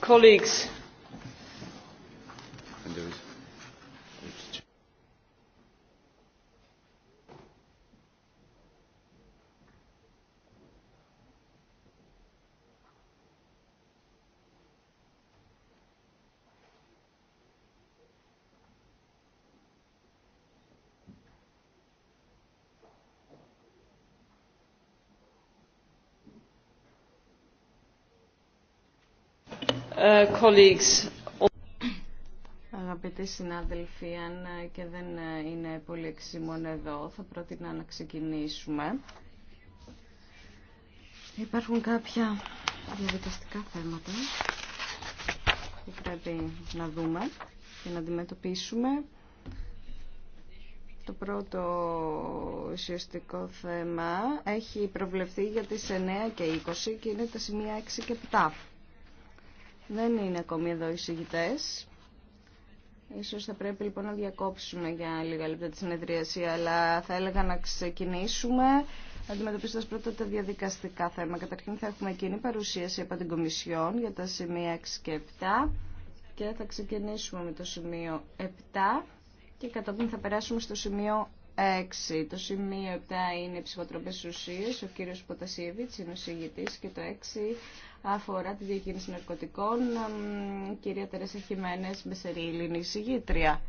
colleagues Ε, Αγαπητοί συνάδελφοι, αν ε, και δεν ε, είναι πολύ εξήμων εδώ, θα πρότεινα να ξεκινήσουμε. Υπάρχουν κάποια διαδικαστικά θέματα που πρέπει να δούμε και να αντιμετωπίσουμε. Το πρώτο ουσιαστικό θέμα έχει προβλεφθεί για τις 9 και 20 και είναι τα σημεία 6 και 7. Δεν είναι ακόμη εδώ οι συγητέ. Ίσως θα πρέπει λοιπόν να διακόψουμε για λίγα λεπτά τη συνεδρίαση, αλλά θα έλεγα να ξεκινήσουμε αντιμετωπίζοντα πρώτα τα διαδικαστικά θέματα. Καταρχήν θα έχουμε εκείνη παρουσίαση από την Κομισιόν για τα σημεία 6 και 7 και θα ξεκινήσουμε με το σημείο 7 και κατόπιν θα περάσουμε στο σημείο 6. Το σημείο 7 είναι ψυχοτροπέ ψυχοτροπές ουσίες. Ο κύριος Ποτασίεβιτ είναι ο συγητή και το 6 αφορά τη διακίνηση ναρκωτικών. κυρία Τερέσα Χιμένε Μπεσερίλη συγήτρια.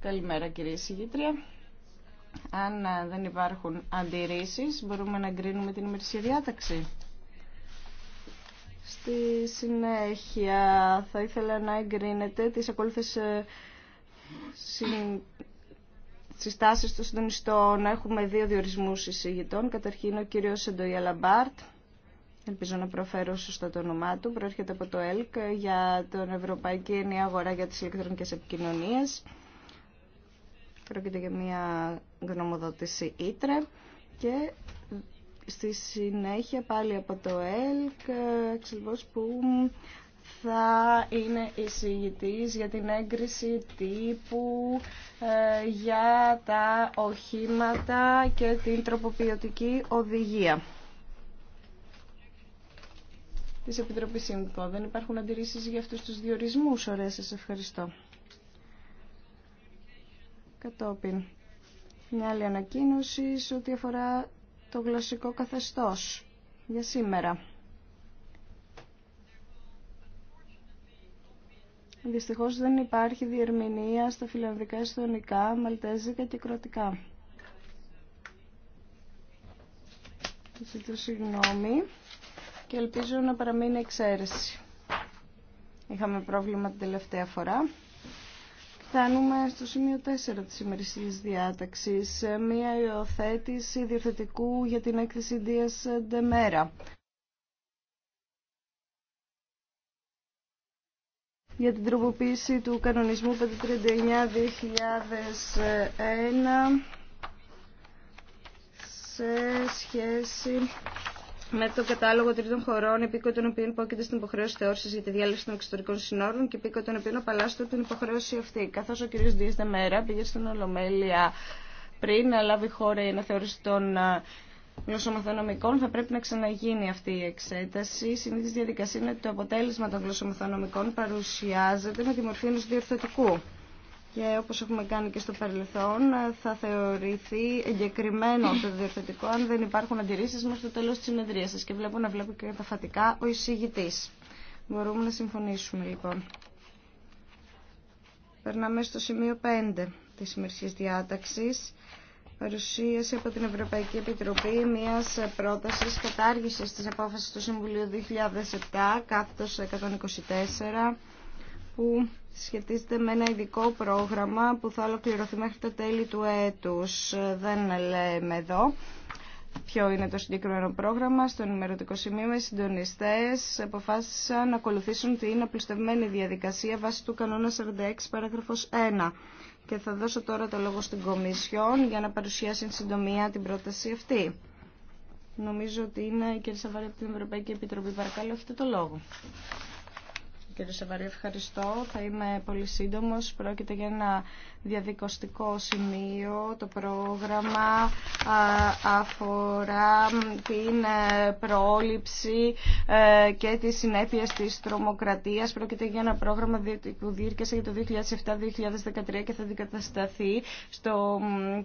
Καλημέρα κυρία συγήτρια. Αν ε, δεν υπάρχουν αντιρρήσει, μπορούμε να εγκρίνουμε την ημερησία διάταξη. Στη συνέχεια θα ήθελα να εγκρίνετε τι ακόλουθε ε, συν τάσει των συντονιστών έχουμε δύο διορισμούς εισηγητών. Καταρχήν ο κύριος Σεντοία Λαμπάρτ, ελπίζω να προφέρω σωστά το όνομά του, προέρχεται από το ΕΛΚ για τον Ευρωπαϊκή Ενιαία Αγορά για τις ηλεκτρονικές επικοινωνίες. Πρόκειται για μια γνωμοδότηση ΙΤΡΕ και στη συνέχεια πάλι από το ΕΛΚ, εξελβώς που θα είναι εισηγητής για την έγκριση τύπου ε, για τα οχήματα και την τροποποιητική οδηγία. Τη επιτροπή ΣΥΜΚΟ. Δεν υπάρχουν αντιρρήσεις για αυτούς τους διορισμούς. Ωραία, σα ευχαριστώ. Κατόπιν. Μια άλλη ανακοίνωση σε ό,τι αφορά το γλωσσικό καθεστώς για σήμερα. Δυστυχώ δεν υπάρχει διερμηνία στα φιλανδικά, εστονικά, μαλτέζικα και κροτικά. Ζητώ συγγνώμη και ελπίζω να παραμείνει εξαίρεση. Είχαμε πρόβλημα την τελευταία φορά. Φτάνουμε στο σημείο 4 της ημερησίας διάταξης. Μία υιοθέτηση διευθετικού για την έκθεση Δίας Ντεμέρα. για την τροποποίηση του κανονισμού 539-2001 σε σχέση με το κατάλογο τρίτων χωρών, υπήκοοι των οποίων υπόκειται στην υποχρέωση θεώρηση για τη διάλυση των εξωτερικών συνόρων και υπήκοοι των οποίων απαλλάσσεται την υποχρέωση αυτή. Καθώ ο κ. Δίστα Μέρα πήγε στην Ολομέλεια πριν να λάβει χώρα η αναθεώρηση των ε, γλωσσομαθονομικών θα πρέπει να ξαναγίνει αυτή η εξέταση. Η συνήθι διαδικασία είναι ότι το αποτέλεσμα των γλωσσομαθονομικών παρουσιάζεται με τη μορφή ενό διορθωτικού. Και όπω έχουμε κάνει και στο παρελθόν, θα θεωρηθεί εγκεκριμένο το διορθωτικό αν δεν υπάρχουν αντιρρήσει μέχρι το τέλο τη συνεδρίας σα Και βλέπω να βλέπω και καταφατικά ο εισηγητή. Μπορούμε να συμφωνήσουμε λοιπόν. Περνάμε στο σημείο 5 της ημερικής διάταξης παρουσίαση από την Ευρωπαϊκή Επιτροπή μιας πρότασης κατάργησης της απόφασης του Συμβουλίου 2007 κάθετος 124 που σχετίζεται με ένα ειδικό πρόγραμμα που θα ολοκληρωθεί μέχρι τα τέλη του έτους. Δεν λέμε εδώ ποιο είναι το συγκεκριμένο πρόγραμμα. Στον ημερωτικό σημείο οι συντονιστές αποφάσισαν να ακολουθήσουν την απλουστευμένη διαδικασία βάσει του κανόνα 46 παράγραφος 1 και θα δώσω τώρα το λόγο στην Κομισιόν για να παρουσιάσει εν συντομία την πρόταση αυτή. Νομίζω ότι είναι η κυρία Σαββάρη από την Ευρωπαϊκή Επιτροπή. Παρακαλώ, έχετε το λόγο. Κύριε Σαβαρή, ευχαριστώ. Θα είμαι πολύ σύντομο. Πρόκειται για ένα διαδικοστικό σημείο. Το πρόγραμμα αφορά την ε, πρόληψη ε, και τι συνέπειε της τρομοκρατίας. Πρόκειται για ένα πρόγραμμα που διήρκεσε για το 2007-2013 και θα δικατασταθεί στο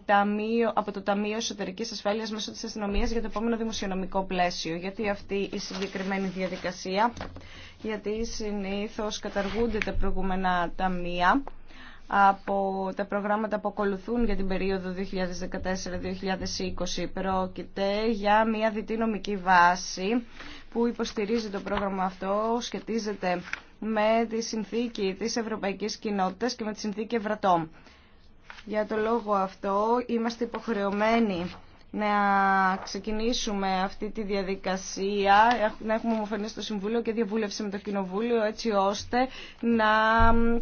ταμείο, από το Ταμείο Εσωτερική Ασφάλειας μέσω της αστυνομία για το επόμενο δημοσιονομικό πλαίσιο. Γιατί αυτή η συγκεκριμένη διαδικασία γιατί συνήθως καταργούνται τα προηγούμενα ταμεία από τα προγράμματα που ακολουθούν για την περίοδο 2014-2020. Πρόκειται για μια διτή νομική βάση που υποστηρίζει το πρόγραμμα αυτό, σχετίζεται με τη συνθήκη της Ευρωπαϊκής Κοινότητας και με τη συνθήκη Ευρατόμ. Για το λόγο αυτό είμαστε υποχρεωμένοι να ξεκινήσουμε αυτή τη διαδικασία, να έχουμε ομοφωνήσει στο Συμβούλιο και διαβούλευση με το Κοινοβούλιο, έτσι ώστε να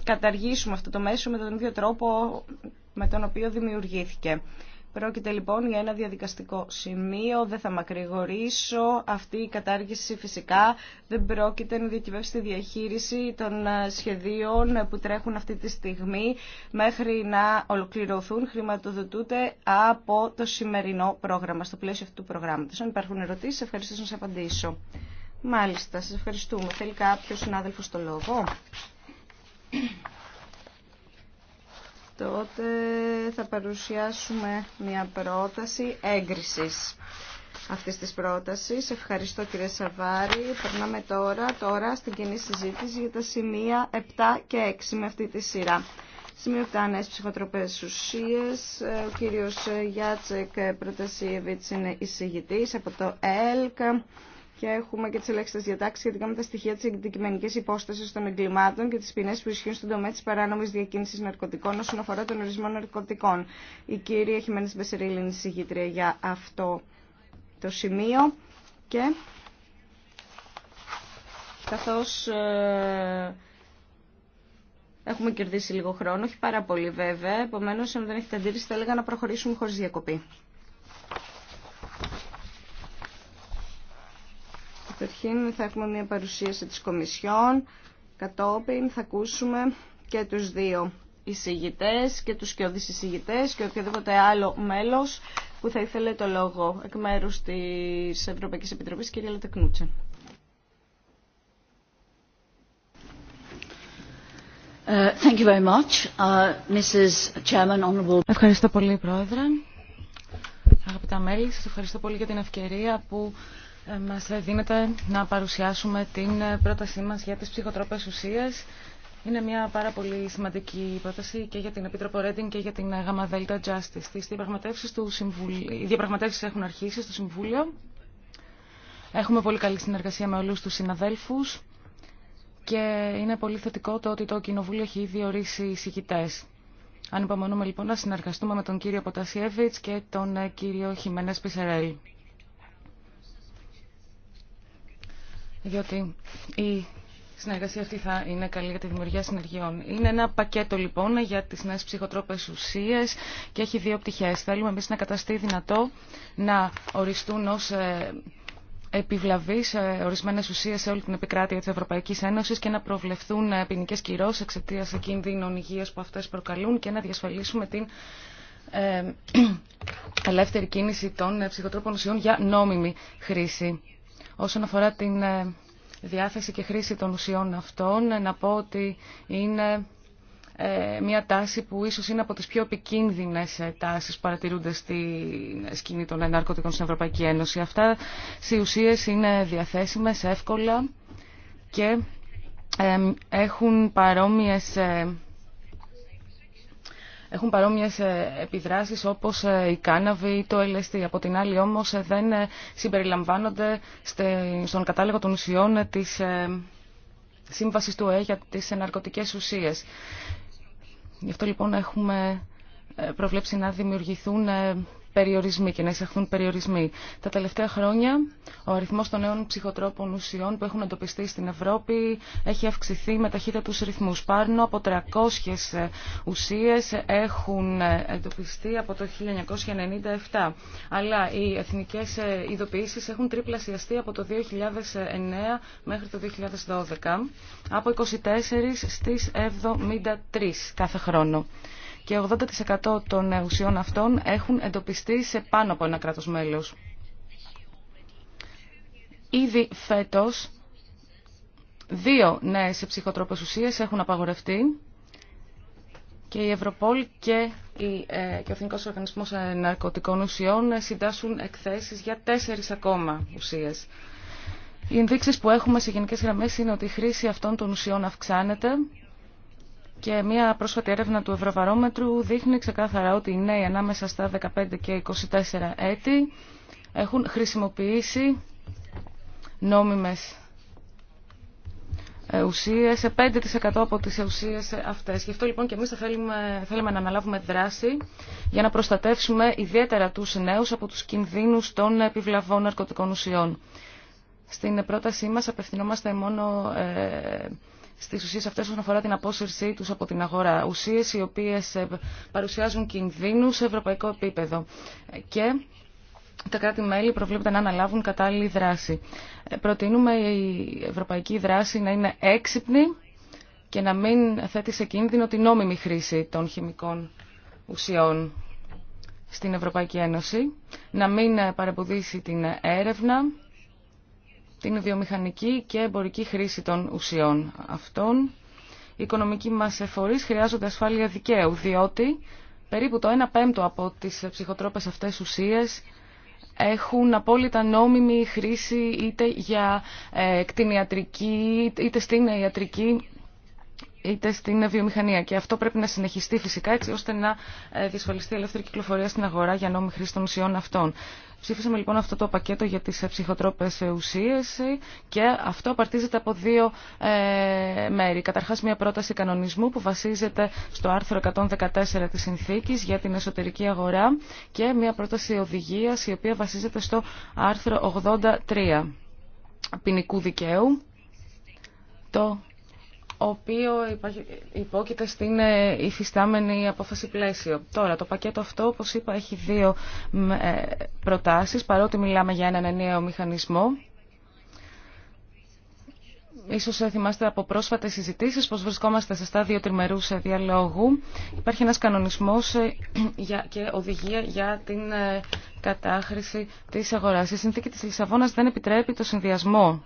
καταργήσουμε αυτό το μέσο με τον ίδιο τρόπο με τον οποίο δημιουργήθηκε. Πρόκειται λοιπόν για ένα διαδικαστικό σημείο, δεν θα μακρηγορήσω. Αυτή η κατάργηση φυσικά δεν πρόκειται να διακυβεύσει τη διαχείριση των ε, σχεδίων που τρέχουν αυτή τη στιγμή μέχρι να ολοκληρωθούν, χρηματοδοτούνται από το σημερινό πρόγραμμα, στο πλαίσιο αυτού του προγράμματος. Αν υπάρχουν ερωτήσεις, ευχαριστώ να σας απαντήσω. Μάλιστα, σας ευχαριστούμε. Θέλει κάποιο συνάδελφο το λόγο τότε θα παρουσιάσουμε μια πρόταση έγκρισης αυτής της πρότασης. Ευχαριστώ κύριε Σαβάρη. Περνάμε τώρα, τώρα στην κοινή συζήτηση για τα σημεία 7 και 6 με αυτή τη σειρά. Σημείο 7, νέες ψυχοτροπές ουσίες. Ε, ο κύριος Γιάτσεκ Προτασίεβιτς είναι εισηγητής από το ΕΛΚ και έχουμε και τι τη διατάξει σχετικά με τα στοιχεία τη αντικειμενική υπόσταση των εγκλημάτων και τι ποινέ που ισχύουν στον τομέα τη παράνομη διακίνηση ναρκωτικών όσον αφορά τον ορισμό ναρκωτικών. Η κυρία Χιμένη Μπεσερίλη είναι συγγήτρια για αυτό το σημείο και καθώς ε, έχουμε κερδίσει λίγο χρόνο, όχι πάρα πολύ βέβαια, Επομένω, αν δεν έχετε αντίρρηση θα έλεγα να προχωρήσουμε χωρί διακοπή. Καταρχήν θα έχουμε μια παρουσίαση της Κομισιόν, κατόπιν θα ακούσουμε και τους δύο εισηγητές και τους σκιώδεις εισηγητές και οποιοδήποτε άλλο μέλος που θα ήθελε το λόγο εκ μέρους της Ευρωπαϊκής Επιτροπής, κυρία Λατεκνούτσε. Ε, thank uh, Ευχαριστώ πολύ, Πρόεδρε. Αγαπητά μέλη, σας ευχαριστώ πολύ για την ευκαιρία που μας δίνεται να παρουσιάσουμε την πρότασή μας για τις ψυχοτρόπες ουσίες. Είναι μια πάρα πολύ σημαντική πρόταση και για την Επίτροπο Ρέντινγκ και για την ΓΑΜΑ ΔΕΛΤΑ Τις οι διαπραγματεύσεις έχουν αρχίσει στο Συμβούλιο. Έχουμε πολύ καλή συνεργασία με όλους τους συναδέλφους και είναι πολύ θετικό το ότι το Κοινοβούλιο έχει ήδη ορίσει Αν υπομονούμε λοιπόν να συνεργαστούμε με τον κύριο Ποτασιέβιτς και τον κύριο Χιμένες Πισερέλη. διότι η συνεργασία αυτή θα είναι καλή για τη δημιουργία συνεργειών. Είναι ένα πακέτο λοιπόν για τις νέες ψυχοτρόπες ουσίες και έχει δύο πτυχές. Θέλουμε εμείς να καταστεί δυνατό να οριστούν ως ε, επιβλαβή σε ορισμένε ουσίε σε όλη την επικράτεια τη Ευρωπαϊκή Ένωση και να προβλεφθούν ε, ποινικέ κυρώσει εξαιτία κινδύνων υγεία που αυτέ προκαλούν και να διασφαλίσουμε την ε, ελεύθερη κίνηση των ψυχοτρόπων ουσιών για νόμιμη χρήση. Όσον αφορά την ε, διάθεση και χρήση των ουσιών αυτών, ε, να πω ότι είναι ε, μια τάση που ίσως είναι από τις πιο επικίνδυνες τάσεις που παρατηρούνται στη σκηνή των ναρκωτικών στην Ευρωπαϊκή Ένωση. Αυτά οι ουσίες είναι διαθέσιμες εύκολα και έχουν παρόμοιες έχουν παρόμοιες ε, επιδράσεις όπως ε, η κάναβη ή το LSD. Από την άλλη όμως ε, δεν συμπεριλαμβάνονται στον κατάλογο των ουσιών της σύμβασης του ΕΕ για τις ναρκωτικές ουσίες. Γι' αυτό λοιπόν έχουμε προβλέψει να δημιουργηθούν περιορισμοί και να εισαχθούν περιορισμοί. Τα τελευταία χρόνια ο αριθμός των νέων ψυχοτρόπων ουσιών που έχουν εντοπιστεί στην Ευρώπη έχει αυξηθεί με ταχύτατους ρυθμούς. Πάνω από 300 ε, ουσίε έχουν ε, εντοπιστεί από το 1997. Αλλά οι εθνικές ε, ειδοποίησει έχουν τριπλασιαστεί από το 2009 μέχρι το 2012 από 24 στι 73 κάθε χρόνο και 80% των ουσιών αυτών έχουν εντοπιστεί σε πάνω από ένα κράτος μέλος. Ήδη φέτος, δύο νέες ψυχοτρόπες ουσίες έχουν απαγορευτεί και η Ευρωπόλ και, η, ε, και ο Εθνικός Οργανισμός Ναρκωτικών Ουσιών συντάσσουν εκθέσεις για τέσσερις ακόμα ουσίες. Οι ενδείξει που έχουμε σε γενικέ γραμμέ είναι ότι η χρήση αυτών των ουσιών αυξάνεται και μια πρόσφατη έρευνα του Ευρωβαρόμετρου δείχνει ξεκάθαρα ότι οι νέοι ανάμεσα στα 15 και 24 έτη έχουν χρησιμοποιήσει νόμιμες ε, ουσίες σε 5% από τις ουσίες αυτές. Γι' αυτό λοιπόν και εμείς θα θέλουμε, θέλουμε να αναλάβουμε δράση για να προστατεύσουμε ιδιαίτερα τους νέους από τους κινδύνους των επιβλαβών ναρκωτικών ουσιών. Στην πρότασή μας απευθυνόμαστε μόνο ε, στις ουσίες αυτές όσον αφορά την απόσυρσή τους από την αγορά. Ουσίες οι οποίες ε, παρουσιάζουν κινδύνους σε ευρωπαϊκό επίπεδο. Και τα κράτη-μέλη προβλέπεται να αναλάβουν κατάλληλη δράση. Ε, προτείνουμε η ευρωπαϊκή δράση να είναι έξυπνη και να μην θέτει σε κίνδυνο την νόμιμη χρήση των χημικών ουσιών στην Ευρωπαϊκή Ένωση, να μην παρεμποδίσει την έρευνα την βιομηχανική και εμπορική χρήση των ουσιών αυτών. Οι οικονομικοί μας εφορείς χρειάζονται ασφάλεια δικαίου, διότι περίπου το 1 πέμπτο από τις ψυχοτρόπες αυτές ουσίες έχουν απόλυτα νόμιμη χρήση είτε για ε, κτηνιατρική, είτε στην ιατρική είτε στην βιομηχανία. Και αυτό πρέπει να συνεχιστεί φυσικά έτσι ώστε να ε, διασφαλιστεί η ελεύθερη κυκλοφορία στην αγορά για νόμιμη χρήση των ουσιών αυτών. Ψήφισαμε λοιπόν αυτό το πακέτο για τις ε, ψυχοτρόπες ε, ουσίες και αυτό απαρτίζεται από δύο μέρη. Καταρχάς μια πρόταση κανονισμού που βασίζεται στο άρθρο 114 της συνθήκης για την εσωτερική αγορά και μια πρόταση οδηγίας η οποία βασίζεται στο άρθρο 83 ποινικού δικαίου το οποίο υπόκειται στην ε, υφιστάμενη απόφαση πλαίσιο. Τώρα, το πακέτο αυτό, όπως είπα, έχει δύο ε, προτάσεις, παρότι μιλάμε για έναν ενιαίο μηχανισμό. Ίσως ε, θυμάστε από πρόσφατες συζητήσεις πως βρισκόμαστε σε στάδιο τριμερούς διαλόγου. Υπάρχει ένας κανονισμός και οδηγία για την κατάχρηση της αγοράς. Η συνθήκη της Λισαβόνας δεν επιτρέπει το συνδυασμό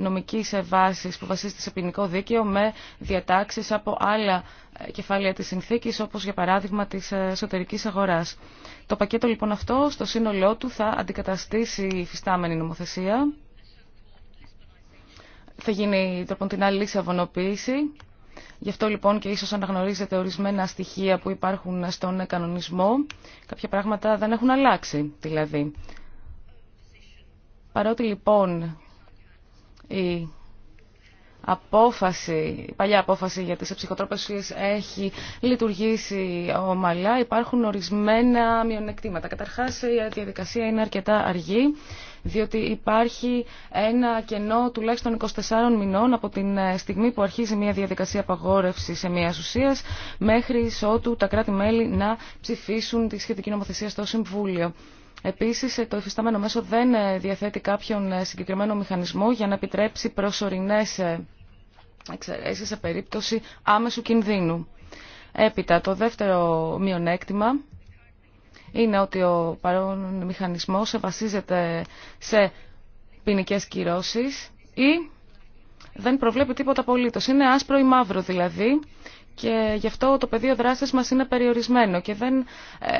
νομική βάση που βασίζεται σε ποινικό δίκαιο με διατάξει από άλλα ε, κεφάλαια τη συνθήκη, όπω για παράδειγμα τη ε, εσωτερική αγορά. Το πακέτο λοιπόν αυτό στο σύνολό του θα αντικαταστήσει η φυστάμενη νομοθεσία. Θα γίνει τρόπον την άλλη λύση Γι' αυτό λοιπόν και ίσως αναγνωρίζετε ορισμένα στοιχεία που υπάρχουν στον κανονισμό. Κάποια πράγματα δεν έχουν αλλάξει δηλαδή. Παρότι λοιπόν η απόφαση, η παλιά απόφαση για τις ψυχοτρόπες ουσίες έχει λειτουργήσει ομαλά, υπάρχουν ορισμένα μειονεκτήματα. Καταρχάς η διαδικασία είναι αρκετά αργή, διότι υπάρχει ένα κενό τουλάχιστον 24 μηνών από την στιγμή που αρχίζει μια διαδικασία απαγόρευση σε μια ουσία μέχρι ότου τα κράτη-μέλη να ψηφίσουν τη σχετική νομοθεσία στο Συμβούλιο. Επίσης, το εφιστάμενο μέσο δεν ε, διαθέτει κάποιον ε, συγκεκριμένο μηχανισμό για να επιτρέψει προσωρινές ε, εξαιρέσεις σε περίπτωση άμεσου κινδύνου. Έπειτα, το δεύτερο μειονέκτημα είναι ότι ο παρόν μηχανισμός βασίζεται σε ποινικέ κυρώσεις ή δεν προβλέπει τίποτα απολύτως. Είναι άσπρο ή μαύρο δηλαδή και γι' αυτό το πεδίο δράσης μας είναι περιορισμένο και δεν ε,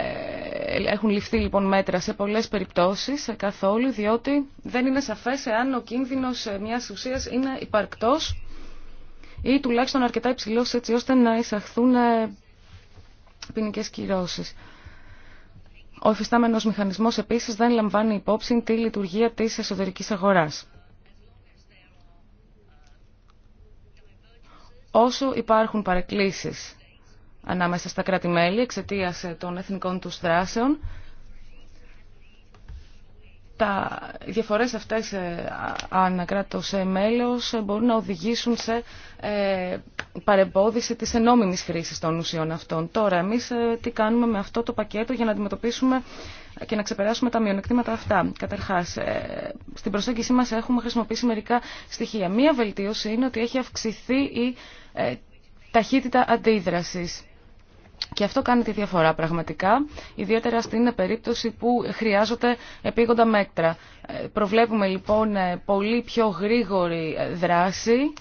έχουν ληφθεί λοιπόν μέτρα σε πολλές περιπτώσεις ε, καθόλου διότι δεν είναι σαφές εάν ο κίνδυνος ε, μιας ουσίας είναι υπαρκτός ή τουλάχιστον αρκετά υψηλός έτσι ώστε να εισαχθούν ποινικές κυρώσεις. Ο εφιστάμενος μηχανισμός επίσης δεν λαμβάνει υπόψη τη λειτουργία της εσωτερικής αγοράς. Όσο υπάρχουν παρεκκλήσεις ανάμεσα στα κράτη-μέλη εξαιτία ε, των εθνικών τους δράσεων, τα διαφορές αυτές ε, ανακράτως ε, μέλος μπορούν να οδηγήσουν σε παρεμπόδιση της ενόμιμης χρήσης των ουσιών αυτών. Τώρα, εμείς τι κάνουμε με αυτό το πακέτο για να αντιμετωπίσουμε και να ξεπεράσουμε τα μειονεκτήματα αυτά. Καταρχά, ε, στην προσέγγιση μα έχουμε χρησιμοποιήσει μερικά στοιχεία. Μία βελτίωση είναι ότι έχει αυξηθεί η ε, ταχύτητα αντίδραση. Και αυτό κάνει τη διαφορά πραγματικά, ιδιαίτερα στην περίπτωση που χρειάζονται επίγοντα μέτρα. Ε, προβλέπουμε λοιπόν πολύ πιο γρήγορη δράση,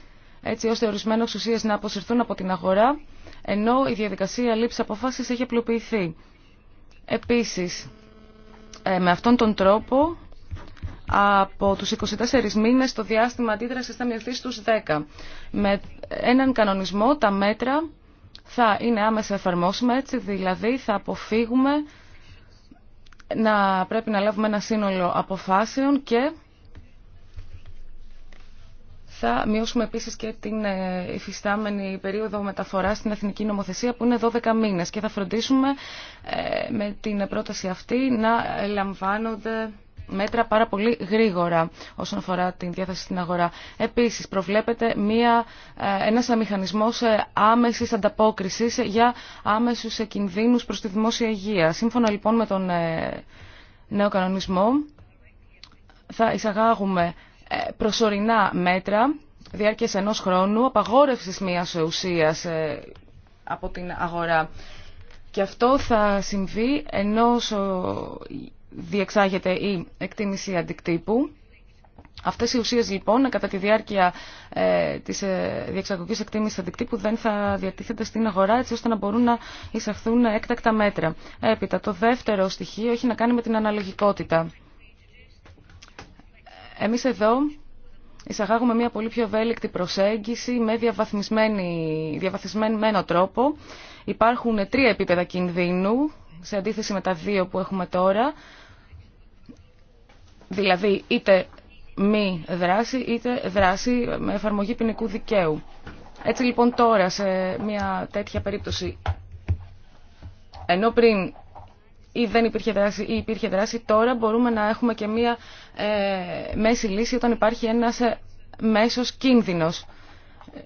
έτσι ώστε ορισμένε ουσίες να αποσυρθούν από την αγορά, ενώ η διαδικασία λήψη αποφάση έχει απλοποιηθεί. Επίσης, ε, με αυτόν τον τρόπο από τους 24 μήνες το διάστημα αντίδρασης θα μειωθεί στους 10. Με έναν κανονισμό τα μέτρα θα είναι άμεσα εφαρμόσιμα έτσι, δηλαδή θα αποφύγουμε να πρέπει να λάβουμε ένα σύνολο αποφάσεων και θα μειώσουμε επίσης και την ε, υφιστάμενη περίοδο μεταφοράς στην εθνική νομοθεσία που είναι 12 μήνες και θα φροντίσουμε ε, με την πρόταση αυτή να λαμβάνονται μέτρα πάρα πολύ γρήγορα όσον αφορά την διάθεση στην αγορά. Επίσης προβλέπεται μια, ε, ένας μηχανισμός άμεσης ανταπόκρισης για άμεσους κινδύνους προς τη δημόσια υγεία. Σύμφωνα λοιπόν με τον νέο κανονισμό θα εισαγάγουμε ε, προσωρινά μέτρα διάρκειας ενός χρόνου απαγόρευσης μιας ουσίας ε, από την αγορά. Και αυτό θα συμβεί ενώ διεξάγεται η εκτίμηση αντικτύπου. Αυτές οι ουσίες λοιπόν κατά τη διάρκεια ε, της ε, διεξαγωγής εκτίμησης αντικτύπου δεν θα διατίθεται στην αγορά έτσι ώστε να μπορούν να εισαχθούν έκτακτα μέτρα. Έπειτα το δεύτερο στοιχείο έχει να κάνει με την αναλογικότητα. Εμείς εδώ εισαγάγουμε μια πολύ πιο ευέλικτη προσέγγιση με διαβαθμισμένο τρόπο. Υπάρχουν τρία επίπεδα κινδύνου, σε αντίθεση με τα δύο που έχουμε τώρα, δηλαδή είτε μη δράση είτε δράση με εφαρμογή ποινικού δικαίου. Έτσι λοιπόν τώρα σε μια τέτοια περίπτωση, ενώ πριν ή δεν υπήρχε δράση ή υπήρχε δράση, τώρα μπορούμε να έχουμε και μία ε, μέση λύση όταν υπάρχει ένας ε, μέσος κίνδυνος.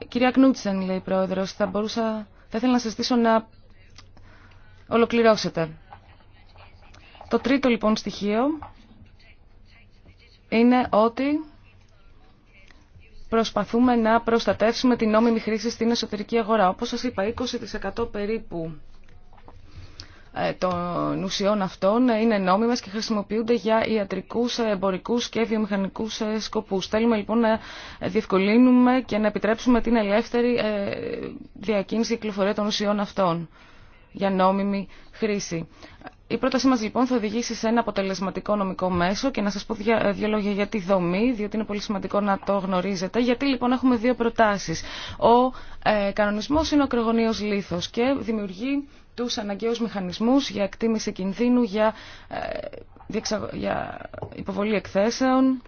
Κυρία Κνούτσεν, λέει η Πρόεδρος, θα, μπορούσα, ήθελα να σας στήσω να ολοκληρώσετε. Το τρίτο λοιπόν στοιχείο είναι ότι προσπαθούμε να προστατεύσουμε την νόμιμη χρήση στην εσωτερική αγορά. Όπως σας είπα, 20% περίπου ε, των ουσιών αυτών είναι νόμιμες και χρησιμοποιούνται για ιατρικούς, ε, εμπορικούς και βιομηχανικούς ε, σκοπούς. Θέλουμε λοιπόν να διευκολύνουμε και να επιτρέψουμε την ελεύθερη διακίνηση και κυκλοφορία των ουσιών αυτών για νόμιμη χρήση. Η πρότασή μας λοιπόν θα οδηγήσει σε ένα αποτελεσματικό νομικό μέσο και να σας πω δύο λόγια για τη δομή, διότι είναι πολύ σημαντικό να το γνωρίζετε. Γιατί λοιπόν έχουμε δύο προτάσεις. Ο ε, κανονισμός είναι ο κρεγονίος λήθος και δημιουργεί τους αναγκαίους μηχανισμούς για εκτίμηση κινδύνου, για, ε, για υποβολή εκθέσεων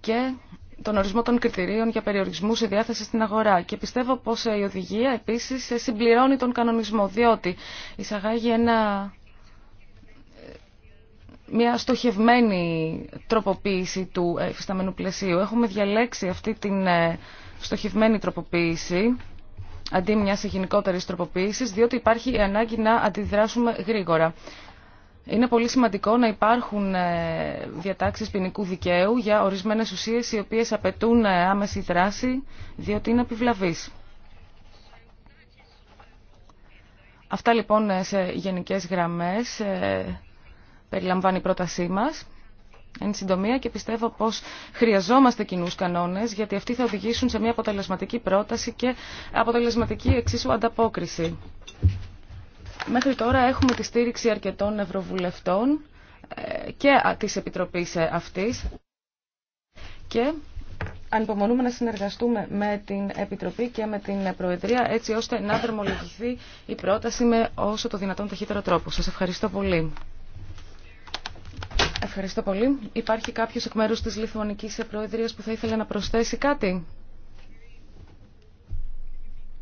και τον ορισμό των κριτηρίων για περιορισμού σε διάθεση στην αγορά. Και πιστεύω πως ε, η οδηγία επίσης ε, συμπληρώνει τον κανονισμό, διότι εισαγάγει ένα μια στοχευμένη τροποποίηση του εφισταμένου πλαισίου. Έχουμε διαλέξει αυτή την στοχευμένη τροποποίηση αντί μιας γενικότερη τροποποίησης, διότι υπάρχει η ανάγκη να αντιδράσουμε γρήγορα. Είναι πολύ σημαντικό να υπάρχουν ε, διατάξεις ποινικού δικαίου για ορισμένες ουσίες οι οποίες απαιτούν ε, άμεση δράση, διότι είναι επιβλαβείς. Αυτά λοιπόν ε, σε γενικές γραμμές περιλαμβάνει η πρότασή μας. Εν συντομία και πιστεύω πως χρειαζόμαστε κοινού κανόνες γιατί αυτοί θα οδηγήσουν σε μια αποτελεσματική πρόταση και αποτελεσματική εξίσου ανταπόκριση. Μέχρι τώρα έχουμε τη στήριξη αρκετών ευρωβουλευτών ε, και της Επιτροπής ε, αυτής και ανυπομονούμε να συνεργαστούμε με την Επιτροπή και με την Προεδρία έτσι ώστε να δρομολογηθεί η πρόταση με όσο το δυνατόν ταχύτερο τρόπο. Σας ευχαριστώ πολύ. Ευχαριστώ πολύ. Υπάρχει κάποιος εκ μέρους της Λιθουανικής Προεδρίας που θα ήθελε να προσθέσει κάτι.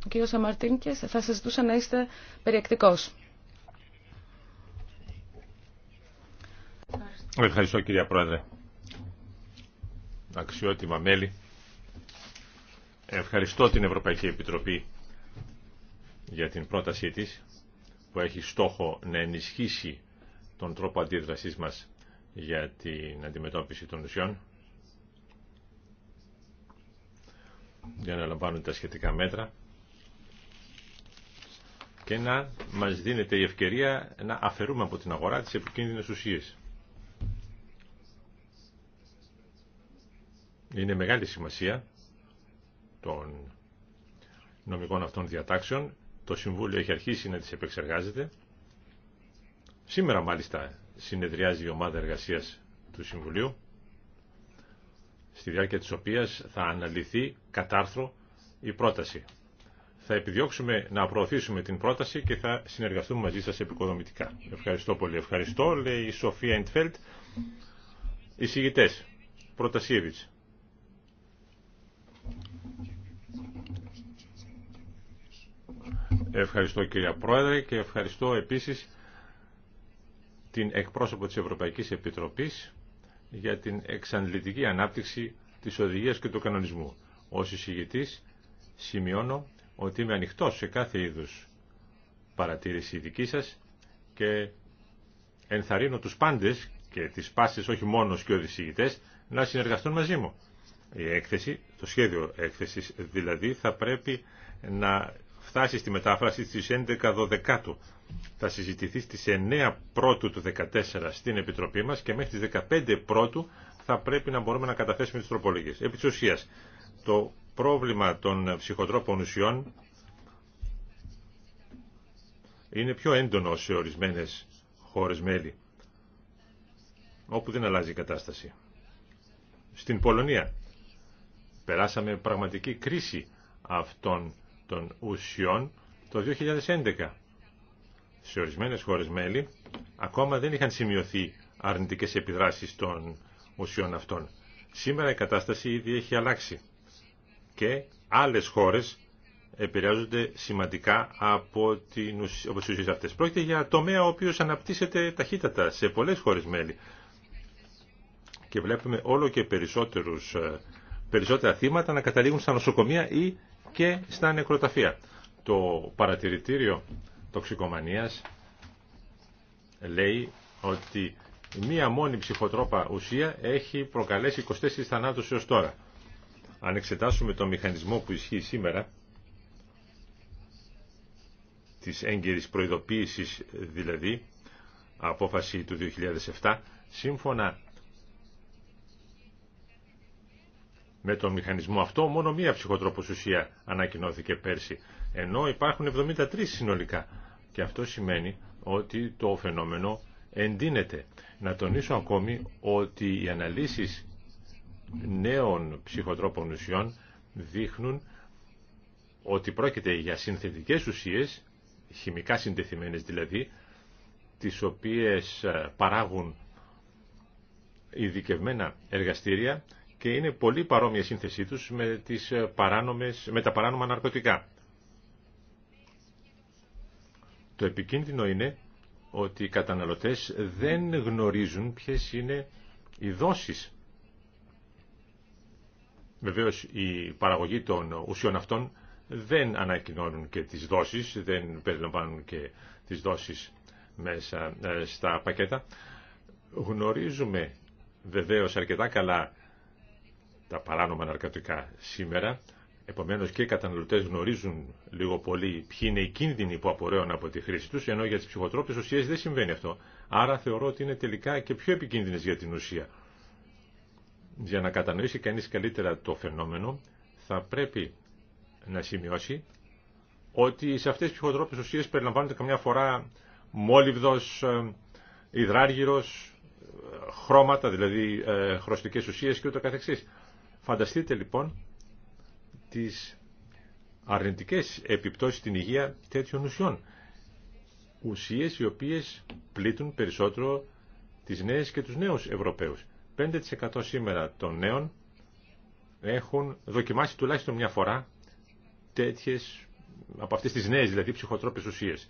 Ο κύριος Αμαρτίνκες, θα σας ζητούσα να είστε περιεκτικός. Ευχαριστώ κυρία Πρόεδρε. Αξιότιμα μέλη. Ευχαριστώ την Ευρωπαϊκή Επιτροπή για την πρότασή της που έχει στόχο να ενισχύσει τον τρόπο αντίδρασής μας για την αντιμετώπιση των ουσιών για να λαμβάνουν τα σχετικά μέτρα και να μας δίνεται η ευκαιρία να αφαιρούμε από την αγορά τις επικίνδυνες ουσίες. Είναι μεγάλη σημασία των νομικών αυτών διατάξεων. Το Συμβούλιο έχει αρχίσει να τις επεξεργάζεται. Σήμερα μάλιστα συνεδριάζει η ομάδα εργασίας του Συμβουλίου, στη διάρκεια της οποίας θα αναλυθεί κατάρθρο η πρόταση. Θα επιδιώξουμε να προωθήσουμε την πρόταση και θα συνεργαστούμε μαζί σας επικοδομητικά. Ευχαριστώ πολύ. Ευχαριστώ, λέει η Σοφία Εντφέλτ. Εισηγητές, Προτασίεβιτς. Ευχαριστώ κυρία Πρόεδρε και ευχαριστώ επίσης την εκπρόσωπο της Ευρωπαϊκής Επιτροπής για την εξαντλητική ανάπτυξη της οδηγίας και του κανονισμού. Ως εισηγητής σημειώνω ότι είμαι ανοιχτό σε κάθε είδους παρατήρηση δική σας και ενθαρρύνω τους πάντες και τις πάσες όχι μόνο και οδησηγητές να συνεργαστούν μαζί μου. Η έκθεση, το σχέδιο έκθεσης δηλαδή θα πρέπει να φτάσει στη μετάφραση στις 11.12. Θα συζητηθεί στις 9 πρώτου του 14 στην Επιτροπή μας και μέχρι τις 15 πρώτου θα πρέπει να μπορούμε να καταθέσουμε τις τροπολογίες. Επί της ουσίας, το πρόβλημα των ψυχοτρόπων ουσιών είναι πιο έντονο σε ορισμένες χώρες μέλη, όπου δεν αλλάζει η κατάσταση. Στην Πολωνία περάσαμε πραγματική κρίση αυτών των ουσιών το 2011. Σε ορισμένες χώρες μέλη ακόμα δεν είχαν σημειωθεί αρνητικές επιδράσεις των ουσιών αυτών. Σήμερα η κατάσταση ήδη έχει αλλάξει και άλλες χώρες επηρεάζονται σημαντικά από, την, αυτές. Πρόκειται για τομέα ο οποίος αναπτύσσεται ταχύτατα σε πολλές χώρες μέλη και βλέπουμε όλο και περισσότερους, ε, περισσότερα θύματα να καταλήγουν στα νοσοκομεία ή και στα νεκροταφεία. Το παρατηρητήριο τοξικομανίας λέει ότι μία μόνη ψυχοτρόπα ουσία έχει προκαλέσει 24 θανάτους έως τώρα. Αν εξετάσουμε το μηχανισμό που ισχύει σήμερα, της έγκυρης προειδοποίησης δηλαδή, απόφαση του 2007, σύμφωνα με τον μηχανισμό αυτό μόνο μία ψυχοτρόπος ουσία ανακοινώθηκε πέρσι, ενώ υπάρχουν 73 συνολικά. Και αυτό σημαίνει ότι το φαινόμενο εντείνεται. Να τονίσω ακόμη ότι οι αναλύσεις νέων ψυχοτρόπων ουσιών δείχνουν ότι πρόκειται για συνθετικές ουσίες, χημικά συντεθειμένες δηλαδή, τις οποίες ε, παράγουν ειδικευμένα εργαστήρια και είναι πολύ παρόμοια σύνθεσή τους με, τις ε, παράνομες, με τα παράνομα ναρκωτικά. Το επικίνδυνο είναι ότι οι καταναλωτές δεν γνωρίζουν ποιες είναι οι δόσεις. Βεβαίως η παραγωγή των ουσιών αυτών δεν ανακοινώνουν και τις δόσεις, δεν περιλαμβάνουν και τις δόσεις μέσα ε, στα πακέτα. Γνωρίζουμε βεβαίως αρκετά καλά τα παράνομα ναρκωτικά σήμερα. Επομένως και οι καταναλωτές γνωρίζουν λίγο πολύ ποιοι είναι οι κίνδυνοι που απορρέουν από τη χρήση τους, ενώ για τις ψυχοτρόπες ουσίες δεν συμβαίνει αυτό. Άρα θεωρώ ότι είναι τελικά και πιο επικίνδυνες για την ουσία. Για να κατανοήσει κανείς καλύτερα το φαινόμενο, θα πρέπει να σημειώσει ότι σε αυτές τις ψυχοτρόπες ουσίες περιλαμβάνονται καμιά φορά μόλιβδος, ε, υδράργυρος, ε, χρώματα, δηλαδή ε, χρωστικές ουσίες και ούτω καθεξής. Φανταστείτε λοιπόν τις αρνητικές επιπτώσεις στην υγεία τέτοιων ουσιών. Ουσίες οι οποίες πλήττουν περισσότερο τις νέες και τους νέους Ευρωπαίους. 5% σήμερα των νέων έχουν δοκιμάσει τουλάχιστον μια φορά τέτοιες, από αυτές τις νέες δηλαδή ψυχοτρόπες ουσίες.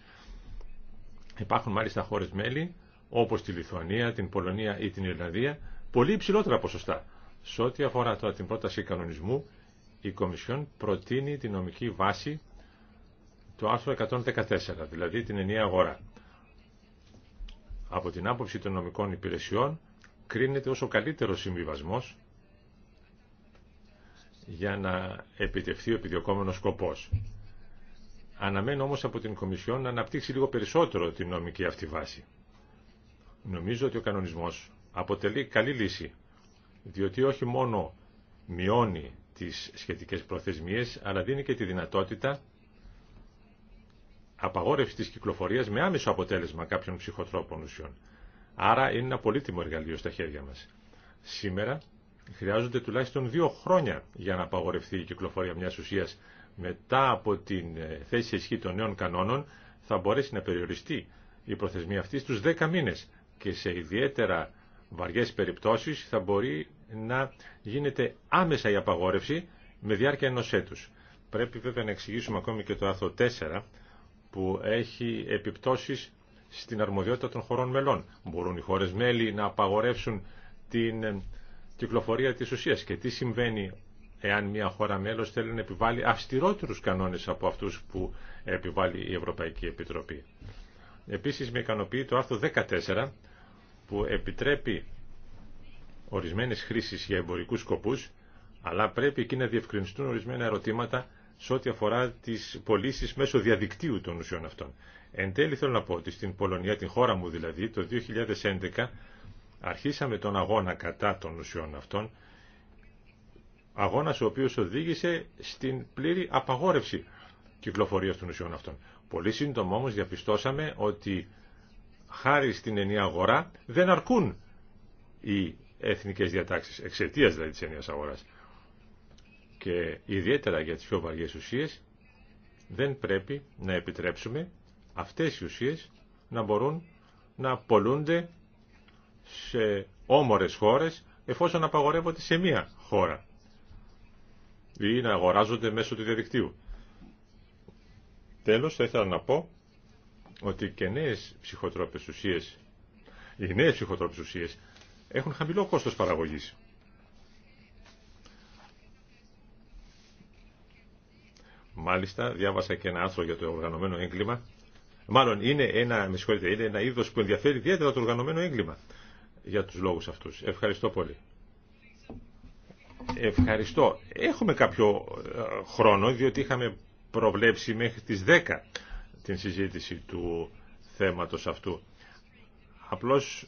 Υπάρχουν μάλιστα χώρες μέλη όπως τη Λιθουανία, την Πολωνία ή την Ιρλανδία πολύ υψηλότερα ποσοστά. Σε ό,τι αφορά τώρα την πρόταση κανονισμού, η Κομισιόν προτείνει την νομική βάση του άρθρου 114, δηλαδή την ενιαία αγορά. Από την άποψη των νομικών υπηρεσιών, κρίνεται ως ο καλύτερος συμβιβασμός για να επιτευχθεί ο επιδιωκόμενος σκοπός. Αναμένω όμως από την Κομισιόν να αναπτύξει λίγο περισσότερο την νομική αυτή βάση. Νομίζω ότι ο κανονισμός αποτελεί καλή λύση διότι όχι μόνο μειώνει τις σχετικές προθεσμίες, αλλά δίνει και τη δυνατότητα απαγόρευση της κυκλοφορίας με άμεσο αποτέλεσμα κάποιων ψυχοτρόπων ουσιών. Άρα είναι ένα πολύτιμο εργαλείο στα χέρια μας. Σήμερα χρειάζονται τουλάχιστον δύο χρόνια για να απαγορευτεί η κυκλοφορία μιας ουσίας. Μετά από την ε, θέση ισχύ των νέων κανόνων θα μπορέσει να περιοριστεί η προθεσμία αυτή στους 10 μήνες και σε ιδιαίτερα βαριές περιπτώσεις θα μπορεί να γίνεται άμεσα η απαγόρευση με διάρκεια ενός έτους. Πρέπει βέβαια να εξηγήσουμε ακόμη και το άρθρο 4 που έχει επιπτώσεις στην αρμοδιότητα των χωρών μελών. Μπορούν οι χώρες μέλη να απαγορεύσουν την ε, κυκλοφορία της ουσίας και τι συμβαίνει εάν μια χώρα μέλος θέλει να επιβάλλει αυστηρότερους κανόνες από αυτούς που επιβάλλει η Ευρωπαϊκή Επιτροπή. Επίσης με ικανοποιεί το άρθρο 14 που επιτρέπει ορισμένες χρήσεις για εμπορικούς σκοπούς, αλλά πρέπει εκεί να διευκρινιστούν ορισμένα ερωτήματα σε ό,τι αφορά τις πωλήσει μέσω διαδικτύου των ουσιών αυτών. Εν τέλει θέλω να πω ότι στην Πολωνία, την χώρα μου δηλαδή, το 2011 αρχίσαμε τον αγώνα κατά των ουσιών αυτών, αγώνας ο οποίος οδήγησε στην πλήρη απαγόρευση κυκλοφορίας των ουσιών αυτών. Πολύ σύντομα όμως διαπιστώσαμε ότι χάρη στην ενιαία αγορά δεν αρκούν οι εθνικές διατάξεις, εξαιτία δηλαδή της ενιαίας αγοράς. Και ιδιαίτερα για τις πιο βαριές ουσίες δεν πρέπει να επιτρέψουμε αυτές οι ουσίες να μπορούν να πολλούνται σε όμορες χώρες εφόσον απαγορεύονται σε μία χώρα ή να αγοράζονται μέσω του διαδικτύου. Τέλος, θα ήθελα να πω ότι και νέες ψυχοτρόπες ουσίες, οι νέες ψυχοτρόπες ουσίες έχουν χαμηλό κόστος παραγωγής. Μάλιστα, διάβασα και ένα άρθρο για το οργανωμένο έγκλημα. Μάλλον είναι ένα, με είναι ένα είδος που ενδιαφέρει ιδιαίτερα το οργανωμένο έγκλημα για τους λόγους αυτούς. Ευχαριστώ πολύ. Ευχαριστώ. Έχουμε κάποιο ε, χρόνο, διότι είχαμε προβλέψει μέχρι τις 10 την συζήτηση του θέματος αυτού. Απλώς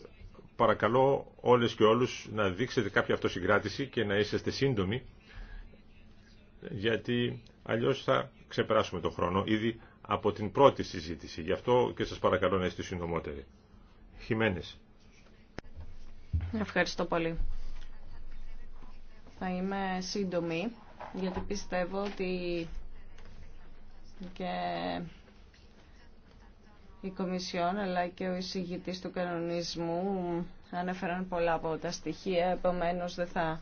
παρακαλώ όλες και όλους να δείξετε κάποια αυτοσυγκράτηση και να είσαστε σύντομοι, γιατί αλλιώς θα ξεπεράσουμε τον χρόνο ήδη από την πρώτη συζήτηση. Γι' αυτό και σας παρακαλώ να είστε συντομότεροι. Χιμένες. Ευχαριστώ πολύ. Θα είμαι σύντομη, γιατί πιστεύω ότι και η Κομισιόν αλλά και ο εισηγητής του κανονισμού ανέφεραν πολλά από τα στοιχεία, επομένως δεν θα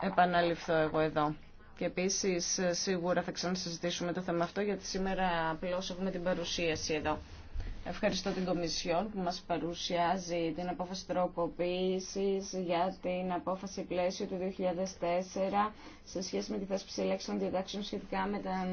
επαναληφθώ εγώ εδώ. Και επίσης ε, σίγουρα θα ξανασυζητήσουμε το θέμα αυτό γιατί σήμερα απλώς έχουμε την παρουσίαση εδώ. Ευχαριστώ την Κομισιόν που μας παρουσιάζει την απόφαση τροποποίησης για την απόφαση πλαίσιο του 2004 σε σχέση με τη θέση ψηλέξεων διδάξεων σχετικά με τα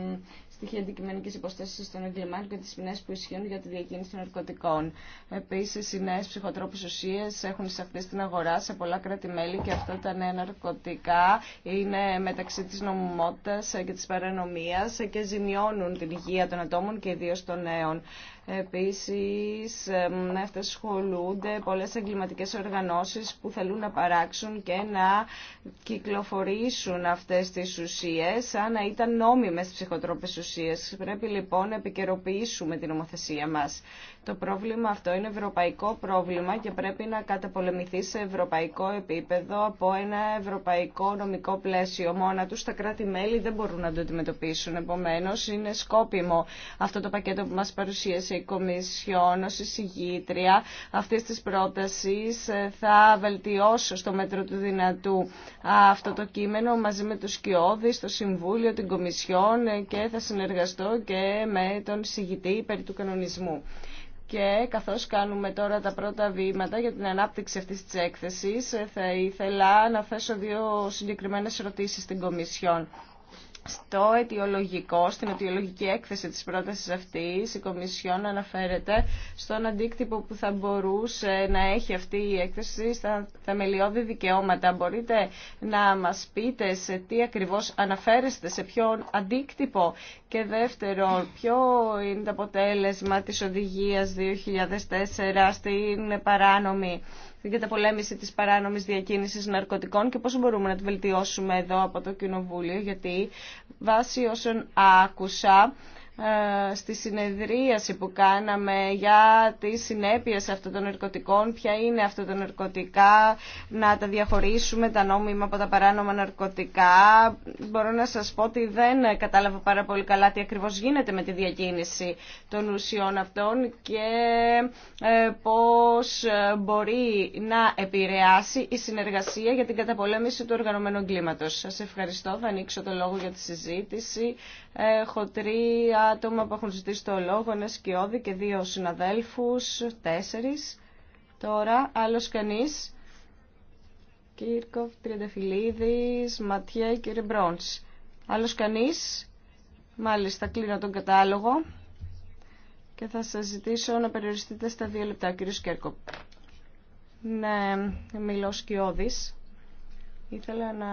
στοιχεία αντικειμενική υποστέση των εγκλημάτων και τι ποινέ που ισχύουν για τη διακίνηση των ναρκωτικών. Επίση, οι νέε ψυχοτρόπε ουσίε έχουν εισαχθεί στην αγορά σε πολλά κράτη-μέλη και αυτά τα νέα ναρκωτικά είναι μεταξύ τη νομιμότητα και τη παρανομία και ζημιώνουν την υγεία των ατόμων και ιδίω των νέων. Επίσης, αυτές σχολούνται πολλές εγκληματικές οργανώσεις που θέλουν να παράξουν και να κυκλοφορήσουν αυτές τις ουσίες, σαν να ήταν νόμιμες ψυχοτρόπες ουσίες. Πρέπει λοιπόν να επικαιροποιήσουμε την νομοθεσία μας. Το πρόβλημα αυτό είναι ευρωπαϊκό πρόβλημα και πρέπει να καταπολεμηθεί σε ευρωπαϊκό επίπεδο από ένα ευρωπαϊκό νομικό πλαίσιο. Μόνα του. τα κράτη-μέλη δεν μπορούν να το αντιμετωπίσουν. επομένω είναι σκόπιμο αυτό το πακέτο που μα παρουσίασε η Κομισιόν ω εισηγήτρια αυτή της πρόταση. Ε, θα βελτιώσω στο μέτρο του δυνατού αυτό το κείμενο μαζί με του Σκιώδη, το Συμβούλιο, την Κομισιόν ε, και θα συνεργαστώ και με τον εισηγητή περί του κανονισμού. Και καθώς κάνουμε τώρα τα πρώτα βήματα για την ανάπτυξη αυτής της έκθεσης, θα ήθελα να θέσω δύο συγκεκριμένες ερωτήσεις στην Κομισιόν. Στο αιτιολογικό, στην αιτιολογική έκθεση της πρότασης αυτής, η Κομισιόν αναφέρεται στον αντίκτυπο που θα μπορούσε να έχει αυτή η έκθεση στα θεμελιώδη δικαιώματα. Μπορείτε να μας πείτε σε τι ακριβώς αναφέρεστε, σε ποιον αντίκτυπο και δεύτερο, ποιο είναι το αποτέλεσμα της οδηγίας 2004 στην παράνομη τα πολέμηση της παράνομης διακίνησης ναρκωτικών και πώς μπορούμε να τη βελτιώσουμε εδώ από το Κοινοβούλιο, γιατί βάσει όσων άκουσα, ε, στη συνεδρίαση που κάναμε για τις συνέπειες αυτών των ναρκωτικών, ποια είναι αυτά τα ναρκωτικά, να τα διαχωρίσουμε τα νόμιμα από τα παράνομα ναρκωτικά. Μπορώ να σας πω ότι δεν κατάλαβα πάρα πολύ καλά τι ακριβώς γίνεται με τη διακίνηση των ουσιών αυτών και ε, πώς μπορεί να επηρεάσει η συνεργασία για την καταπολέμηση του οργανωμένου εγκλήματος. Σας ευχαριστώ. Θα ανοίξω το λόγο για τη συζήτηση. Έχω άτομα που έχουν ζητήσει το λόγο, ένα σκιώδη και δύο συναδέλφους, τέσσερις. Τώρα, άλλος κανείς. Κύρκοφ, Τριανταφυλλίδης, Ματιέ, και Ρεμπρόντς. Άλλος κανείς. Μάλιστα, κλείνω τον κατάλογο. Και θα σας ζητήσω να περιοριστείτε στα δύο λεπτά, Κύριο Σκέρκοφ. Ναι, μιλώ σκιώδης. Ήθελα να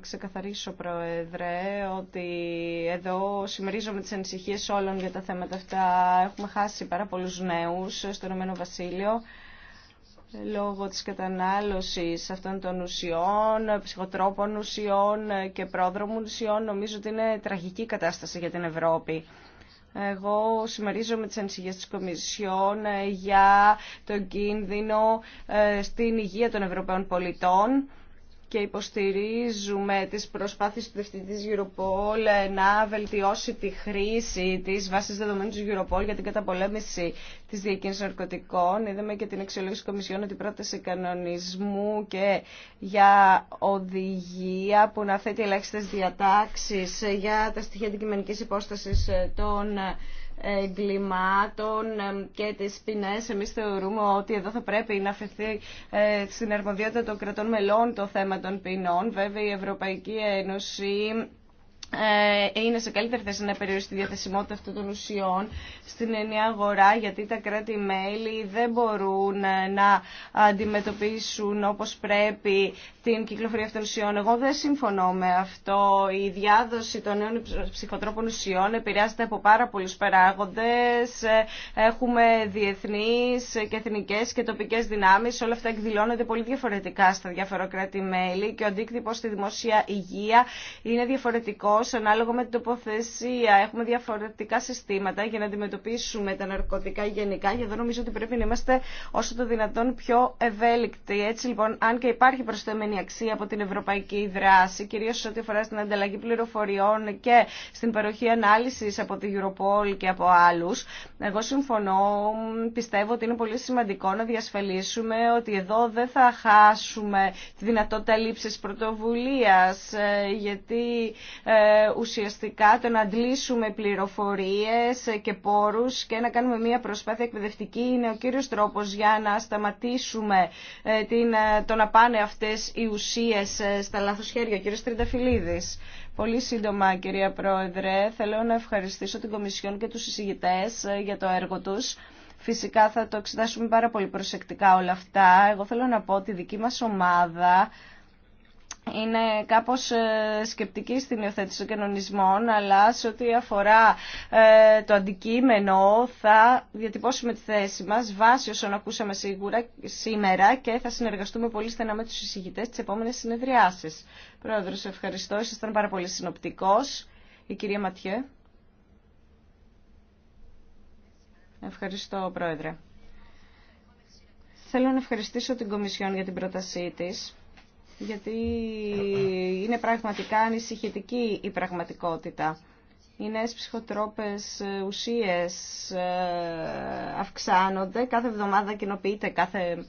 ξεκαθαρίσω, Πρόεδρε, ότι εδώ συμμερίζομαι τις ανησυχίες όλων για τα θέματα αυτά. Έχουμε χάσει πάρα πολλούς νέους στο Ηνωμένο Βασίλειο λόγω της κατανάλωσης αυτών των ουσιών, ψυχοτρόπων ουσιών και πρόδρομων ουσιών. Νομίζω ότι είναι τραγική κατάσταση για την Ευρώπη. Εγώ συμμερίζομαι τις ανησυχίες της Κομισιόν για τον κίνδυνο ε, στην υγεία των Ευρωπαίων πολιτών και υποστηρίζουμε τις προσπάθειες του Διευθυντής Europol ε, να βελτιώσει τη χρήση της βάσης δεδομένου της Europol για την καταπολέμηση της διακίνησης ναρκωτικών. Είδαμε και την αξιολόγηση Κομισιόν ότι πρόταση κανονισμού και για οδηγία που να θέτει ελάχιστες διατάξεις για τα στοιχεία αντικειμενικής υπόστασης ε, των ε, εγκλημάτων και τις ποινέ. Εμείς θεωρούμε ότι εδώ θα πρέπει να αφαιθεί ε, στην αρμοδιότητα των κρατών μελών το θέμα των ποινών. Βέβαια η Ευρωπαϊκή Ένωση ε, είναι σε καλύτερη θέση να περιορίσει τη διαθεσιμότητα αυτών των ουσιών στην ενιαία αγορά γιατί τα κράτη-μέλη δεν μπορούν ε, να αντιμετωπίσουν όπως πρέπει την κυκλοφορία αυτών των ουσιών. Εγώ δεν συμφωνώ με αυτό. Η διάδοση των νέων ψυχοτρόπων ουσιών επηρεάζεται από πάρα πολλού παράγοντε. Ε, έχουμε διεθνεί και εθνικέ και τοπικέ δυνάμει. Όλα αυτά εκδηλώνονται πολύ διαφορετικά στα διάφορα κράτη-μέλη και ο αντίκτυπο στη δημόσια υγεία είναι διαφορετικό ακριβώς ανάλογα με την τοποθεσία. Έχουμε διαφορετικά συστήματα για να αντιμετωπίσουμε τα ναρκωτικά γενικά. Και εδώ νομίζω ότι πρέπει να είμαστε όσο το δυνατόν πιο ευέλικτοι. Έτσι λοιπόν, αν και υπάρχει προσθέμενη αξία από την ευρωπαϊκή δράση, κυρίως ό,τι αφορά στην ανταλλαγή πληροφοριών και στην παροχή ανάλυσης από τη Europol και από άλλους, εγώ συμφωνώ, πιστεύω ότι είναι πολύ σημαντικό να διασφαλίσουμε ότι εδώ δεν θα χάσουμε τη δυνατότητα λήψη πρωτοβουλίας, ε, γιατί ε, ουσιαστικά το να αντλήσουμε πληροφορίες και πόρους και να κάνουμε μια προσπάθεια εκπαιδευτική είναι ο κύριος τρόπος για να σταματήσουμε ε, την, ε, το να πάνε αυτές οι ουσίες ε, στα λάθος χέρια. Κύριος Τρινταφυλλίδης. Πολύ σύντομα, κυρία Πρόεδρε, θέλω να ευχαριστήσω την Κομισιόν και τους συζητητές για το έργο τους. Φυσικά θα το εξετάσουμε πάρα πολύ προσεκτικά όλα αυτά. Εγώ θέλω να πω ότι η δική μας ομάδα είναι κάπως ε, σκεπτική στην υιοθέτηση των κανονισμών, αλλά σε ό,τι αφορά ε, το αντικείμενο θα διατυπώσουμε τη θέση μας βάσει όσων ακούσαμε σίγουρα σήμερα και θα συνεργαστούμε πολύ στενά με τους εισηγητές τις επόμενες συνεδριάσεις. Πρόεδρος, ευχαριστώ. Ήσασταν πάρα πολύ συνοπτικός. Η κυρία Ματιέ. Ευχαριστώ, Πρόεδρε. Θέλω να ευχαριστήσω την Κομισιόν για την πρότασή της γιατί είναι πραγματικά ανησυχητική η πραγματικότητα. Οι νέες ψυχοτρόπες ε, ουσίες ε, αυξάνονται, κάθε εβδομάδα κοινοποιείται κάθε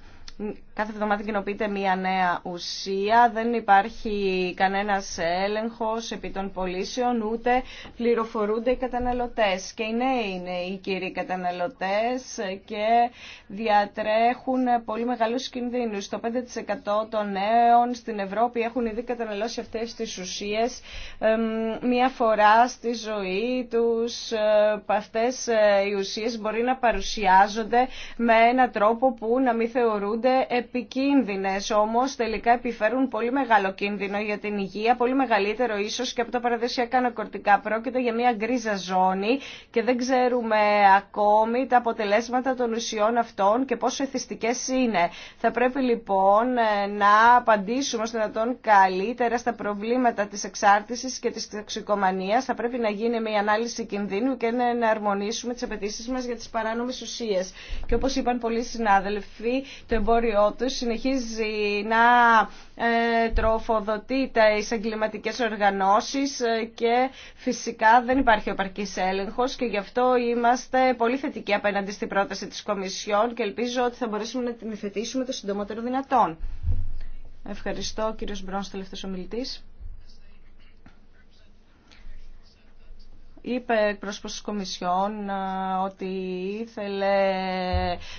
Κάθε εβδομάδα κοινοποιείται μία νέα ουσία. Δεν υπάρχει κανένας έλεγχος επί των πωλήσεων, ούτε πληροφορούνται οι καταναλωτές. Και οι νέοι είναι οι κύριοι καταναλωτές και διατρέχουν πολύ μεγάλους κινδύνους. Το 5% των νέων στην Ευρώπη έχουν ήδη καταναλώσει αυτές τις ουσίες μία φορά στη ζωή τους. Ε, αυτές ε, οι ουσίες μπορεί να παρουσιάζονται με έναν τρόπο που να μην θεωρούνται θεωρούνται επικίνδυνες, όμως τελικά επιφέρουν πολύ μεγάλο κίνδυνο για την υγεία, πολύ μεγαλύτερο ίσως και από τα παραδοσιακά νοκορτικά. Πρόκειται για μια γκρίζα ζώνη και δεν ξέρουμε ακόμη τα αποτελέσματα των ουσιών αυτών και πόσο εθιστικές είναι. Θα πρέπει λοιπόν ε, να απαντήσουμε ώστε να τον καλύτερα στα προβλήματα της εξάρτησης και της τοξικομανίας. Θα πρέπει να γίνει μια ανάλυση κινδύνου και να εναρμονίσουμε τις απαιτήσει μας για τις παράνομε ουσίες. Και όπως είπαν πολλοί συνάδελφοι, το εμπόριό συνεχίζει να ε, τροφοδοτείται οι εγκληματικέ οργανώσεις ε, και φυσικά δεν υπάρχει οπαρκής έλεγχος και γι' αυτό είμαστε πολύ θετικοί απέναντι στην πρόταση της Κομισιόν και ελπίζω ότι θα μπορέσουμε να την υφετήσουμε το συντομότερο δυνατόν. Ευχαριστώ κύριος Μπρόνς, τελευταίος ομιλητής. είπε εκπρόσωπος της Κομισιόν ότι ήθελε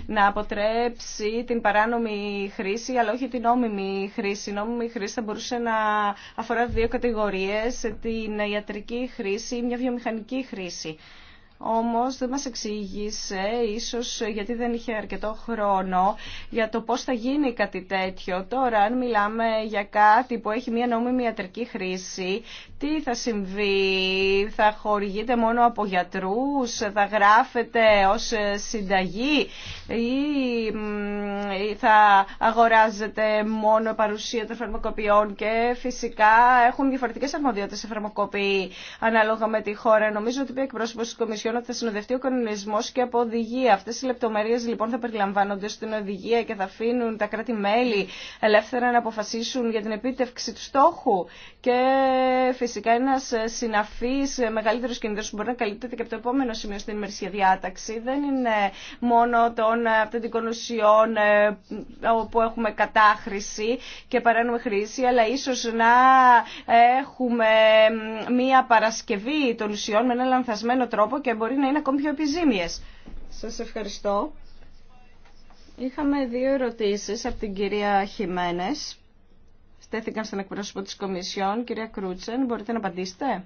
να αποτρέψει την παράνομη χρήση αλλά όχι την νόμιμη χρήση. Η νόμιμη χρήση θα μπορούσε να αφορά δύο κατηγορίες, την ιατρική χρήση ή μια βιομηχανική χρήση όμως δεν μας εξήγησε ίσως γιατί δεν είχε αρκετό χρόνο για το πώς θα γίνει κάτι τέτοιο. Τώρα αν μιλάμε για κάτι που έχει μια νόμιμη ιατρική χρήση, τι θα συμβεί, θα χορηγείται μόνο από γιατρούς, θα γράφεται ως συνταγή ή θα αγοράζεται μόνο παρουσία των φαρμακοποιών και φυσικά έχουν διαφορετικές αρμοδιότητες οι φαρμακοποιοί ανάλογα με τη χώρα. Νομίζω ότι είπε εκπρόσωπος της Κομισιόν ότι θα συνοδευτεί ο κανονισμό και από οδηγία. Αυτέ οι λεπτομέρειε λοιπόν θα περιλαμβάνονται στην οδηγία και θα αφήνουν τα κράτη-μέλη ελεύθερα να αποφασίσουν για την επίτευξη του στόχου. Και φυσικά ένα συναφή μεγαλύτερο κινδύνο που μπορεί να καλύπτεται και από το επόμενο σημείο στην ημερησία διάταξη δεν είναι μόνο των αυτεντικών ουσιών ε, όπου έχουμε κατάχρηση και παράνομη χρήση, αλλά ίσω να έχουμε μία παρασκευή των ουσιών με ένα λανθασμένο τρόπο μπορεί να είναι ακόμη πιο επιζήμιες. Σας ευχαριστώ. Είχαμε δύο ερωτήσεις από την κυρία Χιμένες. Στέθηκαν στον εκπρόσωπο της Κομισιόν. Κυρία Κρούτσεν, μπορείτε να απαντήσετε.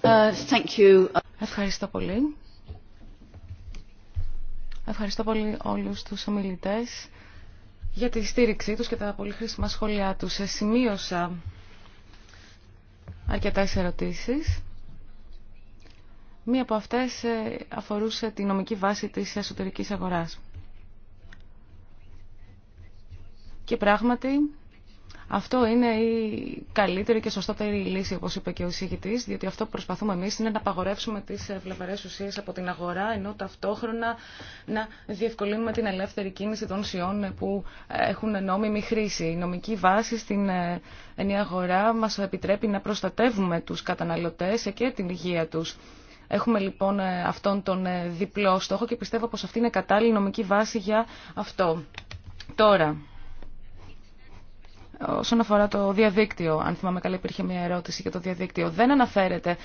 Ε, thank you. Ευχαριστώ πολύ. Ευχαριστώ πολύ όλους τους ομιλητές για τη στήριξή τους και τα πολύ χρήσιμα σχόλιά τους. Ε, σημείωσα αρκετές ερωτήσεις. Μία από αυτές ε, αφορούσε τη νομική βάση της εσωτερικής αγοράς. Και πράγματι, αυτό είναι η καλύτερη και σωστότερη λύση, όπω είπε και ο εισηγητή, διότι αυτό που προσπαθούμε εμεί είναι να απαγορεύσουμε τι ε, βλαβερέ ουσίε από την αγορά, ενώ ταυτόχρονα να διευκολύνουμε την ελεύθερη κίνηση των ουσιών που έχουν νόμιμη χρήση. Η νομική βάση στην ε, ενιαία αγορά μα επιτρέπει να προστατεύουμε του καταναλωτέ και την υγεία του. Έχουμε λοιπόν ε, αυτόν τον διπλό στόχο και πιστεύω πως αυτή είναι κατάλληλη νομική βάση για αυτό. Τώρα, Όσον αφορά το διαδίκτυο, αν θυμάμαι καλά υπήρχε μια ερώτηση για το διαδίκτυο. Δεν αναφέρεται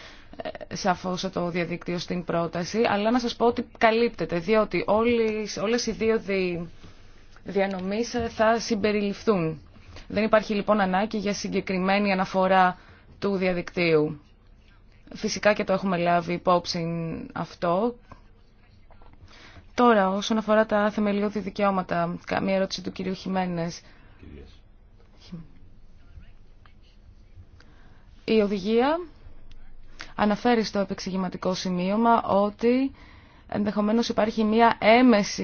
ε, σαφώς το διαδίκτυο στην πρόταση, αλλά να σας πω ότι καλύπτεται, διότι όλες, όλες οι δύο δι, ε, θα συμπεριληφθούν. Δεν υπάρχει λοιπόν ανάγκη για συγκεκριμένη αναφορά του διαδικτύου. Φυσικά και το έχουμε λάβει υπόψη αυτό. Τώρα, όσον αφορά τα θεμελιώδη δικαιώματα, καμία ερώτηση του κυρίου Χιμένες. Κυρίες. Η οδηγία αναφέρει στο επεξηγηματικό σημείωμα ότι ενδεχομένως υπάρχει μια έμεση,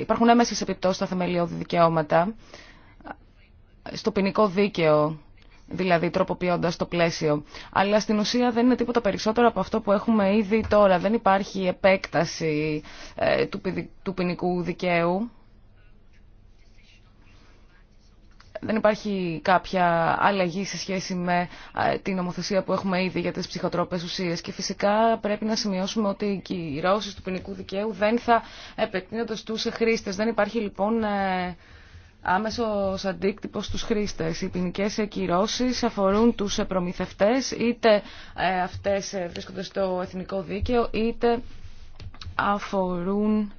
υπάρχουν έμεσες επιπτώσεις στα θεμελιώδη δικαιώματα, στο ποινικό δίκαιο δηλαδή τροποποιώντας το πλαίσιο. Αλλά στην ουσία δεν είναι τίποτα περισσότερο από αυτό που έχουμε ήδη τώρα. Δεν υπάρχει επέκταση ε, του ποινικού δικαίου δεν υπάρχει κάποια αλλαγή σε σχέση με την νομοθεσία που έχουμε ήδη για τις ψυχοτρόπες ουσίες και φυσικά πρέπει να σημειώσουμε ότι οι κυρώσεις του ποινικού δικαίου δεν θα επεκτείνονται στους χρήστες. Δεν υπάρχει λοιπόν ε, άμεσο αντίκτυπος στους χρήστε. Οι ποινικέ κυρώσεις αφορούν τους προμηθευτέ, είτε ε, αυτέ ε, βρίσκονται στο εθνικό δίκαιο, είτε αφορούν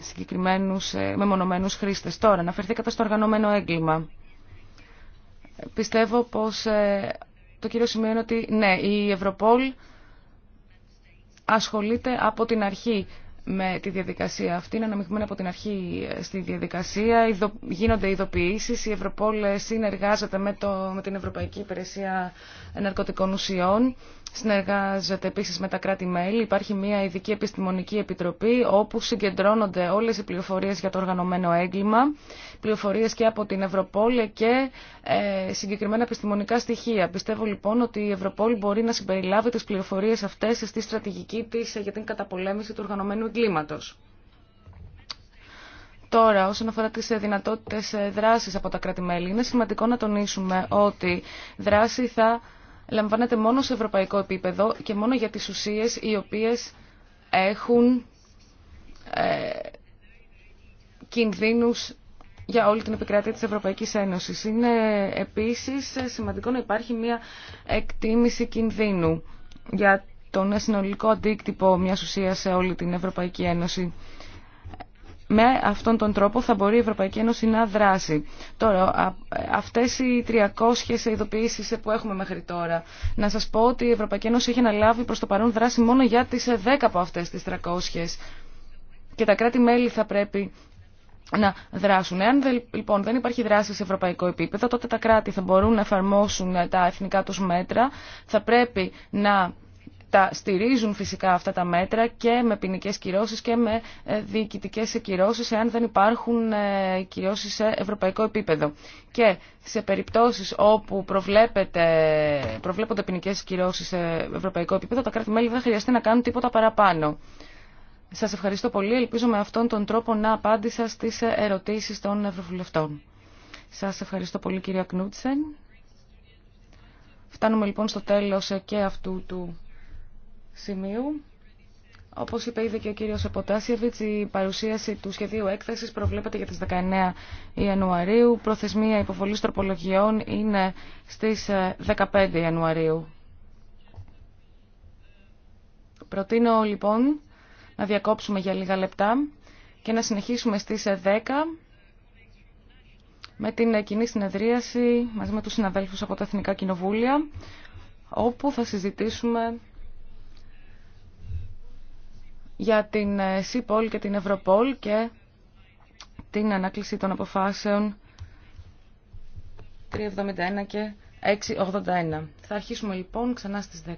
συγκεκριμένους ε, μεμονωμένους χρήστες. Τώρα, αναφερθήκατε στο οργανωμένο έγκλημα. Πιστεύω πως ε, το κύριο σημείο είναι ότι ναι, η Ευρωπόλ ασχολείται από την αρχή με τη διαδικασία αυτή, είναι αναμειγμένη από την αρχή ε, στη διαδικασία, γίνονται ειδοποιήσεις, η Ευρωπόλ συνεργάζεται με, το, με την Ευρωπαϊκή Υπηρεσία Ναρκωτικών Ουσιών συνεργάζεται επίση με τα κράτη-μέλη. Υπάρχει μια ειδική επιστημονική επιτροπή όπου συγκεντρώνονται όλε οι πληροφορίε για το οργανωμένο έγκλημα, πληροφορίε και από την Ευρωπόλ και ε, συγκεκριμένα επιστημονικά στοιχεία. Πιστεύω λοιπόν ότι η Ευρωπόλη μπορεί να συμπεριλάβει τι πληροφορίε αυτέ στη στρατηγική τη για την καταπολέμηση του οργανωμένου εγκλήματος. Τώρα, όσον αφορά τι ε, δυνατότητε ε, δράση από τα κράτη-μέλη, είναι σημαντικό να τονίσουμε ότι δράση θα λαμβάνεται μόνο σε ευρωπαϊκό επίπεδο και μόνο για τις ουσίες οι οποίες έχουν ε, κινδύνους για όλη την επικράτεια της Ευρωπαϊκής Ένωσης. Είναι επίσης σημαντικό να υπάρχει μια εκτίμηση κινδύνου για τον συνολικό αντίκτυπο μιας ουσίας σε όλη την Ευρωπαϊκή Ένωση με αυτόν τον τρόπο θα μπορεί η Ευρωπαϊκή Ένωση να δράσει. Τώρα, αυτέ οι 300 ειδοποιήσει που έχουμε μέχρι τώρα, να σα πω ότι η Ευρωπαϊκή Ένωση έχει αναλάβει προ το παρόν δράση μόνο για τι 10 ε, από αυτέ τι 300 και τα κράτη-μέλη θα πρέπει να δράσουν. Εάν λοιπόν δεν υπάρχει δράση σε ευρωπαϊκό επίπεδο, τότε τα κράτη θα μπορούν να εφαρμόσουν τα εθνικά τους μέτρα, θα πρέπει να στηρίζουν φυσικά αυτά τα μέτρα και με ποινικέ κυρώσει και με ε, διοικητικέ κυρώσεις εάν δεν υπάρχουν ε, κυρώσει σε ευρωπαϊκό επίπεδο. Και σε περιπτώσει όπου προβλέπονται ποινικέ κυρώσει σε ευρωπαϊκό επίπεδο τα κράτη-μέλη δεν χρειαστεί να κάνουν τίποτα παραπάνω. Σα ευχαριστώ πολύ. Ελπίζω με αυτόν τον τρόπο να απάντησα στις ερωτήσει των ευρωβουλευτών. Σα ευχαριστώ πολύ κυρία Κνούτσεν. Φτάνουμε λοιπόν στο τέλος και αυτού του σημείου. Όπως είπε ήδη και ο κύριος Εποτάσιεβιτς, η παρουσίαση του σχεδίου έκθεσης προβλέπεται για τις 19 Ιανουαρίου. Προθεσμία υποβολής τροπολογιών είναι στις 15 ε, Ιανουαρίου. Προτείνω λοιπόν να διακόψουμε για λίγα λεπτά και να συνεχίσουμε στις 10 ε, με την κοινή συνεδρίαση μαζί με τους συναδέλφου από τα Εθνικά Κοινοβούλια, όπου θα συζητήσουμε για την ε, ΣΥΠΟΛ και την Ευρωπόλ και την ανάκληση των αποφάσεων 371 και 681. Θα αρχίσουμε λοιπόν ξανά στις 10.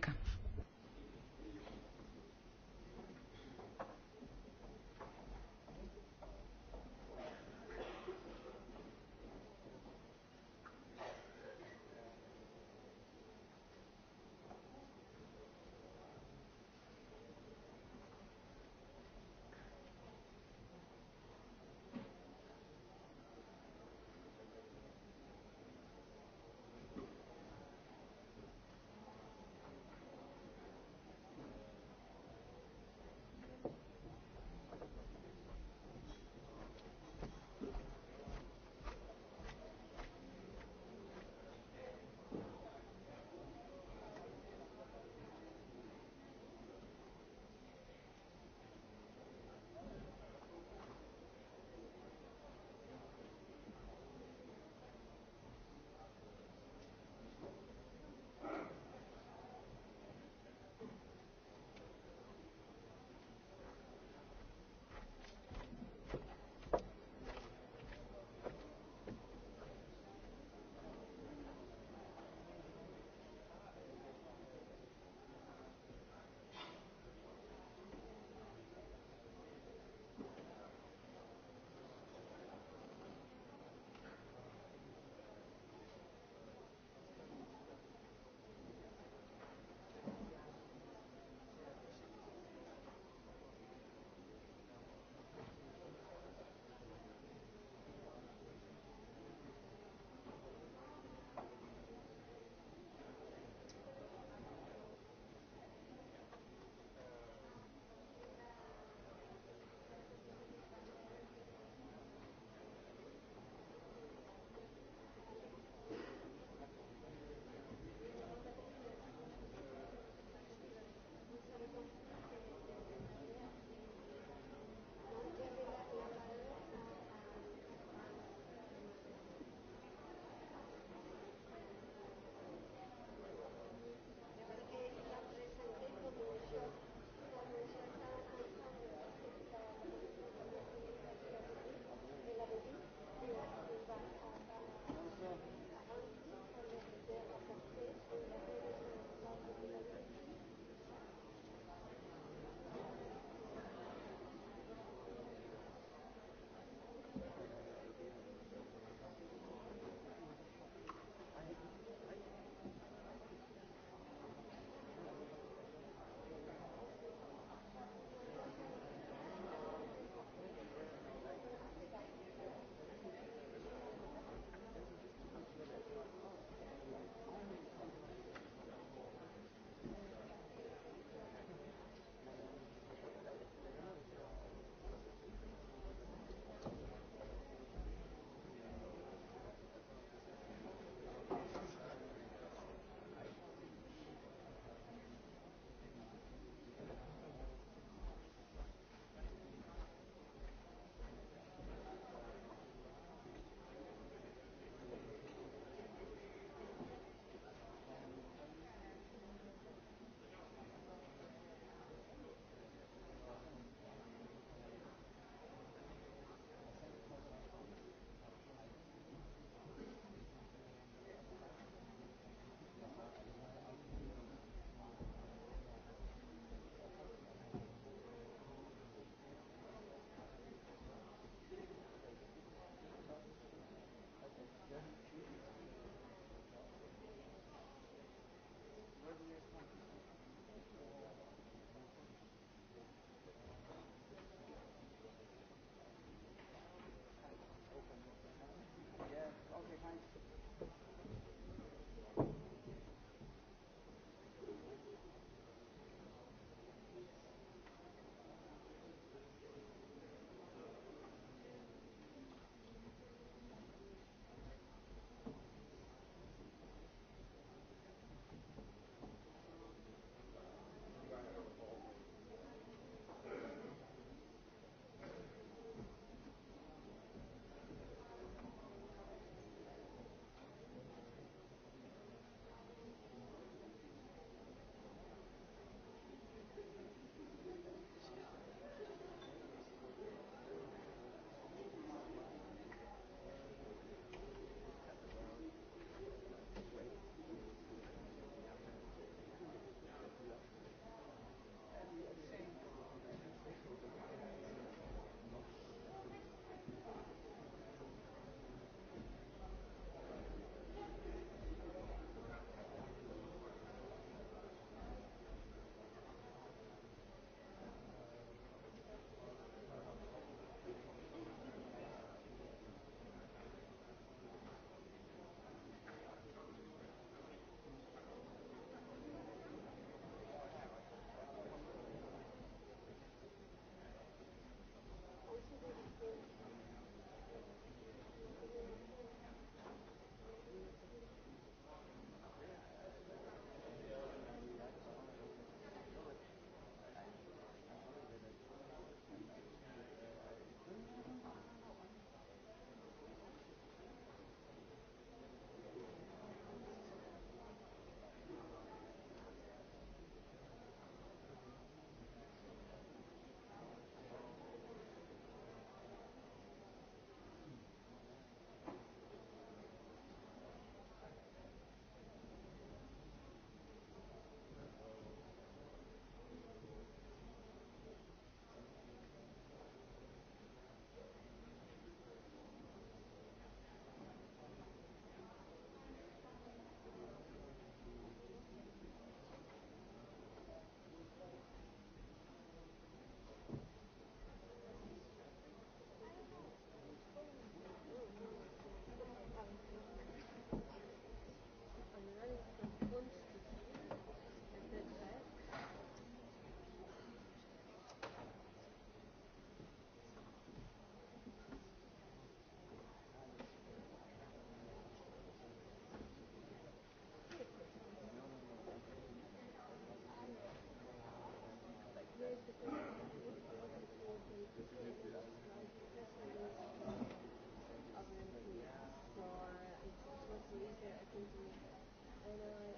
I know, I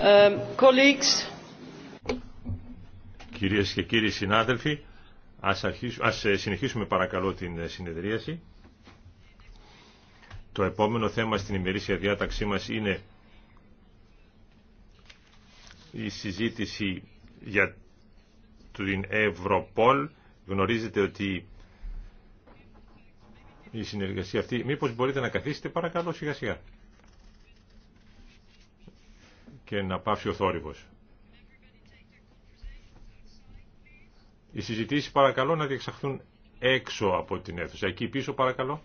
Κυρίε Κυρίες και κύριοι συνάδελφοι, ας, αρχίσουμε, ας ε, συνεχίσουμε παρακαλώ την ε, συνεδρίαση. Το επόμενο θέμα στην ημερήσια διάταξή μας είναι η συζήτηση για την Ευρωπόλ. Γνωρίζετε ότι η συνεργασία αυτή... Μήπως μπορείτε να καθίσετε παρακαλώ σιγά σιγά και να πάψει ο θόρυβος. Οι συζητήσεις παρακαλώ να διεξαχθούν έξω από την αίθουσα. Εκεί πίσω παρακαλώ.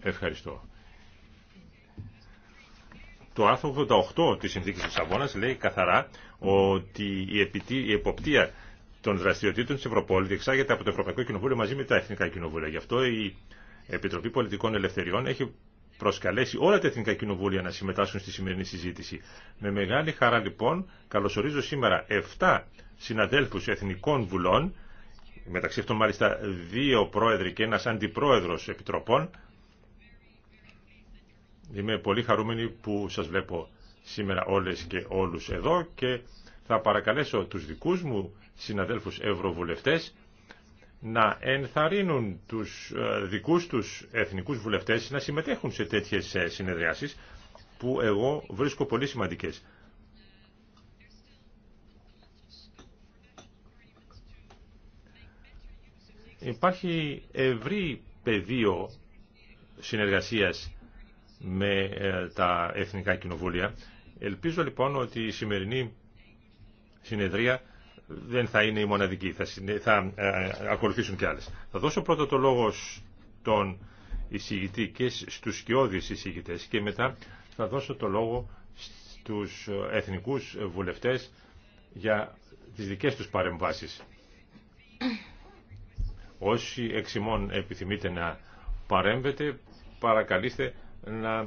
Ευχαριστώ. Το άρθρο 88 της Συνθήκης της Σαββόνας λέει καθαρά ότι η εποπτεία των δραστηριοτήτων της Ευρωπόλη διεξάγεται από το Ευρωπαϊκό Κοινοβούλιο μαζί με τα Εθνικά Κοινοβούλια. Γι' αυτό η Επιτροπή Πολιτικών Ελευθεριών έχει προσκαλέσει όλα τα εθνικά κοινοβούλια να συμμετάσχουν στη σημερινή συζήτηση. Με μεγάλη χαρά λοιπόν καλωσορίζω σήμερα 7 συναδέλφους εθνικών βουλών, μεταξύ αυτών μάλιστα δύο πρόεδροι και ένας αντιπρόεδρος επιτροπών. Είμαι πολύ χαρούμενη που σας βλέπω σήμερα όλες και όλους εδώ και θα παρακαλέσω τους δικούς μου συναδέλφους ευρωβουλευτές να ενθαρρύνουν τους ε, δικούς τους εθνικούς βουλευτές να συμμετέχουν σε τέτοιες ε, συνεδριάσεις που εγώ βρίσκω πολύ σημαντικές. Υπάρχει ευρύ πεδίο συνεργασίας με ε, τα Εθνικά Κοινοβούλια. Ελπίζω λοιπόν ότι η σημερινή συνεδρία δεν θα είναι η μοναδική, θα, θα ε, ακολουθήσουν και άλλες. Θα δώσω πρώτα το λόγο στον εισηγητή και στους σκιώδεις εισηγητές και μετά θα δώσω το λόγο στους εθνικούς βουλευτές για τις δικές τους παρεμβάσεις. Όσοι εξημών επιθυμείτε να παρέμβετε, παρακαλείστε να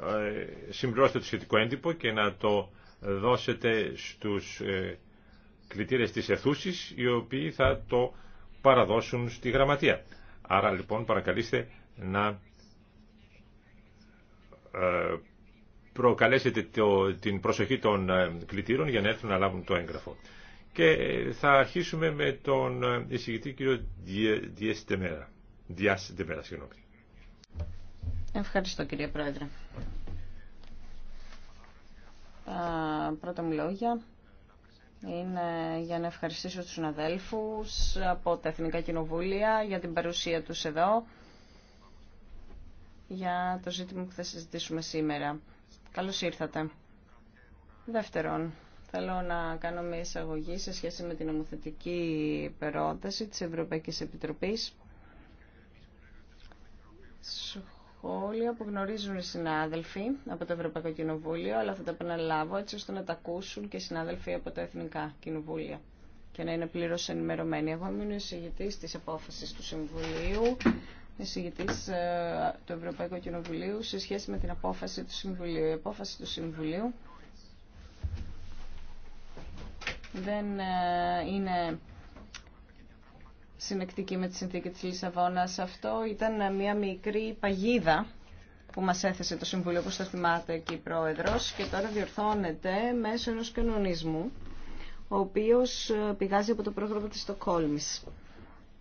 ε, συμπληρώσετε το σχετικό έντυπο και να το δώσετε στους ε, κριτήρες της αιθούσης οι οποίοι θα το παραδώσουν στη γραμματεία. Άρα λοιπόν παρακαλείστε να ε, προκαλέσετε το, την προσοχή των ε, κλητήρων για να έρθουν να λάβουν το έγγραφο. Και ε, θα αρχίσουμε με τον εισηγητή κύριο Διαστεμέρα. Διαστεμέρα, συγγνώμη. Ευχαριστώ κύριε Πρόεδρε. Α, πρώτα μου λόγια είναι για να ευχαριστήσω τους συναδέλφους από τα Εθνικά Κοινοβούλια για την παρουσία τους εδώ για το ζήτημα που θα συζητήσουμε σήμερα. Καλώς ήρθατε. Δεύτερον, θέλω να κάνω μια εισαγωγή σε σχέση με την νομοθετική πρόταση της Ευρωπαϊκής Επιτροπής σχόλια που γνωρίζουν οι συνάδελφοι από το Ευρωπαϊκό Κοινοβούλιο, αλλά θα τα επαναλάβω έτσι ώστε να τα ακούσουν και οι συνάδελφοι από τα Εθνικά Κοινοβούλια και να είναι πλήρω ενημερωμένοι. Εγώ ήμουν εισηγητή τη απόφαση του Συμβουλίου, εισηγητή ε, του Ευρωπαϊκού Κοινοβουλίου σε σχέση με την απόφαση του Συμβουλίου. Η απόφαση του Συμβουλίου δεν ε, είναι συνεκτική με τη συνθήκη της Λισαβόνας. Αυτό ήταν μια μικρή παγίδα που μας έθεσε το Συμβούλιο, που θα θυμάται εκεί η Πρόεδρος, και τώρα διορθώνεται μέσω ενός κανονισμού, ο οποίος ε, πηγάζει από το πρόγραμμα της Στοκόλμης.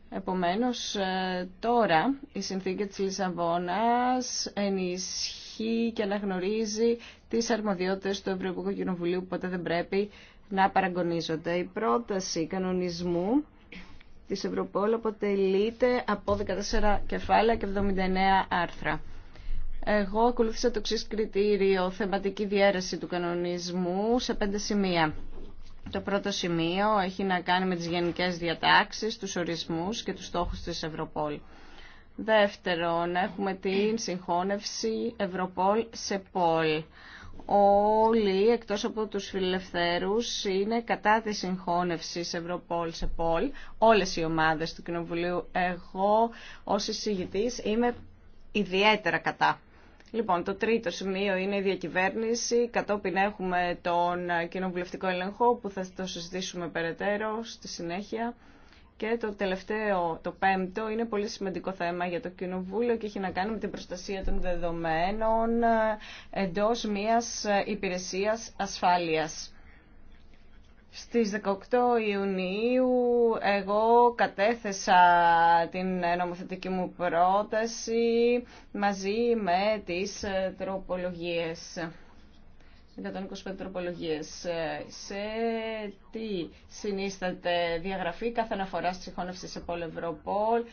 Επομένως, ε, τώρα η συνθήκη της Λισαβόνας ενισχύει και αναγνωρίζει τις αρμοδιότητες του Ευρωπαϊκού Κοινοβουλίου, που ποτέ δεν πρέπει να παραγωνίζονται. Η πρόταση κανονισμού της Ευρωπόλ αποτελείται από 14 κεφάλαια και 79 άρθρα. Εγώ ακολούθησα το εξή κριτήριο, θεματική διέρεση του κανονισμού σε πέντε σημεία. Το πρώτο σημείο έχει να κάνει με τις γενικές διατάξεις, τους ορισμούς και τους στόχους της Ευρωπόλ. Δεύτερον, έχουμε την συγχώνευση Ευρωπόλ σε πόλ όλοι εκτός από τους φιλελευθέρους είναι κατά της σε Ευρωπόλ σε Πολ, όλες οι ομάδες του Κοινοβουλίου. Εγώ ως εισηγητής είμαι ιδιαίτερα κατά. Λοιπόν, το τρίτο σημείο είναι η διακυβέρνηση. Κατόπιν έχουμε τον κοινοβουλευτικό έλεγχο που θα το συζητήσουμε περαιτέρω στη συνέχεια. Και το τελευταίο, το πέμπτο, είναι πολύ σημαντικό θέμα για το Κοινοβούλιο και έχει να κάνει με την προστασία των δεδομένων εντός μιας υπηρεσίας ασφάλειας. Στις 18 Ιουνίου εγώ κατέθεσα την νομοθετική μου πρόταση μαζί με τις τροπολογίες. 125 τροπολογιε Σε τι συνίσταται διαγραφή κάθε αναφορά ψυχόνευση σε Ευρωπόλ,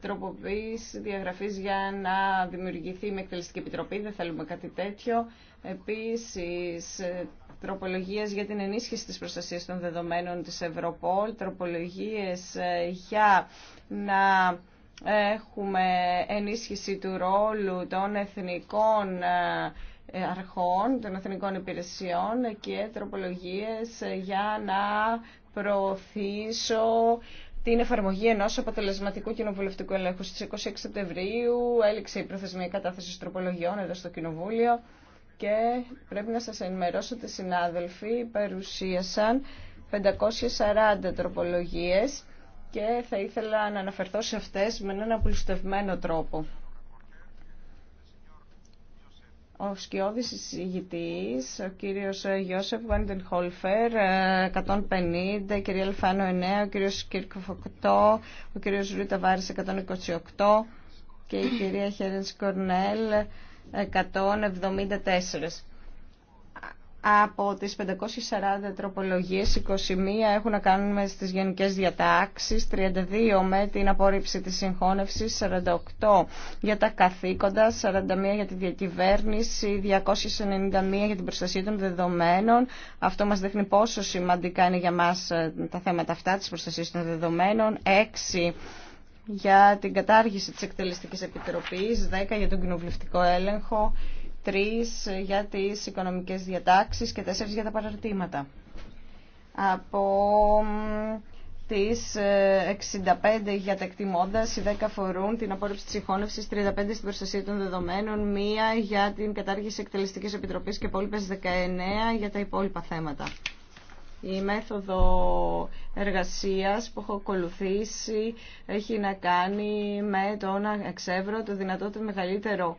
τροποποίηση διαγραφής για να δημιουργηθεί με εκτελεστική επιτροπή, δεν θέλουμε κάτι τέτοιο. Επίσης, ε, τροπολογίες για την ενίσχυση της προστασίας των δεδομένων της Ευρωπόλ, τροπολογίες ε, για να έχουμε ενίσχυση του ρόλου των εθνικών ε, ε, αρχών των εθνικών υπηρεσιών και τροπολογίες για να προωθήσω την εφαρμογή ενό αποτελεσματικού κοινοβουλευτικού ελέγχου. Στι 26 Σεπτεμβρίου έληξε η προθεσμία κατάθεση τροπολογιών εδώ στο Κοινοβούλιο και πρέπει να σας ενημερώσω ότι οι συνάδελφοι παρουσίασαν 540 τροπολογίες και θα ήθελα να αναφερθώ σε αυτές με έναν απολυστευμένο τρόπο. Ο σκιώδης εισηγητής, ο κύριος Γιώσεφ Βάντεν Χόλφερ, 150, ε, η κυρία Αλφάνο 9, ο κύριος Κίρκοφ, 8, ο κύριος Ρούτα Βάρης 128 και η κυρία Χέρενς Κορνέλ 174. Από τις 540 τροπολογίες, 21 έχουν να κάνουν με στις γενικές διατάξεις, 32 με την απόρριψη της συγχώνευσης, 48 για τα καθήκοντα, 41 για τη διακυβέρνηση, 291 για την προστασία των δεδομένων. Αυτό μας δείχνει πόσο σημαντικά είναι για μας ε, τα θέματα αυτά της προστασίας των δεδομένων. 6 για την κατάργηση της εκτελεστικής επιτροπής, 10 για τον κοινοβουλευτικό έλεγχο τρεις για τις οικονομικές διατάξεις και τέσσερις για τα παραρτήματα. Από τις 65 ε, για τα εκτιμώντα οι 10 αφορούν την απόρριψη της συγχώνευσης, 35 στην προστασία των δεδομένων, μία για την κατάργηση εκτελεστικής επιτροπής και υπόλοιπε 19 για τα υπόλοιπα θέματα. Η μέθοδο εργασίας που έχω ακολουθήσει έχει να κάνει με το να εξεύρω το δυνατότητα μεγαλύτερο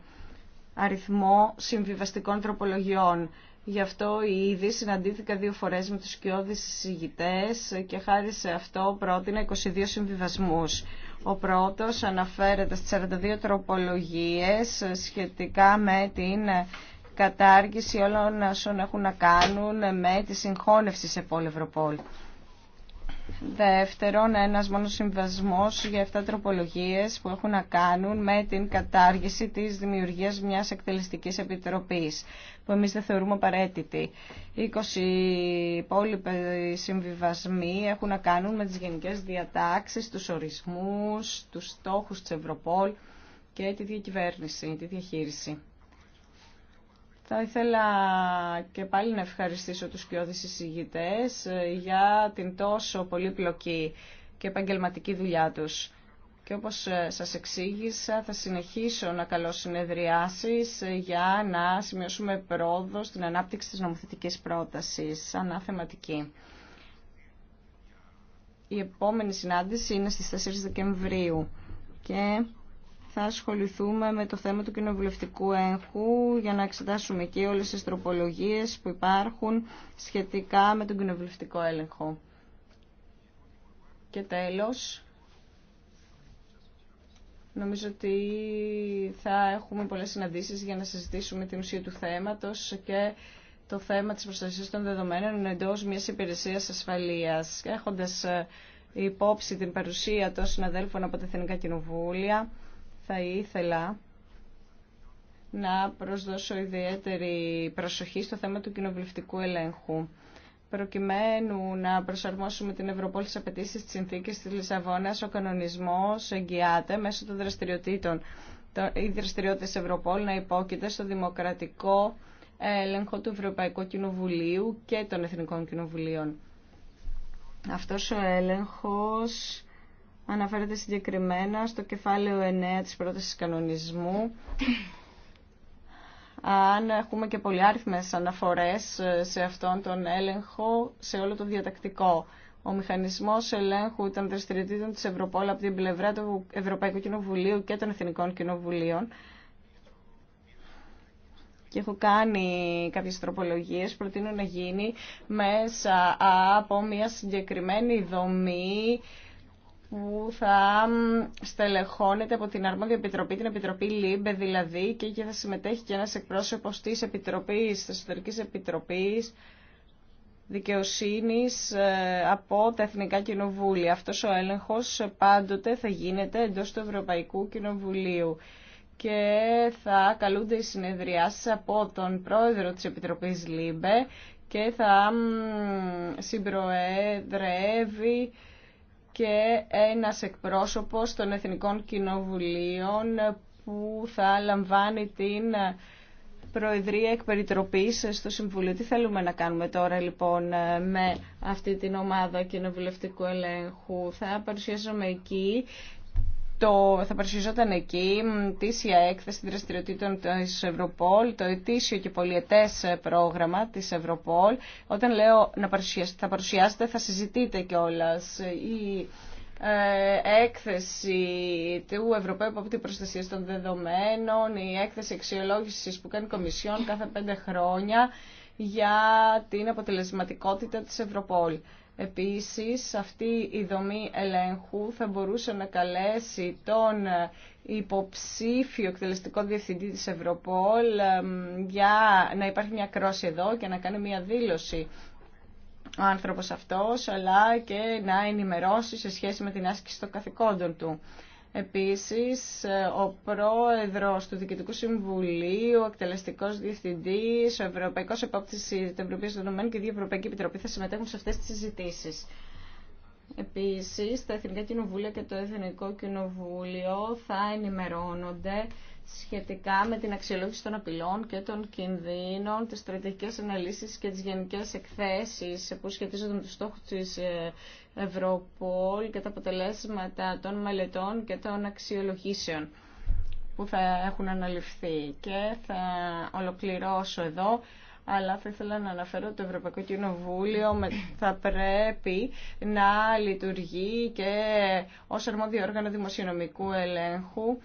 αριθμό συμβιβαστικών τροπολογιών. Γι' αυτό ήδη συναντήθηκα δύο φορές με τους σκιώδεις συζητητές και χάρη σε αυτό πρότεινα 22 συμβιβασμούς. Ο πρώτος αναφέρεται στις 42 τροπολογίες σχετικά με την κατάργηση όλων όσων έχουν να κάνουν με τη συγχώνευση σε πόλευρο πόλη. Δεύτερον, ένας μόνος συμβασμός για 7 τροπολογίες που έχουν να κάνουν με την κατάργηση της δημιουργίας μιας εκτελεστικής επιτροπής, που εμείς δεν θεωρούμε απαραίτητη. 20 υπόλοιποι συμβιβασμοί έχουν να κάνουν με τις γενικές διατάξεις, τους ορισμούς, τους στόχους της Ευρωπόλ και τη διακυβέρνηση, τη διαχείριση. Θα ήθελα και πάλι να ευχαριστήσω τους κοιόδης εισηγητές ε, για την τόσο πολύπλοκη και επαγγελματική δουλειά τους. Και όπως ε, σας εξήγησα θα συνεχίσω να καλώ συνεδριάσεις ε, για να σημειώσουμε πρόοδο στην ανάπτυξη της νομοθετικής πρότασης σαν Η επόμενη συνάντηση είναι στις 4 Δεκεμβρίου και θα ασχοληθούμε με το θέμα του κοινοβουλευτικού έγχου για να εξετάσουμε εκεί όλες τις τροπολογίες που υπάρχουν σχετικά με τον κοινοβουλευτικό έλεγχο. Και τέλος, νομίζω ότι θα έχουμε πολλές συναντήσεις για να συζητήσουμε την ουσία του θέματος και το θέμα της προστασίας των δεδομένων εντός μιας υπηρεσίας ασφαλείας. Έχοντας ε, υπόψη την παρουσία των συναδέλφων από τα Εθνικά Κοινοβούλια, θα ήθελα να προσδώσω ιδιαίτερη προσοχή στο θέμα του κοινοβουλευτικού ελέγχου προκειμένου να προσαρμόσουμε την Ευρωπόλη στις απαιτήσεις της συνθήκης της Λισαβόνας, ο κανονισμός εγγυάται μέσω των δραστηριοτήτων. Οι δραστηριότητες Ευρωπόλη να υπόκειται στο δημοκρατικό έλεγχο του Ευρωπαϊκού Κοινοβουλίου και των Εθνικών Κοινοβουλίων. Αυτός ο έλεγχος αναφέρεται συγκεκριμένα στο κεφάλαιο 9 της πρότασης κανονισμού. Αν έχουμε και πολυάριθμες αναφορές ε, σε αυτόν τον έλεγχο, σε όλο το διατακτικό. Ο μηχανισμός ελέγχου ήταν δραστηριοτήτων της Ευρωπόλα από την πλευρά του Ευρωπαϊκού Κοινοβουλίου και των Εθνικών Κοινοβουλίων και έχω κάνει κάποιες τροπολογίες, προτείνω να γίνει μέσα από μια συγκεκριμένη δομή που θα στελεχώνεται από την αρμόδια επιτροπή, την Επιτροπή ΛΥΜΠΕ δηλαδή, και θα συμμετέχει και ένας εκπρόσωπος της Επιτροπής, της Εσωτερικής Επιτροπής Δικαιοσύνης ε, από τα Εθνικά Κοινοβούλια. Αυτός ο έλεγχος πάντοτε θα γίνεται εντός του Ευρωπαϊκού Κοινοβουλίου και θα καλούνται οι συνεδριάσεις από τον πρόεδρο της Επιτροπής ΛΥΜΠΕ και θα συμπροεδρεύει και ένας εκπρόσωπος των Εθνικών Κοινοβουλίων που θα λαμβάνει την Προεδρία Εκπεριτροπής στο Συμβούλιο. Τι θέλουμε να κάνουμε τώρα λοιπόν με αυτή την ομάδα κοινοβουλευτικού ελέγχου. Θα παρουσιάσουμε εκεί το, θα παρουσιαζόταν εκεί η έκθεση δραστηριοτήτων της Ευρωπόλ, το ετήσιο και πολιετές ε, πρόγραμμα της Ευρωπόλ. Όταν λέω να παρουσιάσετε, θα παρουσιάσετε, θα συζητείτε κιόλα. Η ε, έκθεση του Ευρωπαίου την Προστασία των Δεδομένων, η έκθεση αξιολόγηση που κάνει η Κομισιόν κάθε πέντε χρόνια για την αποτελεσματικότητα της Ευρωπόλ. Επίσης, αυτή η δομή ελέγχου θα μπορούσε να καλέσει τον υποψήφιο εκτελεστικό διευθυντή της Ευρωπόλ για να υπάρχει μια κρόση εδώ και να κάνει μια δήλωση ο άνθρωπος αυτός, αλλά και να ενημερώσει σε σχέση με την άσκηση των καθηκόντων του. Επίσης, ο πρόεδρος του Διοικητικού Συμβουλίου, ο εκτελεστικός διευθυντής, ο Ευρωπαϊκός Επόπτης των Ευρωπαϊκών Συνδεδομένων και η Ευρωπαϊκή Επιτροπή θα συμμετέχουν σε αυτές τις συζητήσεις. Επίσης, τα Εθνικά Κοινοβούλια και το Εθνικό Κοινοβούλιο θα ενημερώνονται σχετικά με την αξιολόγηση των απειλών και των κινδύνων, τις στρατηγικέ αναλύσεις και τις γενικές εκθέσεις που σχετίζονται με τους στόχους της ε, Ευρωπόλ και τα αποτελέσματα των μελετών και των αξιολογήσεων που θα έχουν αναλυφθεί. Και θα ολοκληρώσω εδώ αλλά θα ήθελα να αναφέρω ότι το Ευρωπαϊκό Κοινοβούλιο θα πρέπει να λειτουργεί και ως αρμόδιο όργανο δημοσιονομικού ελέγχου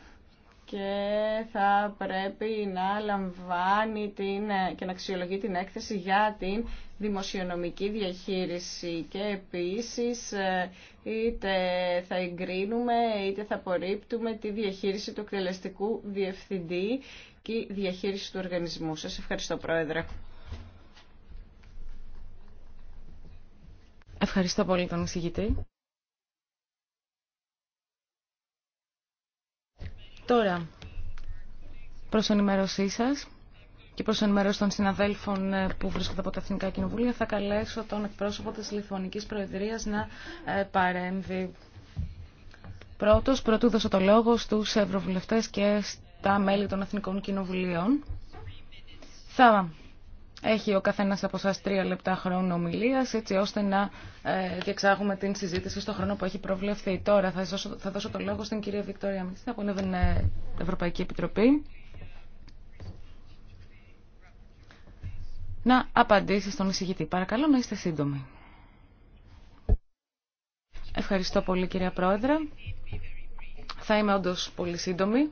και θα πρέπει να λαμβάνει την, και να αξιολογεί την έκθεση για την δημοσιονομική διαχείριση και επίσης ε, είτε θα εγκρίνουμε είτε θα απορρίπτουμε τη διαχείριση του εκτελεστικού διευθυντή και διαχείριση του οργανισμού. Σας ευχαριστώ Πρόεδρε. Ευχαριστώ πολύ τον εισηγητή. Τώρα, προς ενημέρωσή σας και προς ενημέρωση των συναδέλφων ε, που βρίσκονται από τα Εθνικά Κοινοβούλια, θα καλέσω τον εκπρόσωπο της Λιθουανικής Προεδρίας να ε, παρέμβει πρώτος. Πρωτού δώσω το λόγο στους ευρωβουλευτές και στα μέλη των Εθνικών Κοινοβουλίων. Θα έχει ο καθένα από εσά τρία λεπτά χρόνο ομιλία, έτσι ώστε να ε, διεξάγουμε την συζήτηση στο χρόνο που έχει προβλεφθεί. Τώρα θα, δώσω, θα δώσω το λόγο στην κυρία Βικτόρια Μιξίτα, που είναι την Ευρωπαϊκή Επιτροπή, να απαντήσει στον εισηγητή. Παρακαλώ να είστε σύντομοι. Ευχαριστώ πολύ κυρία Πρόεδρε. Θα είμαι όντω πολύ σύντομη.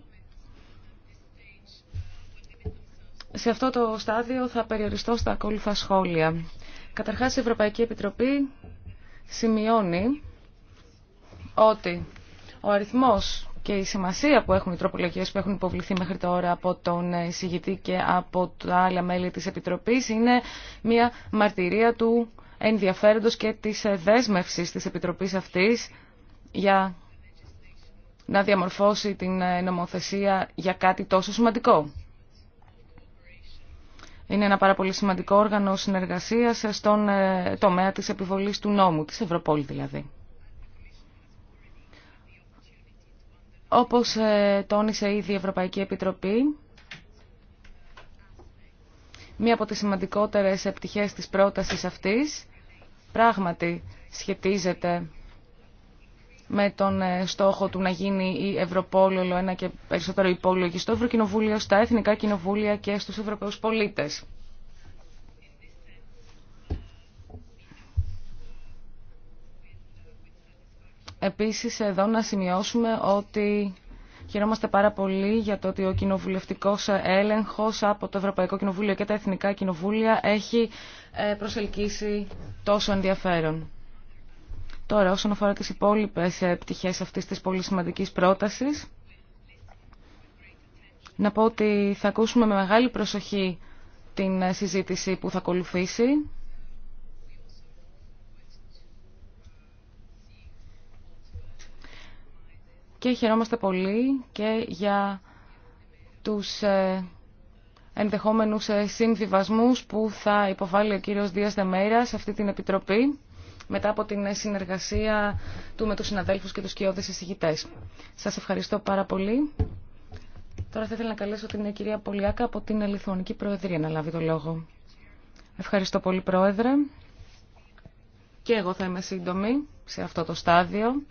Σε αυτό το στάδιο θα περιοριστώ στα ακόλουθα σχόλια. Καταρχάς η Ευρωπαϊκή Επιτροπή σημειώνει ότι ο αριθμός και η σημασία που έχουν οι τροπολογίες που έχουν υποβληθεί μέχρι τώρα από τον εισηγητή και από τα άλλα μέλη της Επιτροπής είναι μια μαρτυρία του ενδιαφέροντος και της δέσμευσης της Επιτροπής αυτής για να διαμορφώσει την νομοθεσία για κάτι τόσο σημαντικό είναι ένα πάρα πολύ σημαντικό όργανο συνεργασίας στον ε, τομέα της επιβολής του νόμου, της Ευρωπόλη δηλαδή. Όπως ε, τόνισε ήδη η Ευρωπαϊκή Επιτροπή, μία από τις σημαντικότερες επιτυχίες της πρότασης αυτής πράγματι σχετίζεται με τον ε, στόχο του να γίνει η Ευρωπόλη ένα και περισσότερο υπόλογη στο Ευρωκοινοβούλιο, στα Εθνικά Κοινοβούλια και στους Ευρωπαίους πολίτες. Επίσης εδώ να σημειώσουμε ότι χαιρόμαστε πάρα πολύ για το ότι ο κοινοβουλευτικός έλεγχος από το Ευρωπαϊκό Κοινοβούλιο και τα Εθνικά Κοινοβούλια έχει ε, προσελκύσει τόσο ενδιαφέρον. Τώρα, όσον αφορά τις υπόλοιπες ε, πτυχές αυτής της πολύ σημαντικής πρότασης, να πω ότι θα ακούσουμε με μεγάλη προσοχή την ε, συζήτηση που θα ακολουθήσει. Και χαιρόμαστε πολύ και για τους ε, ενδεχόμενους συμβιβασμούς που θα υποβάλει ο κύριος Δίας Δεμέρα σε αυτή την Επιτροπή μετά από την συνεργασία του με τους συναδέλφους και τους κοιόδες εισηγητές. Σας ευχαριστώ πάρα πολύ. Τώρα θα ήθελα να καλέσω την κυρία Πολιάκα από την Λιθουανική Προεδρία να λάβει το λόγο. Ευχαριστώ πολύ Πρόεδρε. Και εγώ θα είμαι σύντομη σε αυτό το στάδιο.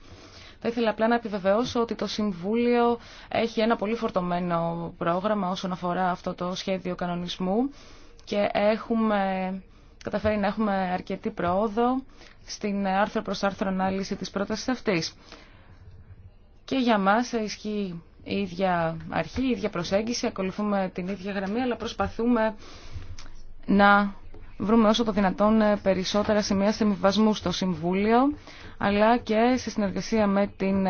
Θα ήθελα απλά να επιβεβαιώσω ότι το Συμβούλιο έχει ένα πολύ φορτωμένο πρόγραμμα όσον αφορά αυτό το σχέδιο κανονισμού και έχουμε καταφέρει να έχουμε αρκετή πρόοδο στην άρθρο προς άρθρο ανάλυση της πρότασης αυτής. Και για μας ισχύει η ίδια αρχή, η ίδια προσέγγιση, ακολουθούμε την ίδια γραμμή, αλλά προσπαθούμε να βρούμε όσο το δυνατόν περισσότερα σημεία συμβιβασμού στο Συμβούλιο, αλλά και σε συνεργασία με την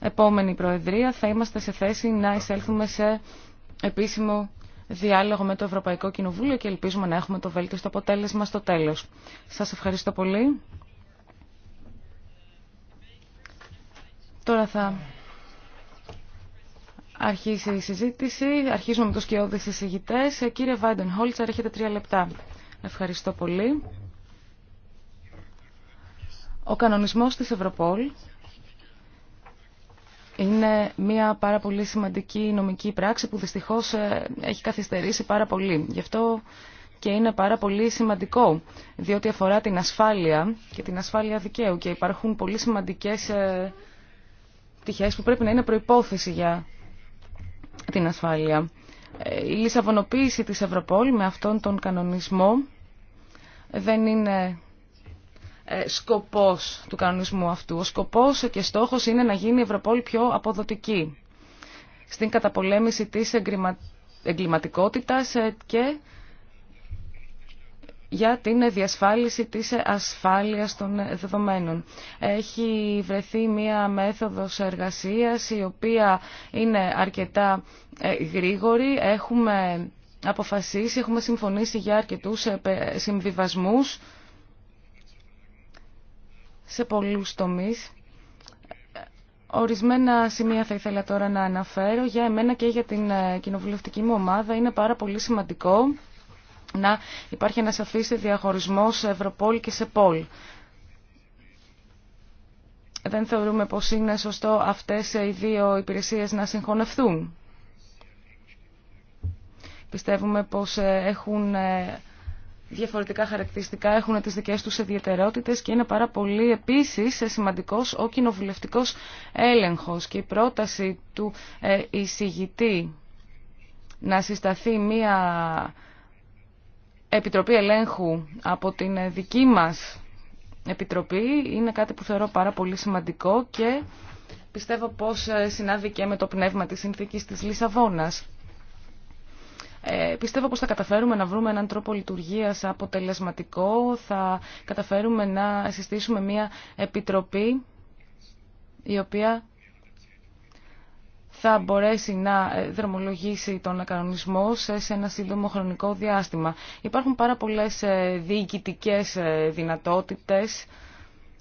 επόμενη Προεδρία θα είμαστε σε θέση να εισέλθουμε σε επίσημο διάλογο με το Ευρωπαϊκό Κοινοβούλιο και ελπίζουμε να έχουμε το βέλτιστο αποτέλεσμα στο τέλος. Σας ευχαριστώ πολύ. Τώρα θα αρχίσει η συζήτηση. Αρχίζουμε με τους κοιόδες εισηγητές. Κύριε Βάιντεν Χόλτσαρ, έχετε τρία λεπτά. Ευχαριστώ πολύ. Ο κανονισμός της Ευρωπόλ είναι μια πάρα πολύ σημαντική νομική πράξη που δυστυχώς ε, έχει καθυστερήσει πάρα πολύ. Γι' αυτό και είναι πάρα πολύ σημαντικό, διότι αφορά την ασφάλεια και την ασφάλεια δικαίου και υπάρχουν πολύ σημαντικές ε, πτυχές που πρέπει να είναι προϋπόθεση για την ασφάλεια. Ε, η λισαβονοποίηση της Ευρωπόλ με αυτόν τον κανονισμό δεν είναι ε, σκοπός του κανονισμού αυτού. Ο σκοπός και στόχος είναι να γίνει η Ευρωπόλη πιο αποδοτική στην καταπολέμηση της εγκληματικότητας ε, και για την διασφάλιση της ασφάλειας των δεδομένων. Έχει βρεθεί μία μέθοδος εργασίας η οποία είναι αρκετά ε, γρήγορη. Έχουμε αποφασίσει, έχουμε συμφωνήσει για αρκετούς συμβιβασμούς σε πολλούς τομείς. Ορισμένα σημεία θα ήθελα τώρα να αναφέρω για εμένα και για την ε, κοινοβουλευτική μου ομάδα. Είναι πάρα πολύ σημαντικό να υπάρχει ένα σαφή διαχωρισμός σε Ευρωπόλ και σε Πολ. Δεν θεωρούμε πως είναι σωστό αυτές οι δύο υπηρεσίες να συγχωνευτούν. Πιστεύουμε πως ε, έχουν ε, διαφορετικά χαρακτηριστικά έχουν τις δικές τους ιδιαιτερότητες και είναι πάρα πολύ επίσης σημαντικός ο κοινοβουλευτικό έλεγχος και η πρόταση του ε, εισηγητή να συσταθεί μία επιτροπή ελέγχου από την δική μας επιτροπή είναι κάτι που θεωρώ πάρα πολύ σημαντικό και πιστεύω πως ε, συνάδει και με το πνεύμα της συνθήκης της Λισαβόνας. Ε, πιστεύω πως θα καταφέρουμε να βρούμε έναν τρόπο λειτουργίας αποτελεσματικό, θα καταφέρουμε να συστήσουμε μια επιτροπή η οποία θα μπορέσει να ε, δρομολογήσει τον κανονισμό σε ένα σύντομο χρονικό διάστημα. Υπάρχουν πάρα πολλές ε, διοικητικές ε, δυνατότητες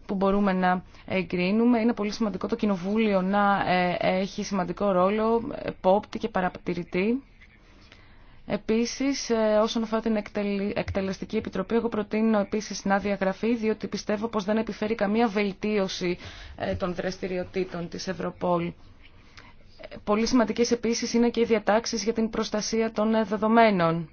που μπορούμε να εγκρίνουμε. Είναι πολύ σημαντικό το Κοινοβούλιο να έχει σημαντικό ρόλο επόπτη και παρατηρητή. Επίσης, ε, όσον αφορά την Εκτελεστική Επιτροπή, εγώ προτείνω επίσης να διαγραφεί, διότι πιστεύω πως δεν επιφέρει καμία βελτίωση ε, των δραστηριοτήτων της Ευρωπόλ. Ε, πολύ σημαντικές επίσης είναι και οι διατάξεις για την προστασία των δεδομένων.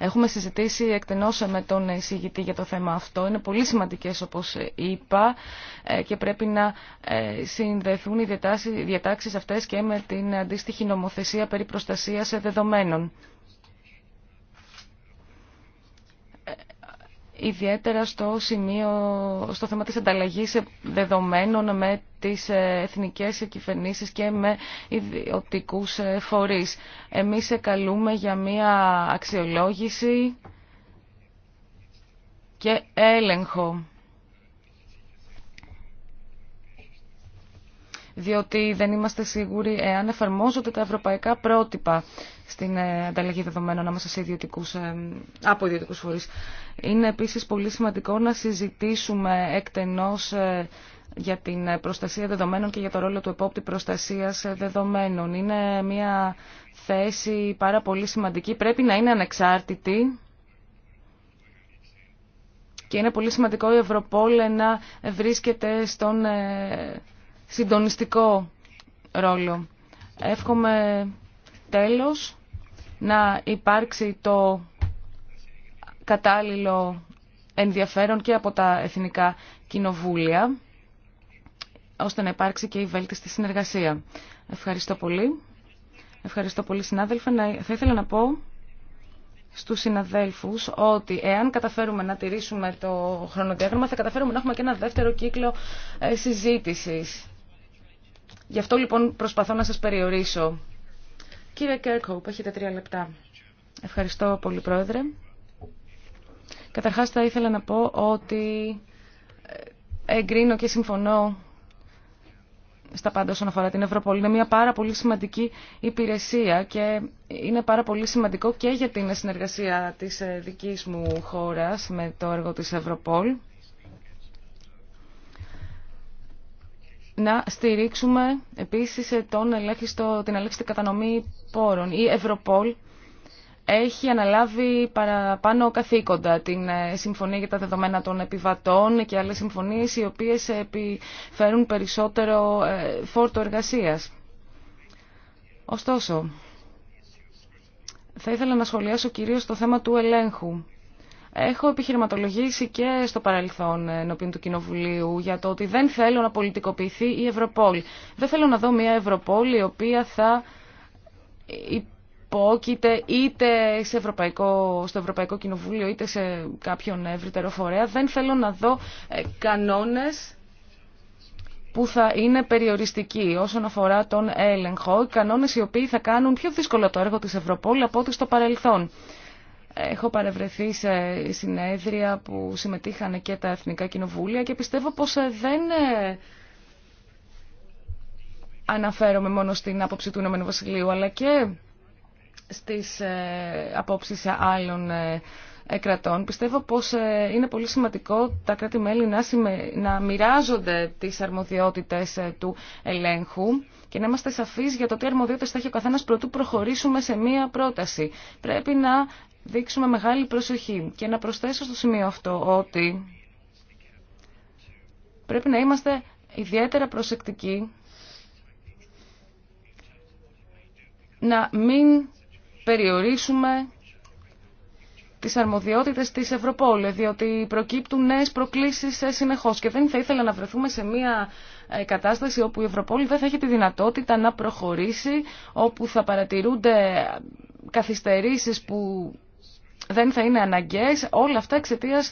Έχουμε συζητήσει εκτενώς με τον εισηγητή για το θέμα αυτό. Είναι πολύ σημαντικές όπως είπα ε, και πρέπει να ε, συνδεθούν οι διατάξεις αυτές και με την αντίστοιχη νομοθεσία περί προστασίας δεδομένων. ιδιαίτερα στο σημείο, στο θέμα της ανταλλαγής δεδομένων με τις ε, εθνικές κυβερνήσεις και με ιδιωτικού ε, φορείς. Εμείς καλούμε για μία αξιολόγηση και έλεγχο. διότι δεν είμαστε σίγουροι εάν εφαρμόζονται τα ευρωπαϊκά πρότυπα στην ε, ανταλλαγή δεδομένων ανάμεσα σε ιδιωτικούς, ε, από ιδιωτικού φορεί. Είναι επίση πολύ σημαντικό να συζητήσουμε εκτενώ ε, για την προστασία δεδομένων και για το ρόλο του επόπτη προστασίας δεδομένων. Είναι μια θέση πάρα πολύ σημαντική. Πρέπει να είναι ανεξάρτητη και είναι πολύ σημαντικό η Ευρωπόλ να βρίσκεται στον συντονιστικό ρόλο. Εύχομαι τέλος να υπάρξει το κατάλληλο ενδιαφέρον και από τα εθνικά κοινοβούλια, ώστε να υπάρξει και η βέλτιστη συνεργασία. Ευχαριστώ πολύ. Ευχαριστώ πολύ συνάδελφα. Θα ήθελα να πω στους συναδέλφους ότι εάν καταφέρουμε να τηρήσουμε το χρονοδιάγραμμα θα καταφέρουμε να έχουμε και ένα δεύτερο κύκλο ε, συζήτησης. Γι' αυτό λοιπόν προσπαθώ να σας περιορίσω Κύριε Κέρκοπ, έχετε τρία λεπτά. Ευχαριστώ πολύ, Πρόεδρε. Καταρχάς θα ήθελα να πω ότι ε, εγκρίνω και συμφωνώ στα πάντα όσον αφορά την Ευρωπολή. Είναι μια πάρα πολύ σημαντική υπηρεσία και είναι πάρα πολύ σημαντικό και για την συνεργασία της ε, δικής μου χώρας με το έργο της Ευρωπόλ. να στηρίξουμε επίσης τον ελέγχιστο, την ελέγχιστη κατανομή πόρων. Η Ευρωπόλ έχει αναλάβει παραπάνω καθήκοντα την ε, Συμφωνία για τα Δεδομένα των Επιβατών και άλλες συμφωνίες οι οποίες επιφέρουν περισσότερο ε, φόρτο εργασίας. Ωστόσο, θα ήθελα να σχολιάσω κυρίως το θέμα του ελέγχου Έχω επιχειρηματολογήσει και στο παρελθόν ενώπιον του Κοινοβουλίου για το ότι δεν θέλω να πολιτικοποιηθεί η Ευρωπόλη. Δεν θέλω να δω μια Ευρωπόλη η οποία θα υπόκειται είτε σε ευρωπαϊκό, στο Ευρωπαϊκό Κοινοβούλιο είτε σε κάποιον ευρύτερο φορέα. Δεν θέλω να δω ε, κανόνες που θα είναι περιοριστικοί όσον αφορά τον έλεγχο, κανόνες οι οποίοι θα κάνουν πιο δύσκολο το έργο της Ευρωπόλη από ό,τι στο παρελθόν. Έχω παρευρεθεί σε συνέδρια που συμμετείχαν και τα Εθνικά Κοινοβούλια και πιστεύω πως ε, δεν ε, αναφέρομαι μόνο στην άποψη του Ηνωμένου Βασιλείου αλλά και στις ε, απόψεις άλλων κρατών. Πιστεύω πως είναι πολύ σημαντικό τα κράτη-μέλη να, να μοιράζονται τις αρμοδιότητες του ελέγχου και να είμαστε σαφείς για το τι αρμοδιότητες θα έχει ο καθένας προτού προχωρήσουμε σε μία πρόταση. Πρέπει να δείξουμε μεγάλη προσοχή. Και να προσθέσω στο σημείο αυτό ότι πρέπει να είμαστε ιδιαίτερα προσεκτικοί να μην περιορίσουμε τις αρμοδιότητες της Ευρωπόλου διότι προκύπτουν νέες προκλήσεις ε, συνεχώς και δεν θα ήθελα να βρεθούμε σε μια ε, κατάσταση όπου η Ευρωπόλη δεν θα έχει τη δυνατότητα να προχωρήσει, όπου θα παρατηρούνται καθυστερήσεις που δεν θα είναι αναγκαίες, όλα αυτά εξαιτία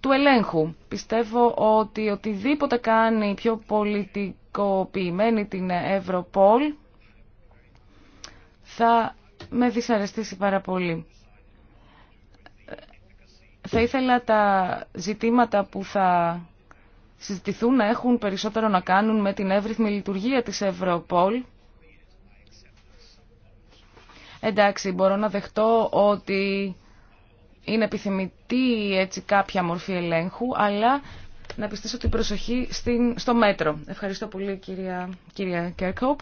του ελέγχου. Πιστεύω ότι οτιδήποτε κάνει πιο πολιτικοποιημένη την Ευρωπόλ θα με δυσαρεστήσει πάρα πολύ. Θα ήθελα τα ζητήματα που θα συζητηθούν να έχουν περισσότερο να κάνουν με την εύρυθμη λειτουργία της Ευρωπόλ. Εντάξει, μπορώ να δεχτώ ότι είναι επιθυμητή έτσι κάποια μορφή ελέγχου, αλλά να πιστήσω την προσοχή στην, στο μέτρο. Ευχαριστώ πολύ κυρία, κυρία Κέρκοπ.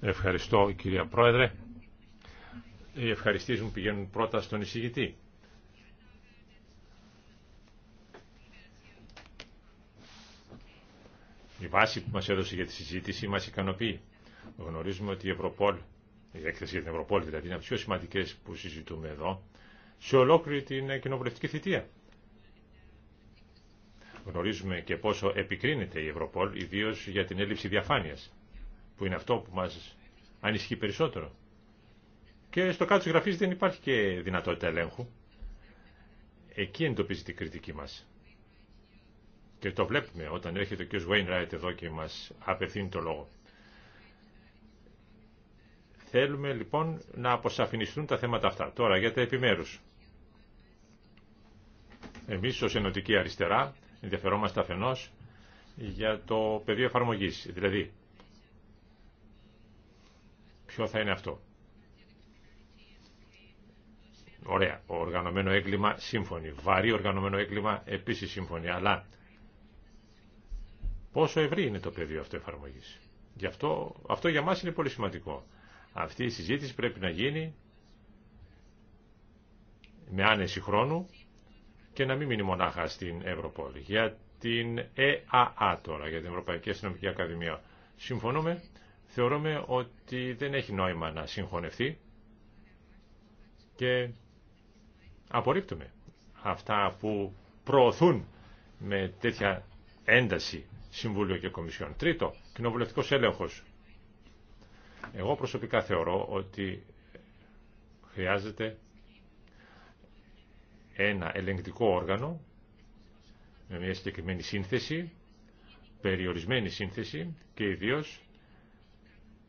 Ευχαριστώ κυρία Πρόεδρε. Οι ευχαριστήσεις μου πηγαίνουν πρώτα στον εισηγητή. Η βάση που μας έδωσε για τη συζήτηση μας ικανοποιεί. Γνωρίζουμε ότι η Ευρωπόλ, η έκθεση για την Ευρωπόλ δηλαδή είναι από τις πιο σημαντικές που συζητούμε εδώ, σε ολόκληρη την κοινοβουλευτική θητεία. Γνωρίζουμε και πόσο επικρίνεται η Ευρωπόλ, ιδίω για την έλλειψη διαφάνεια, που είναι αυτό που μα ανισχύει περισσότερο. Και στο κάτω τη γραφή δεν υπάρχει και δυνατότητα ελέγχου. Εκεί εντοπίζεται η κριτική μα. Και το βλέπουμε όταν έρχεται ο κ. Wainwright εδώ και μα απευθύνει το λόγο. Θέλουμε λοιπόν να αποσαφινιστούν τα θέματα αυτά. Τώρα για τα επιμέρους. Εμείς ως Ενωτική Αριστερά ενδιαφερόμαστε αφενός για το πεδίο εφαρμογής. Δηλαδή, ποιο θα είναι αυτό. Ωραία, ο οργανωμένο έγκλημα σύμφωνη. Βαρύ οργανωμένο έγκλημα επίσης σύμφωνη. Αλλά πόσο ευρύ είναι το πεδίο αυτό εφαρμογής. Γι αυτό, αυτό για μας είναι πολύ σημαντικό. Αυτή η συζήτηση πρέπει να γίνει με άνεση χρόνου και να μην μείνει μονάχα στην Ευρωπόλη. Για την ΕΑΑ τώρα, για την Ευρωπαϊκή Αστυνομική Ακαδημία, συμφωνούμε. Θεωρούμε ότι δεν έχει νόημα να συγχωνευτεί και απορρίπτουμε αυτά που προωθούν με τέτοια ένταση Συμβούλιο και Κομισιόν. Τρίτο, κοινοβουλευτικός έλεγχος. Εγώ προσωπικά θεωρώ ότι χρειάζεται ένα ελεγκτικό όργανο με μια συγκεκριμένη σύνθεση, περιορισμένη σύνθεση και ιδίω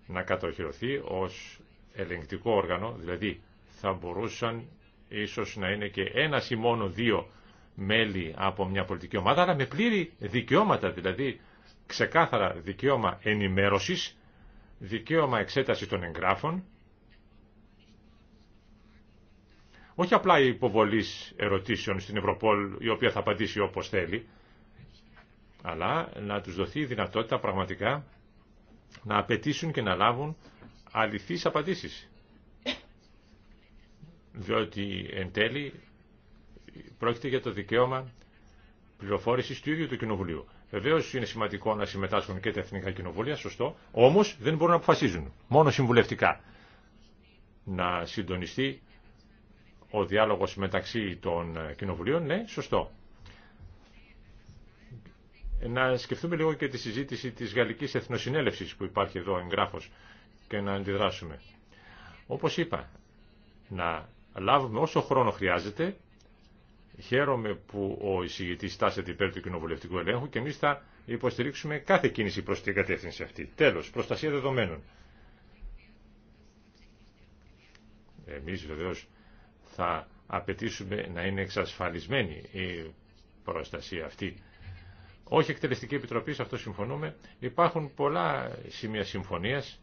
να κατοχυρωθεί ως ελεγκτικό όργανο, δηλαδή θα μπορούσαν ίσως να είναι και ένα ή μόνο δύο μέλη από μια πολιτική ομάδα, αλλά με πλήρη δικαιώματα, δηλαδή ξεκάθαρα δικαίωμα ενημέρωσης, δικαίωμα εξέταση των εγγράφων όχι απλά η υποβολή ερωτήσεων στην Ευρωπόλ, η οποία θα απαντήσει όπως θέλει, αλλά να τους δοθεί η δυνατότητα πραγματικά να απαιτήσουν και να λάβουν αληθείς απαντήσεις. Διότι εν τέλει πρόκειται για το δικαίωμα πληροφόρησης του ίδιου του Κοινοβουλίου. Βεβαίω είναι σημαντικό να συμμετάσχουν και τα εθνικά κοινοβούλια, σωστό, όμως δεν μπορούν να αποφασίζουν. Μόνο συμβουλευτικά. Να συντονιστεί ο διάλογος μεταξύ των ε, κοινοβουλίων, ναι, σωστό. Να σκεφτούμε λίγο και τη συζήτηση της Γαλλικής Εθνοσυνέλευσης που υπάρχει εδώ εγγράφος και να αντιδράσουμε. Όπως είπα, να λάβουμε όσο χρόνο χρειάζεται. Χαίρομαι που ο εισηγητής στάσεται υπέρ του κοινοβουλευτικού ελέγχου και εμείς θα υποστηρίξουμε κάθε κίνηση προς την κατεύθυνση αυτή. Τέλος, προστασία δεδομένων. Εμείς βεβαίως θα απαιτήσουμε να είναι εξασφαλισμένη η προστασία αυτή. Όχι εκτελεστική επιτροπή, σε αυτό συμφωνούμε. Υπάρχουν πολλά σημεία συμφωνίας.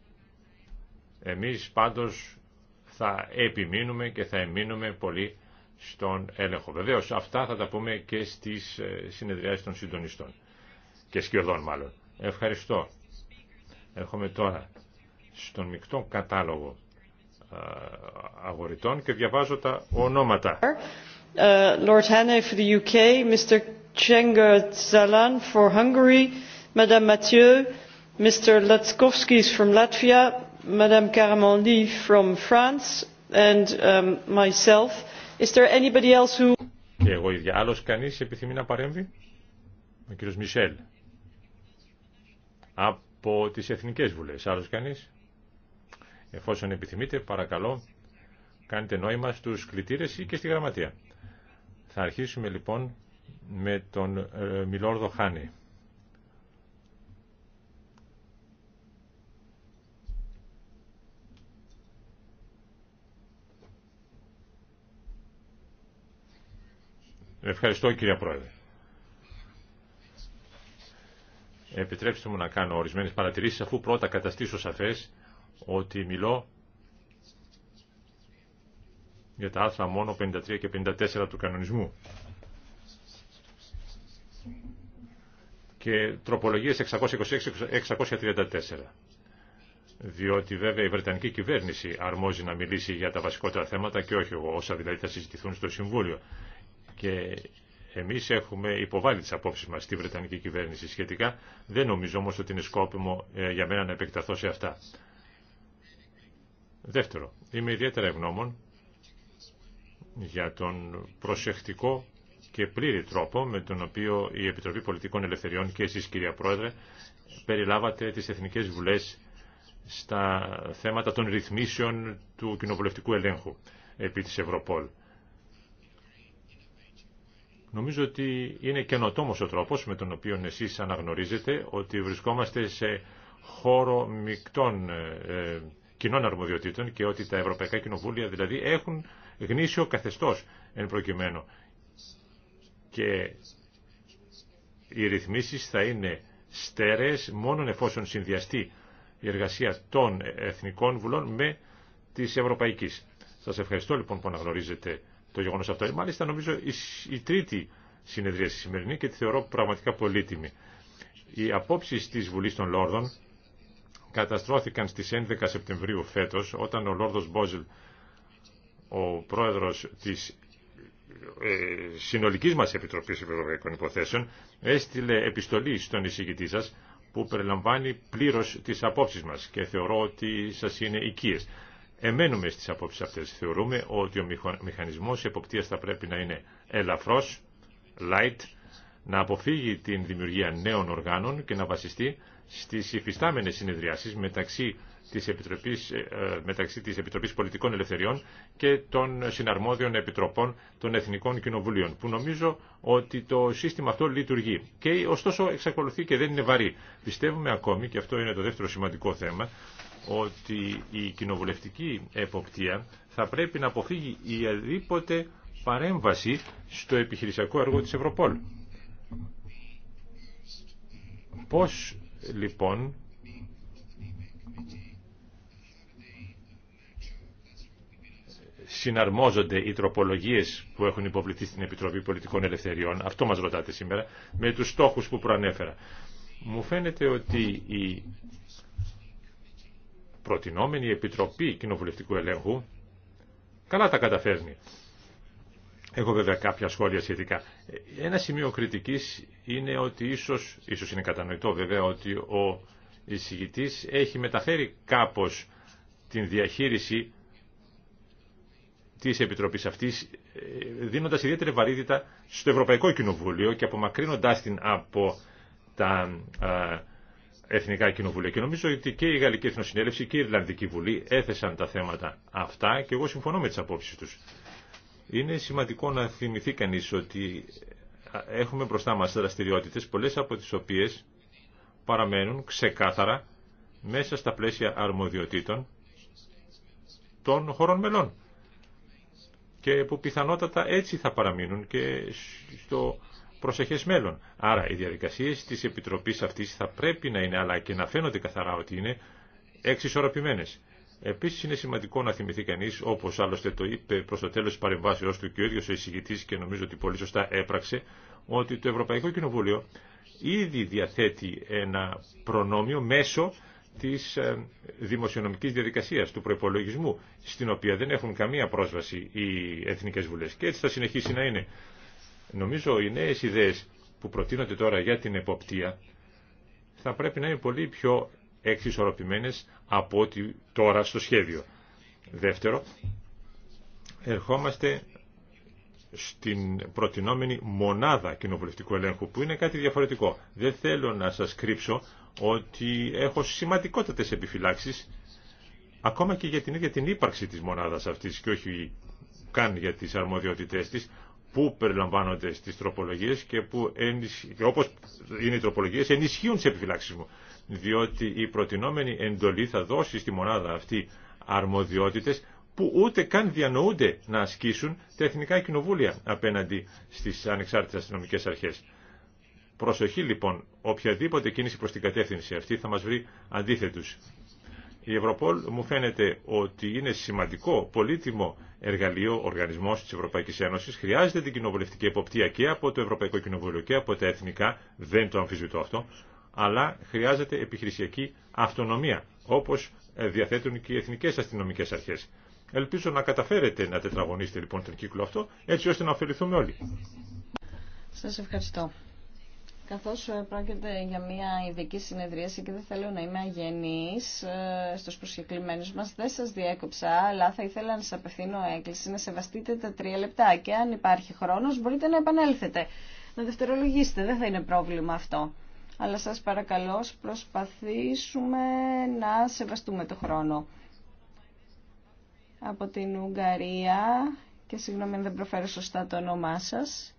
Εμείς πάντως θα επιμείνουμε και θα εμείνουμε πολύ στον έλεγχο. Βεβαίω, αυτά θα τα πούμε και στις ε, συνεδριάσεις των συντονιστών και σκιωδών μάλλον. Ευχαριστώ. Έρχομαι τώρα στον μεικτό κατάλογο αγοριτών και διαβάζω τα ονόματα. Lord Hanna for the UK, Mr. Cengar Zalan for Hungary, Madame Mathieu, Mr. Latskovskis from Latvia, Madame Caramondi from France and myself. Is there anybody else who... Και εγώ ίδια. Άλλος κανείς επιθυμεί να παρέμβει? Ο κύριος Μισελ. Από τις Εθνικές Βουλές. Άλλος κανείς? Εφόσον επιθυμείτε, παρακαλώ, κάνετε νόημα στους κλητήρες ή και στη γραμματεία. Θα αρχίσουμε λοιπόν με τον ε, Μιλόρδο Χάνη. Ευχαριστώ κύριε Πρόεδρε. Επιτρέψτε μου να κάνω ορισμένες παρατηρήσεις αφού πρώτα καταστήσω σαφές ότι μιλώ για τα άρθρα μόνο 53 και 54 του κανονισμού. Και τροπολογίες 626-634. Διότι βέβαια η Βρετανική κυβέρνηση αρμόζει να μιλήσει για τα βασικότερα θέματα και όχι εγώ, όσα δηλαδή θα συζητηθούν στο Συμβούλιο. Και εμείς έχουμε υποβάλει τις απόψεις μας στη Βρετανική κυβέρνηση σχετικά. Δεν νομίζω όμως ότι είναι σκόπιμο ε, για μένα να επεκταθώ σε αυτά. Δεύτερο, είμαι ιδιαίτερα ευγνώμων για τον προσεκτικό και πλήρη τρόπο με τον οποίο η Επιτροπή Πολιτικών Ελευθεριών και εσείς κυρία Πρόεδρε περιλάβατε τις Εθνικές Βουλές στα θέματα των ρυθμίσεων του κοινοβουλευτικού ελέγχου επί της Ευρωπόλ. Νομίζω ότι είναι καινοτόμο ο τρόπος με τον οποίο εσείς αναγνωρίζετε ότι βρισκόμαστε σε χώρο μεικτών ε, κοινών αρμοδιοτήτων και ότι τα Ευρωπαϊκά Κοινοβούλια δηλαδή έχουν γνήσιο καθεστώς εν προκειμένου. Και οι ρυθμίσεις θα είναι στέρεες μόνον εφόσον συνδυαστεί η εργασία των Εθνικών Βουλών με της Ευρωπαϊκής. Σας ευχαριστώ λοιπόν που αναγνωρίζετε το γεγονός αυτό. Ε, μάλιστα νομίζω η τρίτη συνεδρία στη σημερινή και τη θεωρώ πραγματικά πολύτιμη. Οι απόψεις της Βουλής των Λόρδων καταστρώθηκαν στις 11 Σεπτεμβρίου φέτος όταν ο Λόρδος Μπόζελ, ο πρόεδρος της ε, συνολικής μας Επιτροπής Ευρωπαϊκών Υποθέσεων έστειλε επιστολή στον εισηγητή σας που περιλαμβάνει πλήρως τις απόψεις μας και θεωρώ ότι σας είναι οικίες. Εμένουμε στις απόψεις αυτές. Θεωρούμε ότι ο μηχανισμός εποπτείας θα πρέπει να είναι ελαφρός, light, να αποφύγει την δημιουργία νέων οργάνων και να βασιστεί στις υφιστάμενες συνεδριάσεις μεταξύ της Επιτροπής, ε, ε, μεταξύ της Επιτροπής Πολιτικών Ελευθεριών και των συναρμόδιων επιτροπών των Εθνικών Κοινοβουλίων, που νομίζω ότι το σύστημα αυτό λειτουργεί. Και ωστόσο εξακολουθεί και δεν είναι βαρύ. Πιστεύουμε ακόμη, και αυτό είναι το δεύτερο σημαντικό θέμα, ότι η κοινοβουλευτική εποπτεία θα πρέπει να αποφύγει η παρέμβαση στο επιχειρησιακό έργο της Ευρωπόλ. Πώς λοιπόν συναρμόζονται οι τροπολογίες που έχουν υποβληθεί στην Επιτροπή Πολιτικών Ελευθεριών, αυτό μας ρωτάτε σήμερα, με τους στόχους που προανέφερα. Μου φαίνεται ότι η προτινόμενη Επιτροπή Κοινοβουλευτικού Ελέγχου καλά τα καταφέρνει. Έχω βέβαια κάποια σχόλια σχετικά. Ένα σημείο κριτική είναι ότι ίσως, ίσως είναι κατανοητό βέβαια, ότι ο εισηγητή έχει μεταφέρει κάπως την διαχείριση της Επιτροπής αυτής, δίνοντας ιδιαίτερη βαρύτητα στο Ευρωπαϊκό Κοινοβούλιο και απομακρύνοντα την από τα Εθνικά Κοινοβούλια. Και νομίζω ότι και η Γαλλική Εθνοσυνέλευση και η Ιρλανδική Βουλή έθεσαν τα θέματα αυτά και εγώ συμφωνώ με τι απόψει του. Είναι σημαντικό να θυμηθεί κανείς ότι έχουμε μπροστά μας δραστηριότητες, πολλές από τις οποίες παραμένουν ξεκάθαρα μέσα στα πλαίσια αρμοδιοτήτων των χωρών μελών και που πιθανότατα έτσι θα παραμείνουν και στο προσεχές μέλλον. Άρα οι διαδικασίες της Επιτροπής αυτής θα πρέπει να είναι αλλά και να φαίνονται καθαρά ότι είναι εξισορροπημένες. Επίσης είναι σημαντικό να θυμηθεί κανείς, όπως άλλωστε το είπε προς το τέλος της παρεμβάσεώς του και ο ίδιος ο εισηγητής και νομίζω ότι πολύ σωστά έπραξε, ότι το Ευρωπαϊκό Κοινοβούλιο ήδη διαθέτει ένα προνόμιο μέσω της ε, δημοσιονομικής διαδικασίας, του προπολογισμού, στην οποία δεν έχουν καμία πρόσβαση οι Εθνικές Βουλές. Και έτσι θα συνεχίσει να είναι. Νομίζω οι νέες ιδέες που προτείνονται τώρα για την εποπτεία θα πρέπει να είναι πολύ πιο εξισορροπημένες από ό,τι τώρα στο σχέδιο. Δεύτερο, ερχόμαστε στην προτινόμενη μονάδα κοινοβουλευτικού ελέγχου που είναι κάτι διαφορετικό. Δεν θέλω να σας κρύψω ότι έχω σημαντικότατες επιφυλάξεις ακόμα και για την ίδια την ύπαρξη της μονάδας αυτής και όχι καν για τις αρμοδιότητές της που περιλαμβάνονται στις τροπολογίες και που όπως είναι οι τροπολογίες ενισχύουν τις επιφυλάξεις μου διότι η προτινόμενη εντολή θα δώσει στη μονάδα αυτή αρμοδιότητες που ούτε καν διανοούνται να ασκήσουν τα εθνικά κοινοβούλια απέναντι στις ανεξάρτητες αστυνομικές αρχές. Προσοχή λοιπόν, οποιαδήποτε κίνηση προς την κατεύθυνση αυτή θα μας βρει αντίθετους. Η Ευρωπόλ μου φαίνεται ότι είναι σημαντικό, πολύτιμο εργαλείο, οργανισμό τη Ευρωπαϊκή Ένωση. Χρειάζεται την κοινοβουλευτική εποπτεία και από το Ευρωπαϊκό Κοινοβούλιο και από τα εθνικά. Δεν το αμφισβητώ αυτό αλλά χρειάζεται επιχειρησιακή αυτονομία, όπως ε, διαθέτουν και οι εθνικές αστυνομικές αρχές. Ελπίζω να καταφέρετε να τετραγωνίσετε λοιπόν τον κύκλο αυτό, έτσι ώστε να ωφεληθούμε όλοι. Σας ευχαριστώ. Καθώς ε, πρόκειται για μια ειδική συνεδρίαση και δεν θέλω να είμαι αγενής ε, στους προσκεκλημένους μας, δεν σας διέκοψα, αλλά θα ήθελα να σας απευθύνω έκκληση, να σεβαστείτε τα τρία λεπτά και αν υπάρχει χρόνος μπορείτε να επανέλθετε. Να δευτερολογήσετε, δεν θα είναι πρόβλημα αυτό αλλά σας παρακαλώ προσπαθήσουμε να σεβαστούμε το χρόνο. Από την Ουγγαρία, και συγγνώμη αν δεν προφέρω σωστά το όνομά σας.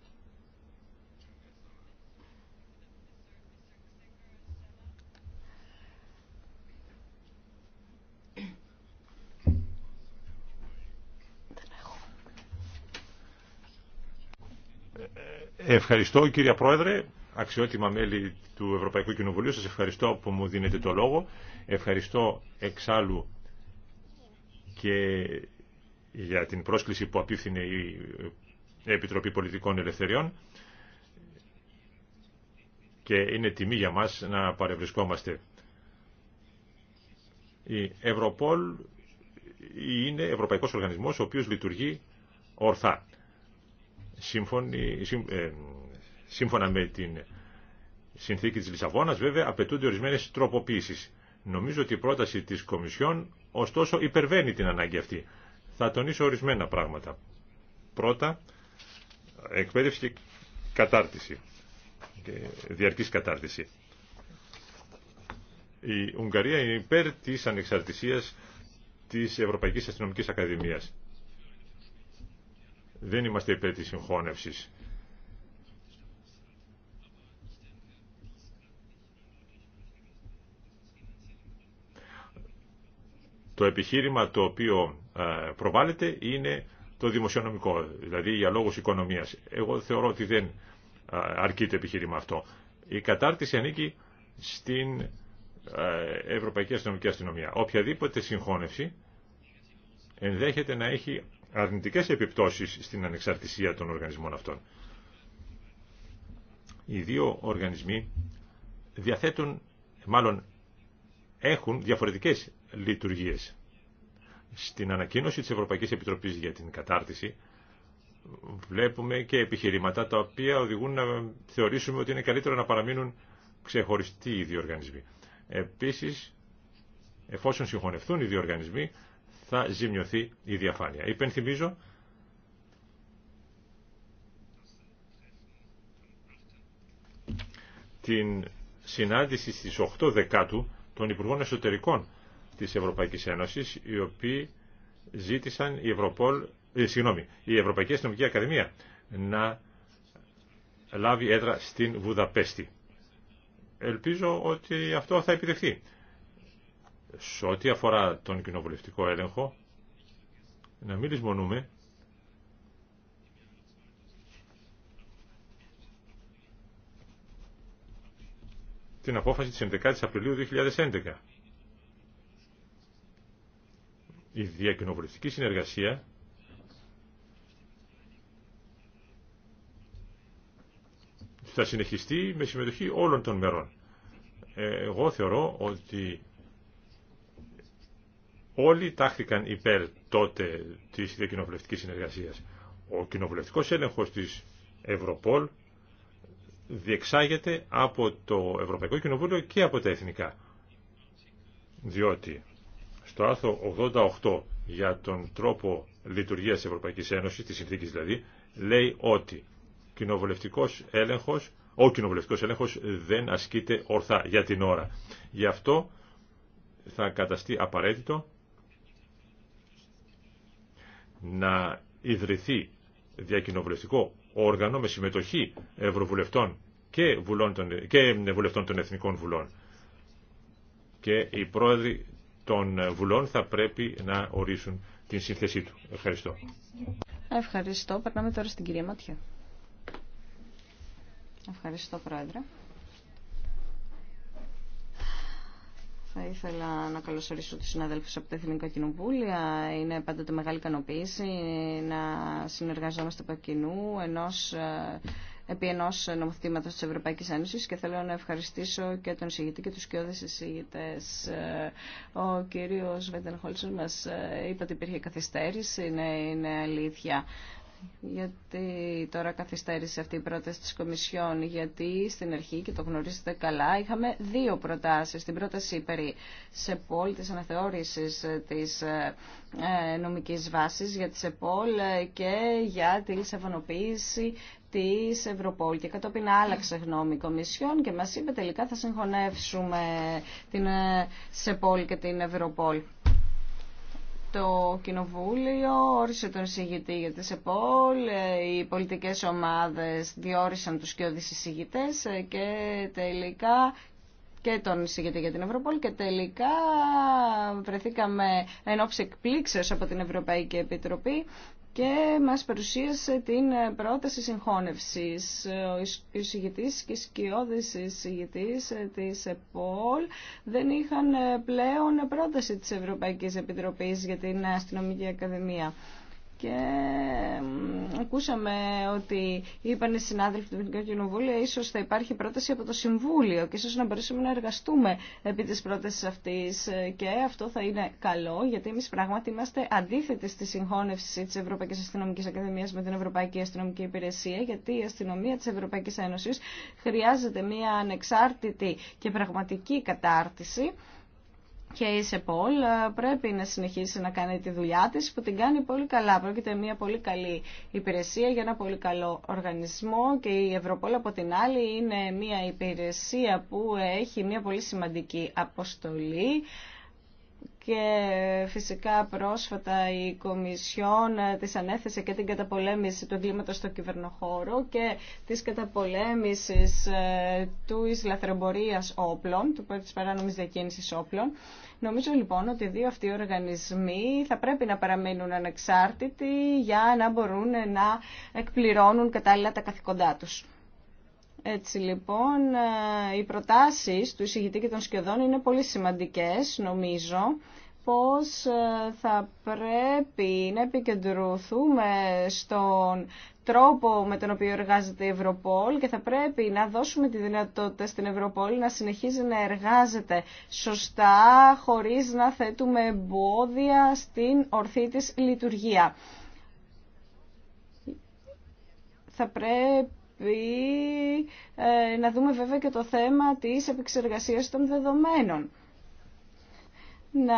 Ευχαριστώ κύριε Πρόεδρε αξιότιμα μέλη του Ευρωπαϊκού Κοινοβουλίου, σας ευχαριστώ που μου δίνετε το λόγο. Ευχαριστώ εξάλλου και για την πρόσκληση που απίφθινε η Επιτροπή Πολιτικών Ελευθεριών και είναι τιμή για μας να παρευρισκόμαστε. Η Ευρωπόλ είναι ευρωπαϊκός οργανισμός ο οποίος λειτουργεί ορθά. Σύμφωνη, ε, Σύμφωνα με την συνθήκη της Λισαβόνας βέβαια απαιτούνται ορισμένες τροποποίησεις. Νομίζω ότι η πρόταση της Κομισιόν ωστόσο υπερβαίνει την ανάγκη αυτή. Θα τονίσω ορισμένα πράγματα. Πρώτα, εκπαίδευση και κατάρτιση, και διαρκής κατάρτιση. Η Ουγγαρία είναι υπέρ της ανεξαρτησίας της Ευρωπαϊκής Αστυνομικής Ακαδημίας. Δεν είμαστε υπέρ της συγχώνευσης. Το επιχείρημα το οποίο ε, προβάλλεται είναι το δημοσιονομικό, δηλαδή για λόγους οικονομίας. Εγώ θεωρώ ότι δεν ε, αρκεί το επιχείρημα αυτό. Η κατάρτιση ανήκει στην ε, Ευρωπαϊκή Αστυνομική Αστυνομία. Οποιαδήποτε συγχώνευση ενδέχεται να έχει αρνητικές επιπτώσεις στην ανεξαρτησία των οργανισμών αυτών. Οι δύο οργανισμοί διαθέτουν, μάλλον έχουν διαφορετικές λειτουργίες. Στην ανακοίνωση της Ευρωπαϊκής Επιτροπής για την κατάρτιση βλέπουμε και επιχειρήματα τα οποία οδηγούν να θεωρήσουμε ότι είναι καλύτερο να παραμείνουν ξεχωριστοί οι δύο οργανισμοί. Επίσης, εφόσον συγχωνευτούν οι δύο οργανισμοί, θα ζημιωθεί η διαφάνεια. Υπενθυμίζω την συνάντηση στις 8 Δεκάτου των Υπουργών Εσωτερικών της Ευρωπαϊκής Ένωσης, οι οποίοι ζήτησαν η, Ευρωπόλ, ε, συγγνώμη, η Ευρωπαϊκή Αστυνομική Ακαδημία να λάβει έδρα στην Βουδαπέστη. Ελπίζω ότι αυτό θα επιτευχθεί. Σε ό,τι αφορά τον κοινοβουλευτικό έλεγχο, να μην λησμονούμε την απόφαση της 11 Απριλίου 2011 η διακοινοβουλευτική συνεργασία θα συνεχιστεί με συμμετοχή όλων των μερών. Ε, εγώ θεωρώ ότι όλοι τάχθηκαν υπέρ τότε της διακοινοβουλευτικής συνεργασίας. Ο κοινοβουλευτικός έλεγχος της Ευρωπόλ διεξάγεται από το Ευρωπαϊκό Κοινοβούλιο και από τα Εθνικά. Διότι το άρθρο 88 για τον τρόπο λειτουργίας της Ευρωπαϊκής Ένωσης, της συνθήκης δηλαδή, λέει ότι κοινοβουλευτικός έλεγχος, ο κοινοβουλευτικό έλεγχος δεν ασκείται ορθά για την ώρα. Γι' αυτό θα καταστεί απαραίτητο να ιδρυθεί διακοινοβουλευτικό όργανο με συμμετοχή ευρωβουλευτών και, βουλών των, και ε, βουλευτών των Εθνικών Βουλών. Και οι πρόεδροι των Βουλών θα πρέπει να ορίσουν την σύνθεσή του. Ευχαριστώ. Ευχαριστώ. Περνάμε τώρα στην κυρία Ματιά. Ευχαριστώ, Πρόεδρε. Θα ήθελα να καλωσορίσω τους συναδέλφους από τα Εθνικά Κοινοβούλια. Είναι πάντοτε μεγάλη ικανοποίηση να συνεργαζόμαστε από κοινού ενός ε, επί ενό νομοθετήματο της Ευρωπαϊκής Ένωσης και θέλω να ευχαριστήσω και τον συγητή και τους κοιόδε εισηγητές. Ο κύριος Βέντενχόλσον μα είπε ότι υπήρχε καθυστέρηση, ναι, είναι αλήθεια γιατί τώρα καθυστέρησε αυτή η πρόταση της Κομισιόν, γιατί στην αρχή, και το γνωρίζετε καλά, είχαμε δύο προτάσεις. Την πρόταση περί σε ΣΕΠΟΛ, της αναθεώρησης της ε, νομικής βάσης για τη ΣΕΠΟΛ και για τη λισαβονοποίηση Τη Ευρωπόλ και κατόπιν άλλαξε γνώμη η Κομισιόν και μα είπε τελικά θα συγχωνεύσουμε την ε, ΣΕΠΟΛ και την Ευρωπόλ. Το Κοινοβούλιο όρισε τον εισηγητή για τη ΣΕΠΟΛ, ε, οι πολιτικές ομάδες διόρισαν τους κοιόδης εισηγητές ε, και τελικά και τον εισηγητή για την Ευρωπόλ και τελικά βρεθήκαμε εν ώψη εκπλήξεως από την Ευρωπαϊκή Επιτροπή και μας παρουσίασε την πρόταση συγχώνευσης. Ο εισηγητής και σκιώδης εισηγητής της ΕΠΟΛ δεν είχαν πλέον πρόταση της Ευρωπαϊκής Επιτροπής για την Αστυνομική Ακαδημία και ακούσαμε ότι είπαν οι συνάδελφοι του Ελληνικού Κοινοβούλου ίσως θα υπάρχει πρόταση από το Συμβούλιο και ίσως να μπορέσουμε να εργαστούμε επί της πρότασης αυτής και αυτό θα είναι καλό γιατί εμείς πράγματι είμαστε αντίθετοι στη συγχώνευση της Ευρωπαϊκής Αστυνομικής Ακαδημίας με την Ευρωπαϊκή Αστυνομική Υπηρεσία γιατί η αστυνομία της Ευρωπαϊκής Ένωσης χρειάζεται μια ανεξάρτητη και πραγματική κατάρτιση και η ΣΕΠΟΛ ε, πρέπει να συνεχίσει να κάνει τη δουλειά της που την κάνει πολύ καλά. Πρόκειται μια πολύ καλή υπηρεσία για ένα πολύ καλό οργανισμό και η Ευρωπόλ από την άλλη είναι μια υπηρεσία που έχει μια πολύ σημαντική αποστολή και φυσικά πρόσφατα η Κομισιόν ε, της ανέθεσε και την καταπολέμηση του εγκλήματος στο κυβερνοχώρο και της καταπολέμησης ε, του εις όπλων, του της παράνομης διακίνησης όπλων. Νομίζω λοιπόν ότι οι δύο αυτοί οι οργανισμοί θα πρέπει να παραμείνουν ανεξάρτητοι για να μπορούν να εκπληρώνουν κατάλληλα τα καθηκοντά τους. Έτσι λοιπόν, ε, οι προτάσεις του εισηγητή και των σκεδών είναι πολύ σημαντικές, νομίζω, πως ε, θα πρέπει να επικεντρωθούμε στον τρόπο με τον οποίο εργάζεται η Ευρωπόλ και θα πρέπει να δώσουμε τη δυνατότητα στην Ευρωπόλ να συνεχίζει να εργάζεται σωστά χωρίς να θέτουμε εμπόδια στην ορθή της λειτουργία. Θα πρέπει ε, να δούμε βέβαια και το θέμα της επεξεργασίας των δεδομένων. Να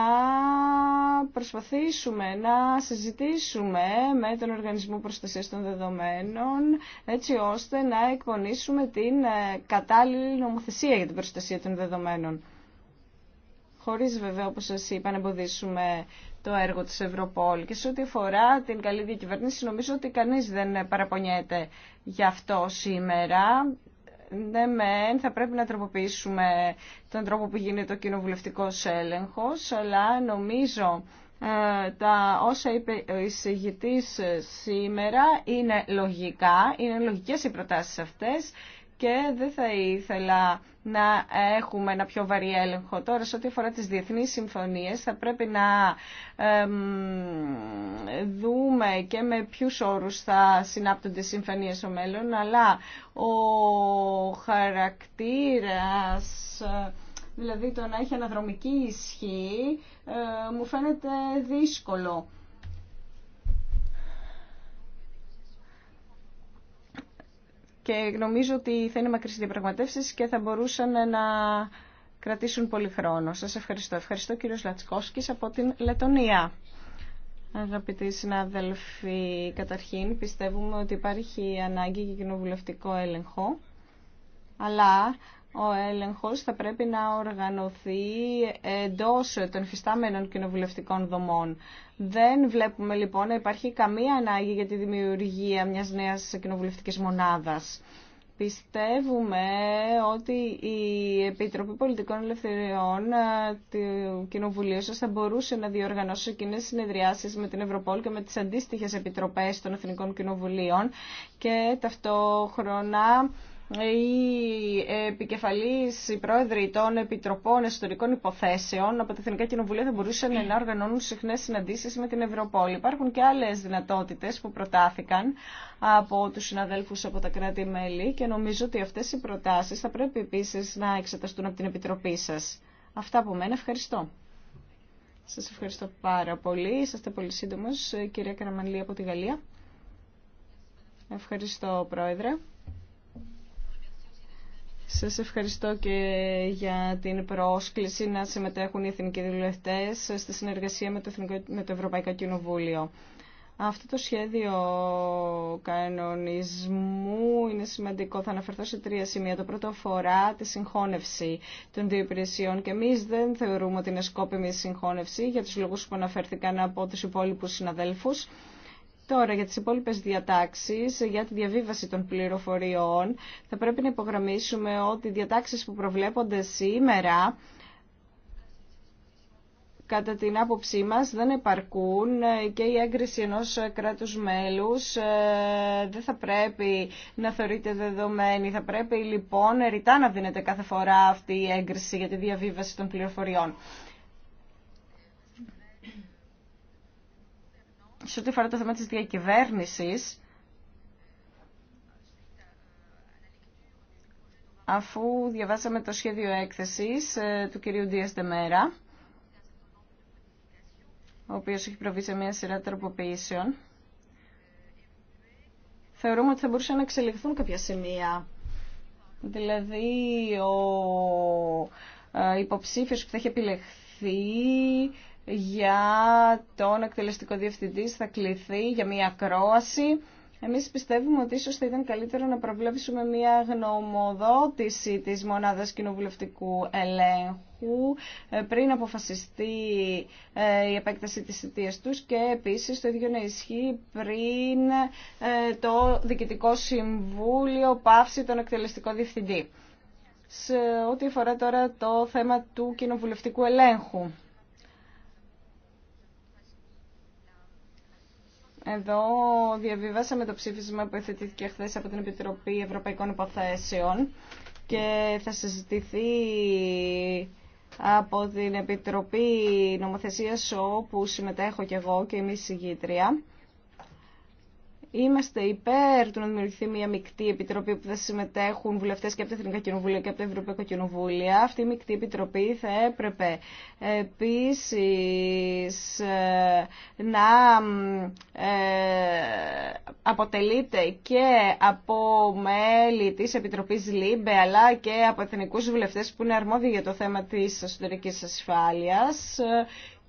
προσπαθήσουμε να συζητήσουμε με τον Οργανισμό Προστασίας των Δεδομένων έτσι ώστε να εκπονήσουμε την ε, κατάλληλη νομοθεσία για την προστασία των δεδομένων χωρίς βέβαια όπως σας είπα να εμποδίσουμε το έργο της Ευρωπόλ. Και σε ό,τι αφορά την καλή διακυβέρνηση νομίζω ότι κανείς δεν παραπονιέται γι' αυτό σήμερα. Ναι, μεν, θα πρέπει να τροποποιήσουμε τον τρόπο που γίνεται ο κοινοβουλευτικό έλεγχο, αλλά νομίζω ε, τα όσα είπε ο εισηγητή σήμερα είναι λογικά, είναι λογικέ οι προτάσει αυτέ και δεν θα ήθελα να έχουμε ένα πιο βαρύ έλεγχο. Τώρα, σε ό,τι αφορά τις διεθνείς συμφωνίες, θα πρέπει να δούμε και με ποιους όρους θα συνάπτονται συμφωνίες στο μέλλον, αλλά ο χαρακτήρας δηλαδή το να έχει αναδρομική ισχύ, ε, μου φαίνεται δύσκολο. και νομίζω ότι θα είναι μακρύς διαπραγματεύσεις και θα μπορούσαν να κρατήσουν πολύ χρόνο. Σας ευχαριστώ. Ευχαριστώ κύριο Λατσκόσκης από την Λετωνία. Αγαπητοί συνάδελφοι, καταρχήν πιστεύουμε ότι υπάρχει ανάγκη για κοινοβουλευτικό έλεγχο, αλλά ο έλεγχος θα πρέπει να οργανωθεί εντός των φυστάμενων κοινοβουλευτικών δομών. Δεν βλέπουμε λοιπόν να υπάρχει καμία ανάγκη για τη δημιουργία μιας νέας κοινοβουλευτικής μονάδας. Πιστεύουμε ότι η Επιτροπή Πολιτικών Ελευθεριών του Κοινοβουλίου σας θα μπορούσε να διοργανώσει κοινέ συνεδριάσεις με την Ευρωπόλ και με τις αντίστοιχες επιτροπές των Εθνικών Κοινοβουλίων και ταυτόχρονα οι επικεφαλής οι πρόεδροι των Επιτροπών Εσωτερικών Υποθέσεων από τα Εθνικά Κοινοβουλία θα μπορούσαν να οργανώνουν συχνές συναντήσεις με την Ευρωπόλη. Υπάρχουν και άλλες δυνατότητες που προτάθηκαν από τους συναδέλφους από τα κράτη-μέλη και νομίζω ότι αυτές οι προτάσεις θα πρέπει επίσης να εξεταστούν από την Επιτροπή σας. Αυτά από μένα. Ευχαριστώ. Σας ευχαριστώ πάρα πολύ. Είσαστε πολύ σύντομος, κυρία Καραμανλή από τη Γαλλία. Ευχαριστώ, Πρόεδρε. Σας ευχαριστώ και για την πρόσκληση να συμμετέχουν οι εθνικοί δουλευτές στη συνεργασία με το, με το Ευρωπαϊκό Κοινοβούλιο. Αυτό το σχέδιο κανονισμού είναι σημαντικό. Θα αναφερθώ σε τρία σημεία. Το πρώτο αφορά τη συγχώνευση των δύο υπηρεσιών και εμεί δεν θεωρούμε ότι είναι σκόπιμη η συγχώνευση για τους λόγους που αναφέρθηκαν από τους υπόλοιπους συναδέλφους. Τώρα για τις υπόλοιπες διατάξεις, για τη διαβίβαση των πληροφοριών, θα πρέπει να υπογραμμίσουμε ότι οι διατάξεις που προβλέπονται σήμερα κατά την άποψή μας δεν επαρκούν και η έγκριση ενός κράτους μέλους ε, δεν θα πρέπει να θεωρείται δεδομένη. Θα πρέπει λοιπόν ρητά να δίνεται κάθε φορά αυτή η έγκριση για τη διαβίβαση των πληροφοριών. σε ό,τι αφορά το θέμα της διακυβέρνησης, αφού διαβάσαμε το σχέδιο έκθεσης ε, του κυρίου Ντία Δεμέρα, ο οποίος έχει προβεί σε μια σειρά τροποποιήσεων, θεωρούμε ότι θα μπορούσαν να εξελιχθούν κάποια σημεία. Δηλαδή, ο ε, υποψήφιος που θα έχει επιλεχθεί για τον εκτελεστικό διευθυντή θα κληθεί για μια ακρόαση. Εμείς πιστεύουμε ότι ίσως θα ήταν καλύτερο να προβλέψουμε μια γνωμοδότηση της μονάδας κοινοβουλευτικού ελέγχου ε, πριν αποφασιστεί ε, η επέκταση της θητείας τους και επίσης το ίδιο να ισχύει πριν ε, το Διοικητικό Συμβούλιο πάυσει τον εκτελεστικό διευθυντή. Σε ό,τι αφορά τώρα το θέμα του κοινοβουλευτικού ελέγχου. Εδώ διαβιβάσαμε το ψήφισμα που εθετήθηκε χθε από την Επιτροπή Ευρωπαϊκών Υποθέσεων και θα συζητηθεί από την Επιτροπή Νομοθεσίας όπου συμμετέχω και εγώ και εμείς η Γήτρια. Είμαστε υπέρ του να δημιουργηθεί μια μεικτή επιτροπή που θα συμμετέχουν βουλευτέ και από τα Εθνικά Κοινοβούλια και από τα Ευρωπαϊκά Κοινοβούλια. Αυτή η μεικτή επιτροπή θα έπρεπε επίση ε, να ε, αποτελείται και από μέλη τη Επιτροπή ΛΥΜΠΕ αλλά και από εθνικού βουλευτέ που είναι αρμόδιοι για το θέμα τη εσωτερική ασφάλεια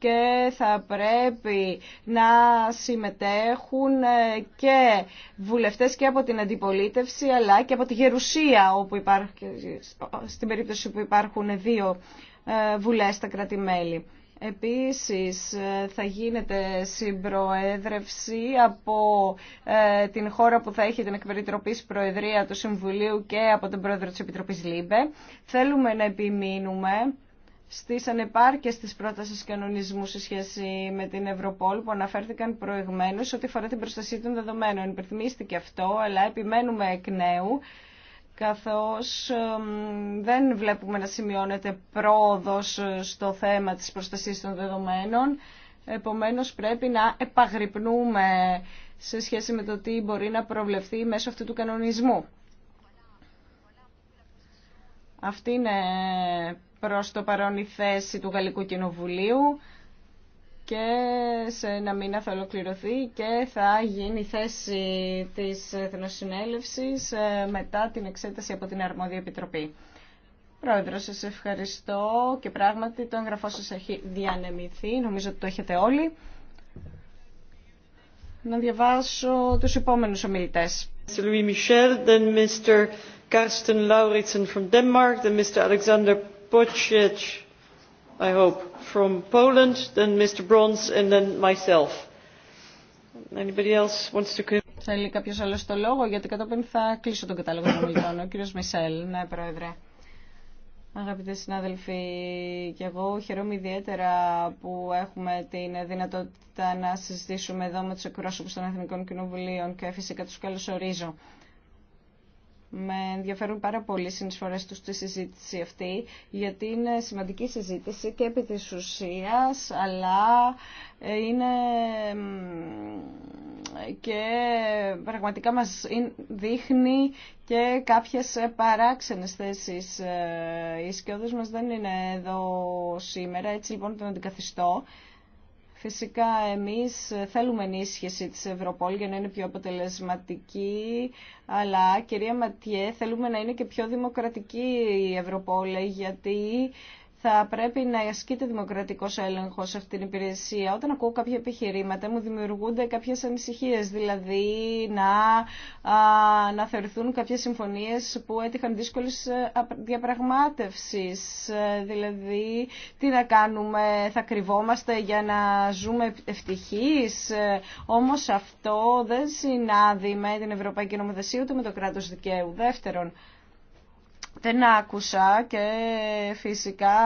και θα πρέπει να συμμετέχουν ε, και βουλευτές και από την αντιπολίτευση αλλά και από τη Γερουσία όπου υπάρχει, στην περίπτωση που υπάρχουν δύο ε, βουλές στα κράτη-μέλη. Επίσης ε, θα γίνεται συμπροέδρευση από την χώρα που θα έχει την εκπεριτροπής προεδρία του Συμβουλίου και από τον πρόεδρο της Επιτροπής ΛΥΜΠΕ. Θέλουμε να επιμείνουμε στις ανεπάρκειες της πρότασης κανονισμού σε σχέση με την Ευρωπόλ που αναφέρθηκαν προηγουμένως ότι αφορά την προστασία των δεδομένων. Υπερθυμίστηκε αυτό, αλλά επιμένουμε εκ νέου καθώς δεν βλέπουμε να σημειώνεται πρόοδος ε, στο θέμα της προστασίας των δεδομένων. Επομένως πρέπει να επαγρυπνούμε σε σχέση με το τι μπορεί να προβλεφθεί μέσω αυτού του κανονισμού. Αυτή είναι προς το παρόν η θέση του Γαλλικού Κοινοβουλίου και σε ένα μήνα θα ολοκληρωθεί και θα γίνει η θέση της Εθνοσυνέλευσης ε, μετά την εξέταση από την Αρμόδια Επιτροπή. Πρόεδρο, σας ευχαριστώ και πράγματι το εγγραφό σας έχει διανεμηθεί, νομίζω ότι το έχετε όλοι. Να διαβάσω τους επόμενους ομιλητές. Karsten from Denmark, then Mr. Alexander I hope, from Poland, then Mr. Brons, Θέλει κάποιο άλλο το λόγο, γιατί κατόπιν θα κλείσω τον κατάλογο των μιλτών. Ο κύριο Μισελ, ναι, Πρόεδρε. Αγαπητοί συνάδελφοι, και εγώ χαιρόμαι ιδιαίτερα που έχουμε την δυνατότητα να συζητήσουμε εδώ με τους εκπρόσωπου των Εθνικών Κοινοβουλίων και φυσικά του καλωσορίζω. Με ενδιαφέρουν πάρα πολύ οι συνεισφορές τους στη συζήτηση αυτή, γιατί είναι σημαντική συζήτηση και επί τη ουσία, αλλά ε, είναι και πραγματικά μας δείχνει και κάποιες παράξενες θέσεις. Ε, οι σκιώδες μας δεν είναι εδώ σήμερα, έτσι λοιπόν τον αντικαθιστώ. Φυσικά εμείς θέλουμε ενίσχυση της Ευρωπόλ για να είναι πιο αποτελεσματική, αλλά κυρία Ματιέ θέλουμε να είναι και πιο δημοκρατική η Ευρωπόλ, γιατί θα πρέπει να ασκείται δημοκρατικό έλεγχο σε αυτή την υπηρεσία. Όταν ακούω κάποια επιχειρήματα μου δημιουργούνται κάποιε ανησυχίε, δηλαδή να, να θεωρηθούν κάποιε συμφωνίε που έτυχαν δύσκολη ε, διαπραγμάτευση. Ε, δηλαδή, τι θα κάνουμε, θα κρυβόμαστε για να ζούμε ευτυχεί. Ε, Όμω αυτό δεν συνάδει με την Ευρωπαϊκή Νομοθεσία ούτε με το κράτο δικαίου. Δεύτερον, δεν άκουσα και φυσικά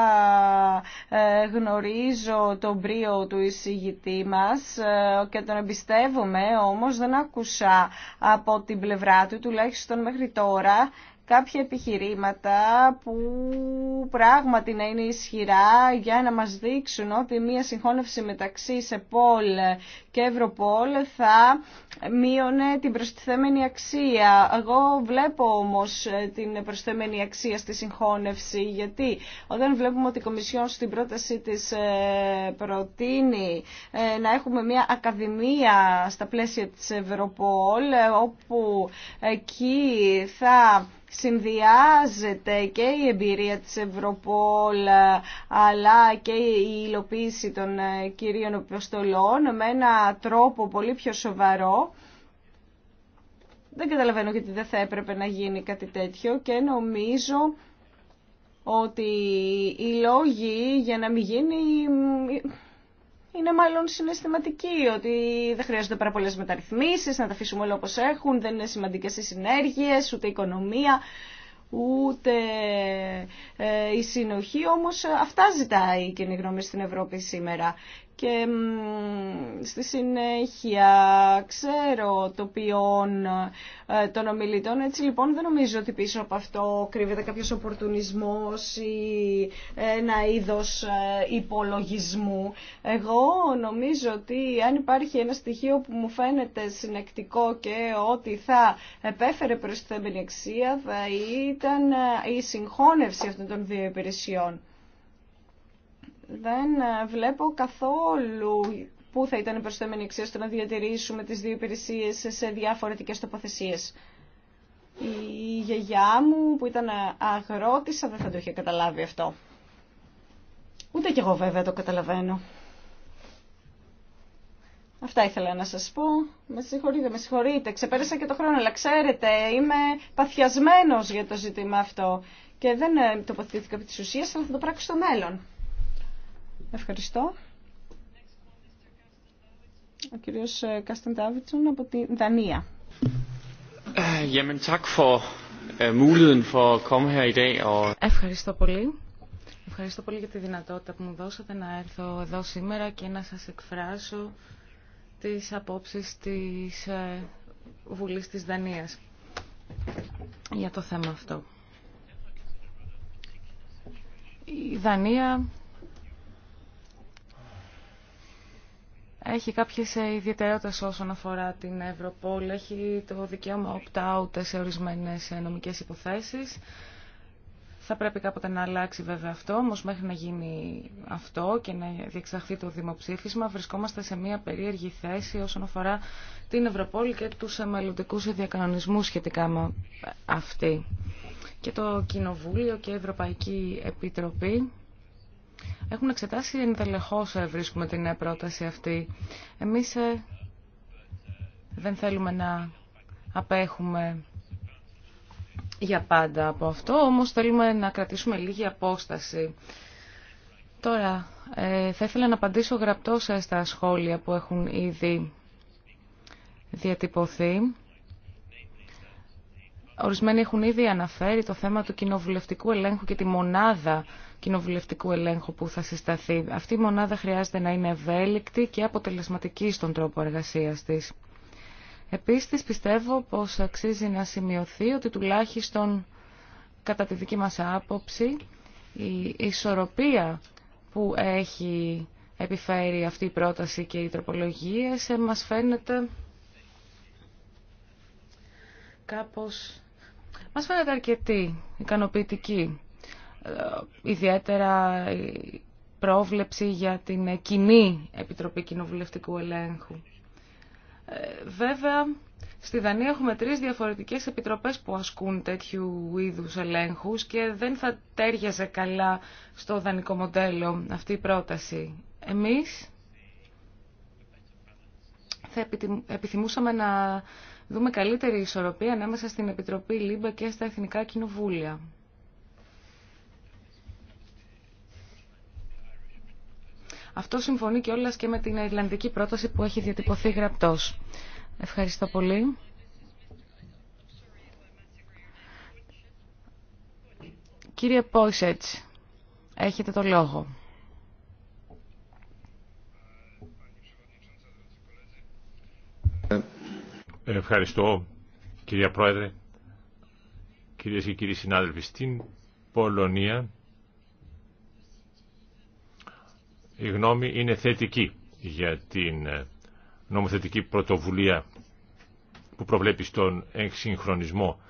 ε, γνωρίζω τον πρίο του εισηγητή μας ε, και τον εμπιστεύομαι, όμως δεν άκουσα από την πλευρά του, τουλάχιστον μέχρι τώρα, κάποια επιχειρήματα που πράγματι να είναι ισχυρά για να μας δείξουν ότι μία συγχώνευση μεταξύ Επόλ και Ευρωπόλ θα μείωνε την προστιθέμενη αξία. Εγώ βλέπω όμως την προστιθέμενη αξία στη συγχώνευση γιατί όταν βλέπουμε ότι η Κομισιόν στην πρόταση της ε, προτείνει ε, να έχουμε μία ακαδημία στα πλαίσια της Ευρωπόλ όπου εκεί θα συνδυάζεται και η εμπειρία της Ευρωπόλ αλλά και η υλοποίηση των ε, κυρίων επιστολών με ένα τρόπο πολύ πιο σοβαρό. Δεν καταλαβαίνω γιατί δεν θα έπρεπε να γίνει κάτι τέτοιο και νομίζω ότι οι λόγοι για να μην γίνει είναι μάλλον συναισθηματική, ότι δεν χρειάζονται πάρα πολλέ μεταρρυθμίσει, να τα αφήσουμε όλα όπω έχουν, δεν είναι σημαντικέ οι συνέργειε, ούτε η οικονομία, ούτε ε, η συνοχή. Όμω ε, αυτά ζητάει η κοινή γνώμη στην Ευρώπη σήμερα και στη συνέχεια ξέρω το ποιόν ε, των ομιλητών. Έτσι λοιπόν δεν νομίζω ότι πίσω από αυτό κρύβεται κάποιος οπορτουνισμός ή ένα είδος ε, υπολογισμού. Εγώ νομίζω ότι αν υπάρχει ένα στοιχείο που μου φαίνεται συνεκτικό και ότι θα επέφερε προς τη αξία θα ήταν ε, η συγχώνευση αυτών των δύο υπηρεσιών δεν βλέπω καθόλου πού θα ήταν η προσθέμενη αξία στο να διατηρήσουμε τις δύο υπηρεσίε σε διάφορετικές τοποθεσίες. Η γιαγιά μου που ήταν αγρότησα δεν θα το είχε καταλάβει αυτό. Ούτε κι εγώ βέβαια το καταλαβαίνω. Αυτά ήθελα να σας πω. Με συγχωρείτε, με συγχωρείτε. Ξεπέρασα και το χρόνο, αλλά ξέρετε, είμαι παθιασμένος για το ζήτημα αυτό. Και δεν τοποθετήθηκα από της ουσίας, αλλά θα το πράξω στο μέλλον. Ευχαριστώ. Ο κύριος ε, Κάστανταβιτσον από τη Δανία. Ε, ε, Ευχαριστώ πολύ. Ευχαριστώ πολύ για τη δυνατότητα που μου δώσατε να έρθω εδώ σήμερα και να σας εκφράσω τις απόψεις της Βουλής της Δανίας για το θέμα αυτό. Η Δανία έχει κάποιες ε, ιδιαιτερότητες όσον αφορά την Ευρωπόλη. Έχει το δικαίωμα opt-out σε ορισμένες ε, νομικές υποθέσεις. Θα πρέπει κάποτε να αλλάξει βέβαια αυτό, όμως μέχρι να γίνει αυτό και να διεξαχθεί το δημοψήφισμα βρισκόμαστε σε μια περίεργη θέση όσον αφορά την Ευρωπόλη και τους ε, μελλοντικού διακανονισμούς σχετικά με αυτή. Και το Κοινοβούλιο και η Ευρωπαϊκή Επιτροπή έχουν εξετάσει εντελεχώς, ε, βρίσκουμε την ε, πρόταση αυτή. Εμείς ε, δεν θέλουμε να απέχουμε για πάντα από αυτό, όμως θέλουμε να κρατήσουμε λίγη απόσταση. Τώρα, θα ήθελα να απαντήσω γραπτώς στα σχόλια που έχουν ήδη διατυπωθεί. Ορισμένοι έχουν ήδη αναφέρει το θέμα του κοινοβουλευτικού ελέγχου και τη μονάδα κοινοβουλευτικού ελέγχου που θα συσταθεί. Αυτή η μονάδα χρειάζεται να είναι ευέλικτη και αποτελεσματική στον τρόπο εργασίας της. Επίσης πιστεύω πως αξίζει να σημειωθεί ότι τουλάχιστον κατά τη δική μας άποψη η ισορροπία που έχει επιφέρει αυτή η πρόταση και οι τροπολογίες ε, μας φαίνεται κάπως μας φαίνεται αρκετή, ικανοποιητική. Ε, ιδιαίτερα η πρόβλεψη για την κοινή Επιτροπή Κοινοβουλευτικού Ελέγχου. Ε, βέβαια, στη Δανία έχουμε τρεις διαφορετικές επιτροπές που ασκούν τέτοιου είδους ελέγχους και δεν θα τέριαζε καλά στο δανεικό μοντέλο αυτή η πρόταση. Εμείς θα επιθυμούσαμε να δούμε καλύτερη ισορροπία ανάμεσα στην Επιτροπή ΛΥΜΠΑ και στα Εθνικά Κοινοβούλια. Αυτό συμφωνεί και όλας και με την Ιρλανδική πρόταση που έχει διατυπωθεί γραπτός. Ευχαριστώ πολύ. Κύριε Πόισετς, έχετε το λόγο. Ευχαριστώ κυρία Πρόεδρε, κυρίες και κύριοι συνάδελφοι. Στην Πολωνία η γνώμη είναι θετική για την ε, νομοθετική πρωτοβουλία που προβλέπει στον εξυγχρονισμό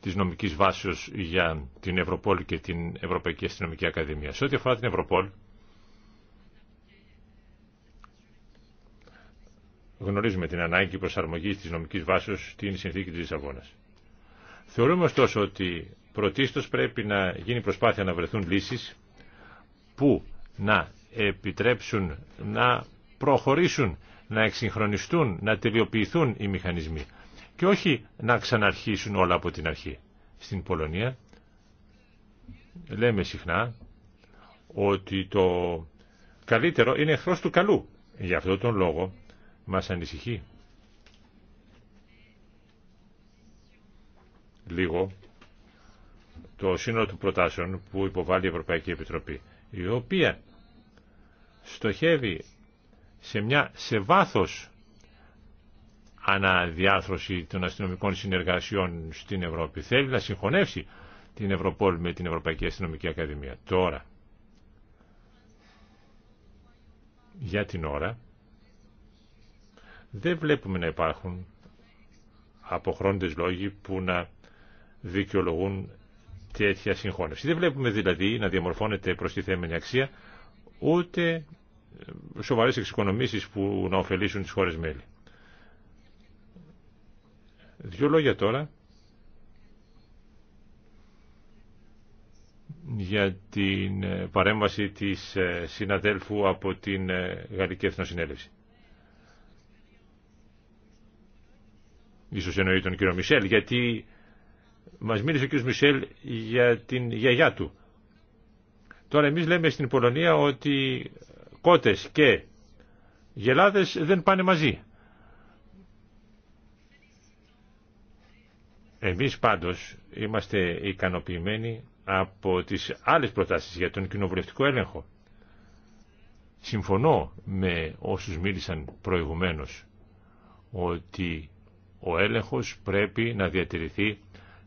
της νομικής βάσεως για την Ευρωπόλη και την Ευρωπαϊκή Αστυνομική Ακαδημία. Σε ό,τι αφορά την Ευρωπόλη, Γνωρίζουμε την ανάγκη προσαρμογή τη νομική βάση στην συνθήκη της Λισαβόνα. Θεωρούμε ωστόσο ότι πρωτίστω πρέπει να γίνει προσπάθεια να βρεθούν λύσεις που να επιτρέψουν να προχωρήσουν, να εξυγχρονιστούν, να τελειοποιηθούν οι μηχανισμοί και όχι να ξαναρχίσουν όλα από την αρχή. Στην Πολωνία λέμε συχνά ότι το καλύτερο είναι εχθρός του καλού. Γι' αυτό τον λόγο μας ανησυχεί. Λίγο το σύνολο του προτάσεων που υποβάλλει η Ευρωπαϊκή Επιτροπή, η οποία στοχεύει σε μια σε βάθος αναδιάρθρωση των αστυνομικών συνεργασιών στην Ευρώπη. Θέλει να συγχωνεύσει την Ευρωπόλ με την Ευρωπαϊκή Αστυνομική Ακαδημία. Τώρα, για την ώρα, δεν βλέπουμε να υπάρχουν αποχρόντες λόγοι που να δικαιολογούν τέτοια συγχώνευση. Δεν βλέπουμε δηλαδή να διαμορφώνεται προστιθέμενη αξία ούτε σοβαρές εξοικονομήσεις που να ωφελήσουν τις χώρες μέλη. Δύο λόγια τώρα για την παρέμβαση της συναδέλφου από την Γαλλική Εθνοσυνέλευση. Ίσως εννοεί τον κύριο Μισελ, γιατί μας μίλησε ο κύριο Μισελ για την γιαγιά του. Τώρα εμείς λέμε στην Πολωνία ότι κότες και γελάδες δεν πάνε μαζί. Εμείς πάντως είμαστε ικανοποιημένοι από τις άλλες προτάσεις για τον κοινοβουλευτικό έλεγχο. Συμφωνώ με όσους μίλησαν προηγουμένως ότι ο έλεγχος πρέπει να διατηρηθεί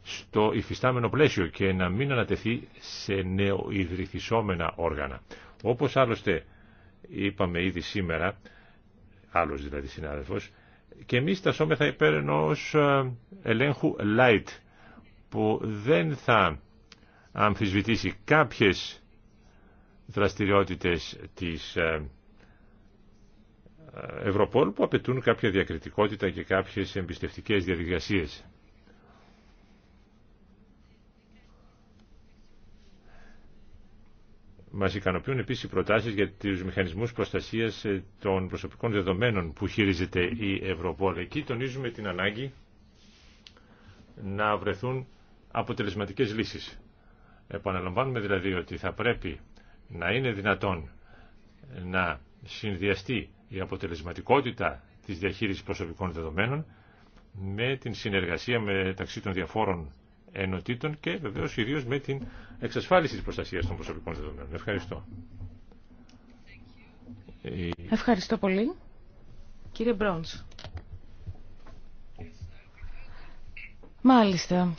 στο υφιστάμενο πλαίσιο και να μην ανατεθεί σε νεοειδρυθισόμενα όργανα. Όπως άλλωστε είπαμε ήδη σήμερα, άλλος δηλαδή συνάδελφος, και εμείς σώμεθα υπέρ ενός ε, ελέγχου light που δεν θα αμφισβητήσει κάποιες δραστηριότητες της ε, Ευρωπόλ που απαιτούν κάποια διακριτικότητα και κάποιες εμπιστευτικές διαδικασίες. Μας ικανοποιούν επίσης οι προτάσεις για τους μηχανισμούς προστασίας ε, των προσωπικών δεδομένων που χειρίζεται η Ευρωπόλ. Εκεί τονίζουμε την ανάγκη να βρεθούν αποτελεσματικές λύσεις. Επαναλαμβάνουμε δηλαδή ότι θα πρέπει να είναι δυνατόν να συνδυαστεί η αποτελεσματικότητα της διαχείρισης προσωπικών δεδομένων με την συνεργασία μεταξύ των διαφόρων ενωτήτων και βεβαίως ιδίως με την εξασφάλιση της προστασίας των προσωπικών δεδομένων. Ευχαριστώ. Ε, Ευχαριστώ πολύ. Κύριε Μπρόντς. Μάλιστα.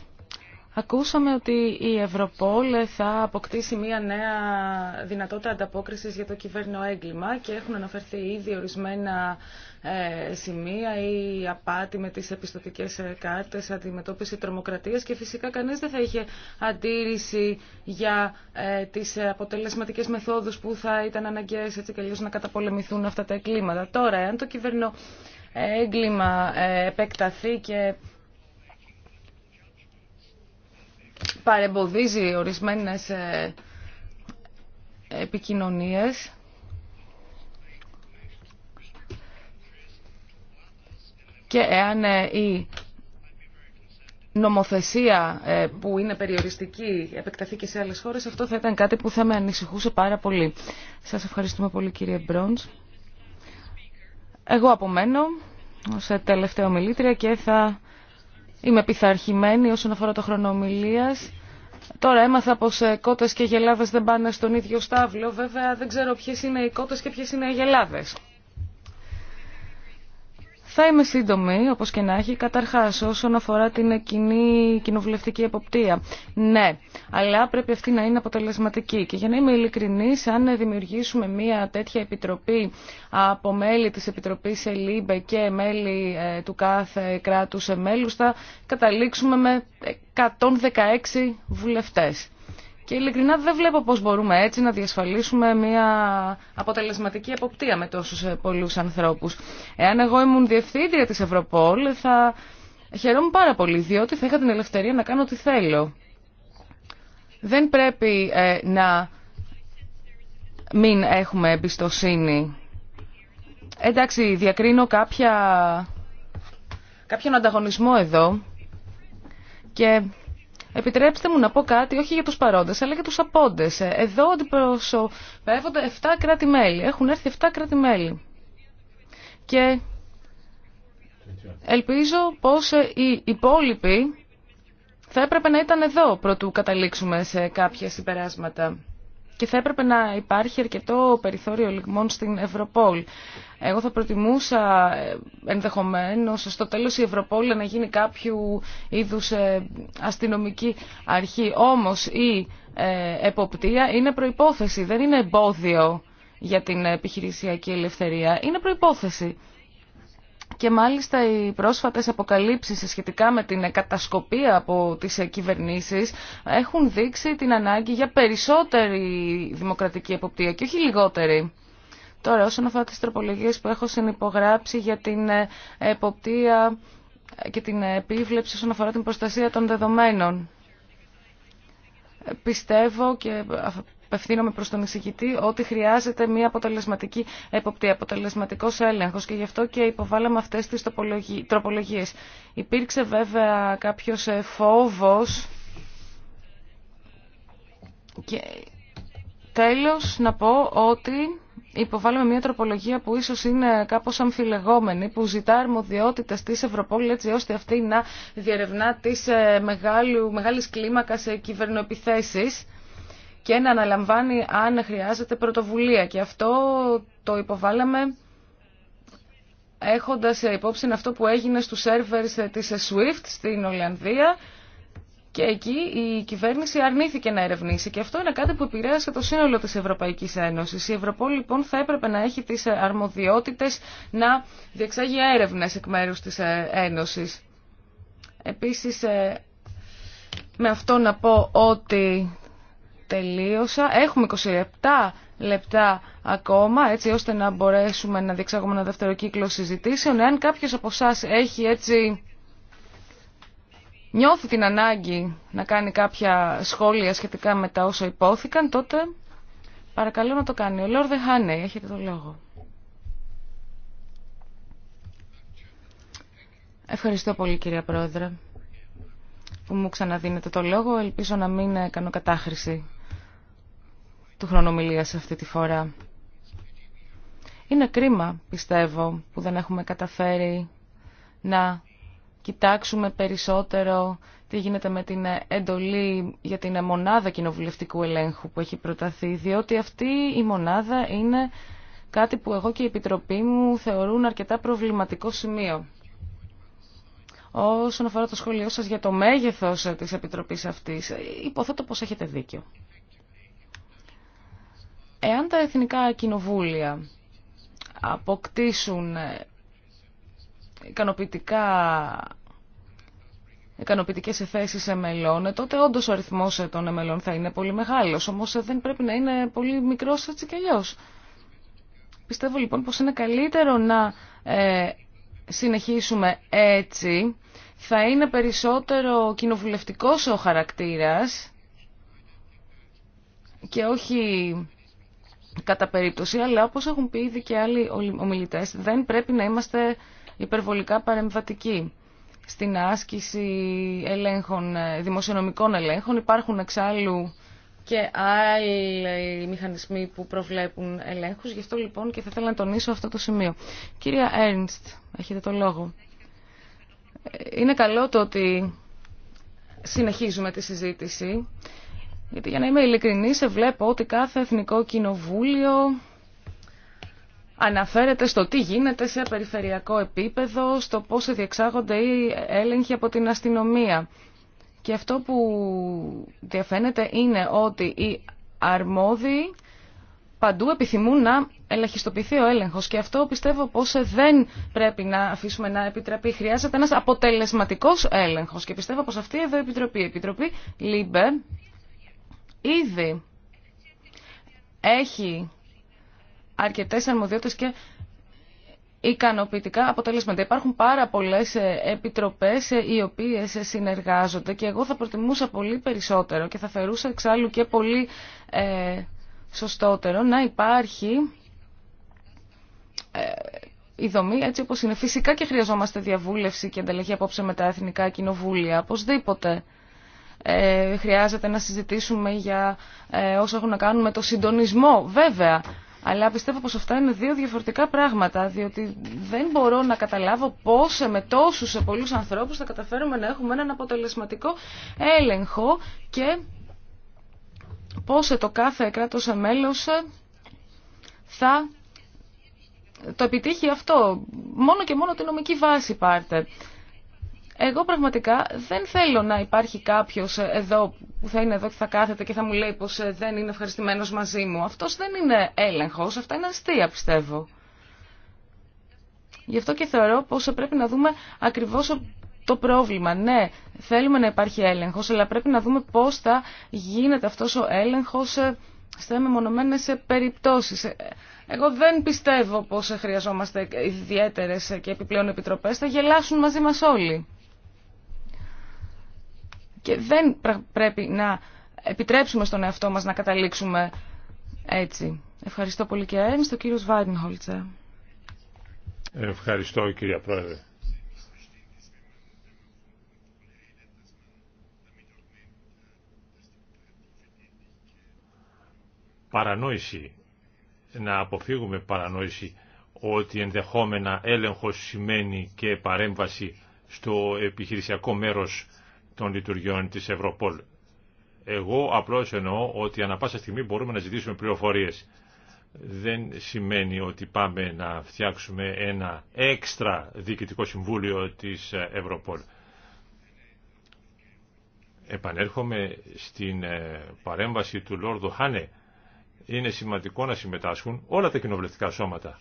Ακούσαμε ότι η Ευρωπόλ θα αποκτήσει μια νέα δυνατότητα ανταπόκρισης για το κυβέρνο έγκλημα και έχουν αναφερθεί ήδη ορισμένα ε, σημεία ή απάτη με τις επιστοτικές ε, κάρτες, αντιμετώπιση τρομοκρατίας και φυσικά κανείς δεν θα είχε αντίρρηση για ε, τις αποτελεσματικές μεθόδους που θα ήταν αναγκαίες έτσι και να καταπολεμηθούν αυτά τα εγκλήματα. Τώρα, εάν το κυβέρνο έγκλημα επεκταθεί και παρεμποδίζει ορισμένες ε, επικοινωνίες. Και εάν ε, η νομοθεσία ε, που είναι περιοριστική επεκταθεί και σε άλλες χώρες, αυτό θα ήταν κάτι που θα με ανησυχούσε πάρα πολύ. Σας ευχαριστούμε πολύ κύριε Μπρόντς. Εγώ απομένω ως τελευταία ομιλήτρια και θα Είμαι πειθαρχημένη όσον αφορά το χρόνο Τώρα έμαθα πως ε, κότες και γελάδες δεν πάνε στον ίδιο στάβλο. Βέβαια δεν ξέρω ποιες είναι οι κότες και ποιες είναι οι γελάδες. Θα είμαι σύντομη, όπως και να έχει, καταρχάς όσον αφορά την κοινή κοινοβουλευτική εποπτεία. Ναι, αλλά πρέπει αυτή να είναι αποτελεσματική. Και για να είμαι ειλικρινής, αν δημιουργήσουμε μια τέτοια επιτροπή από μέλη της Επιτροπής ΕΛΥΜΠΕ και μέλη ε, του κάθε κράτους εμέλους, θα καταλήξουμε με 116 βουλευτές. Και ειλικρινά δεν βλέπω πώς μπορούμε έτσι να διασφαλίσουμε μια αποτελεσματική εποπτεία με τόσους ε, πολλούς ανθρώπους. Εάν εγώ ήμουν διευθύντρια της Ευρωπόλ θα χαιρόμουν πάρα πολύ διότι θα είχα την ελευθερία να κάνω ό,τι θέλω. Δεν πρέπει ε, να μην έχουμε εμπιστοσύνη. Εντάξει, διακρίνω κάποια, κάποιον ανταγωνισμό εδώ και Επιτρέψτε μου να πω κάτι όχι για τους παρόντες αλλά για τους απόντες. Εδώ αντιπροσωπεύονται 7 κράτη-μέλη. Έχουν έρθει 7 κράτη-μέλη. Και ελπίζω πως οι υπόλοιποι θα έπρεπε να ήταν εδώ προτού καταλήξουμε σε κάποια συμπεράσματα και θα έπρεπε να υπάρχει αρκετό περιθώριο λιγμών στην Ευρωπόλ. Εγώ θα προτιμούσα ε, ενδεχομένως στο τέλος η Ευρωπόλ να γίνει κάποιου είδους ε, αστυνομική αρχή. Όμως η ε, εποπτεία είναι προϋπόθεση, δεν είναι εμπόδιο για την επιχειρησιακή ελευθερία. Είναι προϋπόθεση. Και μάλιστα οι πρόσφατες αποκαλύψεις σχετικά με την κατασκοπία από τις κυβερνήσεις έχουν δείξει την ανάγκη για περισσότερη δημοκρατική εποπτεία και όχι λιγότερη. Τώρα, όσον αφορά τις τροπολογίες που έχω συνυπογράψει για την ε, εποπτεία και την επίβλεψη όσον αφορά την προστασία των δεδομένων. Πιστεύω και απευθύνομαι προς τον εισηγητή ότι χρειάζεται μια αποτελεσματική εποπτεία, αποτελεσματικός έλεγχος και γι' αυτό και υποβάλαμε αυτές τις τροπολογίε. Υπήρξε βέβαια κάποιο ε, φόβο. και τέλος να πω ότι υποβάλαμε μια τροπολογία που ίσως είναι κάπως αμφιλεγόμενη, που ζητά αρμοδιότητε τη Ευρωπόλη έτσι ώστε αυτή να διερευνά τι ε, μεγάλη κλίμακα κλίμακας ε, και να αναλαμβάνει αν χρειάζεται πρωτοβουλία. Και αυτό το υποβάλαμε έχοντας υπόψη αυτό που έγινε στους σερβερς της SWIFT στην Ολλανδία και εκεί η κυβέρνηση αρνήθηκε να ερευνήσει και αυτό είναι κάτι που επηρέασε το σύνολο της Ευρωπαϊκής Ένωσης. Η Ευρωπόλη, λοιπόν θα έπρεπε να έχει τις αρμοδιότητες να διεξάγει έρευνες εκ μέρους της Ένωσης. Επίσης ε, με αυτό να πω ότι τελείωσα. Έχουμε 27 λεπτά ακόμα, έτσι ώστε να μπορέσουμε να διεξάγουμε ένα δεύτερο κύκλο συζητήσεων. Εάν κάποιος από εσά έχει έτσι νιώθει την ανάγκη να κάνει κάποια σχόλια σχετικά με τα όσα υπόθηκαν, τότε παρακαλώ να το κάνει. Ο Λόρδε Χάνεϊ, έχετε το λόγο. Ευχαριστώ πολύ κυρία Πρόεδρε που μου ξαναδίνετε το λόγο. Ελπίζω να μην κάνω κατάχρηση του σε αυτή τη φορά. Είναι κρίμα, πιστεύω, που δεν έχουμε καταφέρει να κοιτάξουμε περισσότερο τι γίνεται με την εντολή για την μονάδα κοινοβουλευτικού ελέγχου που έχει προταθεί, διότι αυτή η μονάδα είναι κάτι που εγώ και η Επιτροπή μου θεωρούν αρκετά προβληματικό σημείο. Όσον αφορά το σχολείο σας για το μέγεθος της Επιτροπής αυτής, υποθέτω πως έχετε δίκιο. Εάν τα εθνικά κοινοβούλια αποκτήσουν ικανοποιητικά ικανοποιητικέ θέσει εμελών, ε, τότε όντω ο αριθμό ε, των εμελών θα είναι πολύ μεγάλο. Όμω ε, δεν πρέπει να είναι πολύ μικρό έτσι κι αλλιώ. Πιστεύω λοιπόν πως είναι καλύτερο να ε, συνεχίσουμε έτσι. Θα είναι περισσότερο κοινοβουλευτικός ο χαρακτήρας και όχι κατά περίπτωση, αλλά όπως έχουν πει ήδη και άλλοι ομιλητές, δεν πρέπει να είμαστε υπερβολικά παρεμβατικοί στην άσκηση ελέγχων, ε, δημοσιονομικών ελέγχων. Υπάρχουν εξάλλου και άλλοι μηχανισμοί που προβλέπουν ελέγχους. Γι' αυτό λοιπόν και θα ήθελα να τονίσω αυτό το σημείο. Κυρία Έρνστ, έχετε το λόγο. Ε, είναι καλό το ότι συνεχίζουμε τη συζήτηση. Γιατί για να είμαι σε βλέπω ότι κάθε εθνικό κοινοβούλιο αναφέρεται στο τι γίνεται σε περιφερειακό επίπεδο, στο πώς διεξάγονται οι έλεγχοι από την αστυνομία. Και αυτό που διαφαίνεται είναι ότι οι αρμόδιοι παντού επιθυμούν να ελαχιστοποιηθεί ο έλεγχος και αυτό πιστεύω πως δεν πρέπει να αφήσουμε να επιτραπεί. Χρειάζεται ένας αποτελεσματικός έλεγχος και πιστεύω πως αυτή εδώ η Επιτροπή, η Επιτροπή ΛΥΜΠΕ, ήδη έχει αρκετές αρμοδιότητες και ικανοποιητικά αποτελέσματα. Υπάρχουν πάρα πολλές ε, επιτροπές ε, οι οποίες ε, συνεργάζονται και εγώ θα προτιμούσα πολύ περισσότερο και θα φερούσα εξάλλου και πολύ ε, σωστότερο να υπάρχει ε, η δομή έτσι όπως είναι. Φυσικά και χρειαζόμαστε διαβούλευση και ανταλλαγή απόψε με τα εθνικά κοινοβούλια, οπωσδήποτε. Ε, χρειάζεται να συζητήσουμε για ε, όσα έχουν να κάνουν με το συντονισμό, βέβαια. Αλλά πιστεύω πως αυτά είναι δύο διαφορετικά πράγματα, διότι δεν μπορώ να καταλάβω πώς με τόσους σε πολλούς ανθρώπους θα καταφέρουμε να έχουμε έναν αποτελεσματικό έλεγχο και πώς το κάθε κράτος μέλος θα το επιτύχει αυτό. Μόνο και μόνο την νομική βάση πάρτε. Εγώ πραγματικά δεν θέλω να υπάρχει κάποιο εδώ που θα είναι εδώ και θα κάθεται και θα μου λέει πω ε, δεν είναι ευχαριστημένο μαζί μου. Αυτό δεν είναι έλεγχο, αυτά είναι αστεία πιστεύω. Γι' αυτό και θεωρώ πώ πρέπει να δούμε ακριβώ το πρόβλημα. Ναι, θέλουμε να υπάρχει έλεγχο, αλλά πρέπει να δούμε πώς θα γίνεται αυτός ο έλεγχος σε μεμονωμένες ε, περιπτώσεις. Ε, εγώ δεν πιστεύω πώ Θα γινεται αυτό ο έλεγχο σε μεμονωμένε περιπτώσει. εγω δεν πιστευω μαζί μας όλοι και δεν πρέπει να επιτρέψουμε στον εαυτό μας να καταλήξουμε έτσι. Ευχαριστώ πολύ και στο τον κύριο Χόλτσε. Ευχαριστώ κυρία Πρόεδρε. Παρανόηση, να αποφύγουμε παρανόηση ότι ενδεχόμενα έλεγχος σημαίνει και παρέμβαση στο επιχειρησιακό μέρος των λειτουργιών της Ευρωπόλ. Εγώ απλώς εννοώ ότι ανα πάσα στιγμή μπορούμε να ζητήσουμε πληροφορίες. Δεν σημαίνει ότι πάμε να φτιάξουμε ένα έξτρα διοικητικό συμβούλιο της Ευρωπόλ. Επανέρχομαι στην ε, παρέμβαση του Λόρδου Χάνε. Είναι σημαντικό να συμμετάσχουν όλα τα κοινοβουλευτικά σώματα.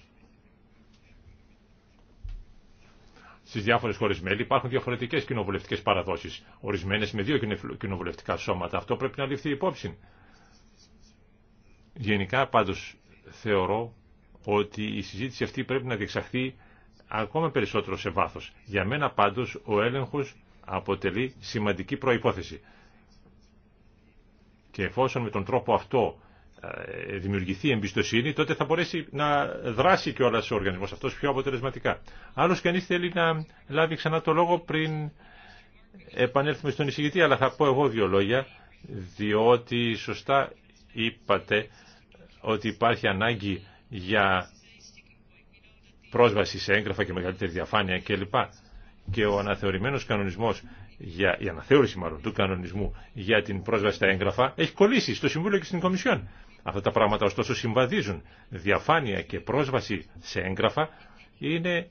Στι διάφορε χώρε μέλη υπάρχουν διαφορετικές κοινοβουλευτικές παραδόσεις, ορισμένες με δύο κοινοβουλευτικά σώματα. Αυτό πρέπει να ληφθεί υπόψη. Γενικά πάντως θεωρώ ότι η συζήτηση αυτή πρέπει να διεξαχθεί ακόμα περισσότερο σε βάθο. Για μένα πάντως ο έλεγχος αποτελεί σημαντική προϋπόθεση. Και εφόσον με τον τρόπο αυτό ε, δημιουργηθεί εμπιστοσύνη, τότε θα μπορέσει να δράσει και όλας ο οργανισμός αυτός πιο αποτελεσματικά. Άλλος κανείς θέλει να λάβει ξανά το λόγο πριν επανέλθουμε στον εισηγητή, αλλά θα πω εγώ δύο λόγια, διότι σωστά είπατε ότι υπάρχει ανάγκη για πρόσβαση σε έγγραφα και μεγαλύτερη διαφάνεια κλπ. Και ο αναθεωρημένος κανονισμός, για, η αναθεώρηση μάλλον του κανονισμού για την πρόσβαση στα έγγραφα έχει κολλήσει στο Συμβούλιο και στην Κομισιόν. Αυτά τα πράγματα ωστόσο συμβαδίζουν. Διαφάνεια και πρόσβαση σε έγγραφα είναι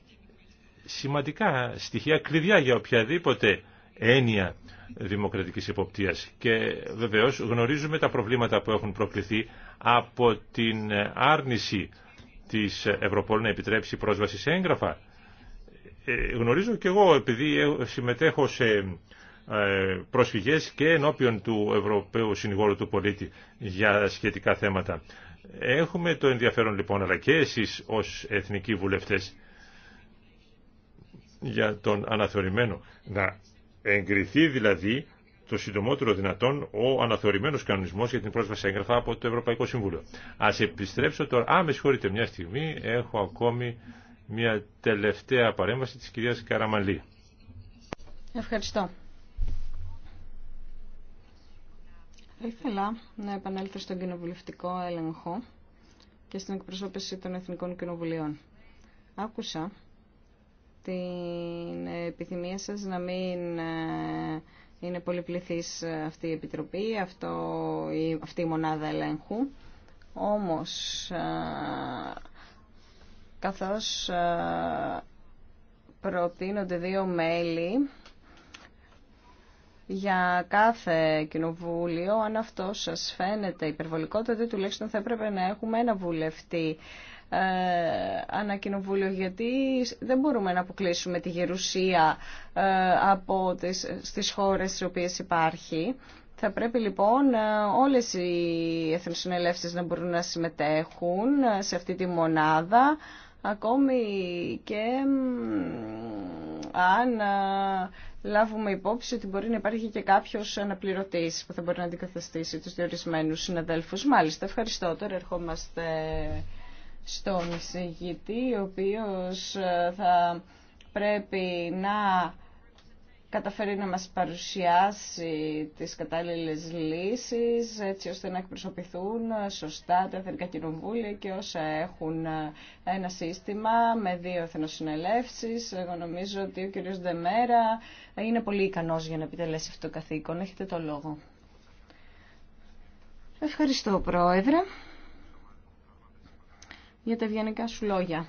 σημαντικά στοιχεία κλειδιά για οποιαδήποτε έννοια δημοκρατικής υποπτίας. και βεβαίως γνωρίζουμε τα προβλήματα που έχουν προκληθεί από την άρνηση της Ευρωπόλου να επιτρέψει πρόσβαση σε έγγραφα. Ε, γνωρίζω και εγώ επειδή συμμετέχω σε ε, προσφυγές και ενώπιον του Ευρωπαίου Συνηγόρου του Πολίτη για σχετικά θέματα. Έχουμε το ενδιαφέρον λοιπόν, αλλά και εσείς ως εθνικοί βουλευτές για τον αναθεωρημένο. Να εγκριθεί δηλαδή το συντομότερο δυνατόν ο αναθεωρημένος κανονισμός για την πρόσβαση έγγραφα από το Ευρωπαϊκό Συμβούλιο. Ας επιστρέψω τώρα. Α, με συγχωρείτε μια στιγμή. Έχω ακόμη μια τελευταία παρέμβαση της κυρίας Καραμαλή. Ευχαριστώ. Θα ήθελα να επανέλθω στον κοινοβουλευτικό έλεγχο και στην εκπροσώπηση των Εθνικών Κοινοβουλίων. Άκουσα την επιθυμία σας να μην ε, είναι πολυπληθής αυτή η Επιτροπή, αυτό, αυτή η μονάδα ελέγχου. Όμως, ε, καθώς ε, προτείνονται δύο μέλη για κάθε κοινοβούλιο, αν αυτό σας φαίνεται υπερβολικό, τότε τουλάχιστον θα έπρεπε να έχουμε ένα βουλευτή ε, ανακοινοβούλιο γιατί δεν μπορούμε να αποκλείσουμε τη γερουσία ε, από τις, στις χώρες στις οποίες υπάρχει. Θα πρέπει λοιπόν ε, όλες οι εθνοσυνελεύσεις να μπορούν να συμμετέχουν ε, σε αυτή τη μονάδα ακόμη και αν λάβουμε υπόψη ότι μπορεί να υπάρχει και κάποιο αναπληρωτή που θα μπορεί να αντικαταστήσει του διορισμένου συναδέλφου. Μάλιστα, ευχαριστώ. Τώρα ερχόμαστε στον εισηγητή, ο οποίο ε, θα πρέπει να καταφέρει να μας παρουσιάσει τις κατάλληλες λύσεις έτσι ώστε να εκπροσωπηθούν σωστά τα εθνικά κοινοβούλια και όσα έχουν ε, ένα σύστημα με δύο εθνοσυνελεύσεις. Εγώ νομίζω ότι ο κ. Δεμέρα είναι πολύ ικανός για να επιτελέσει αυτό το καθήκον. Έχετε το λόγο. Ευχαριστώ, Πρόεδρε, για τα ευγενικά σου λόγια.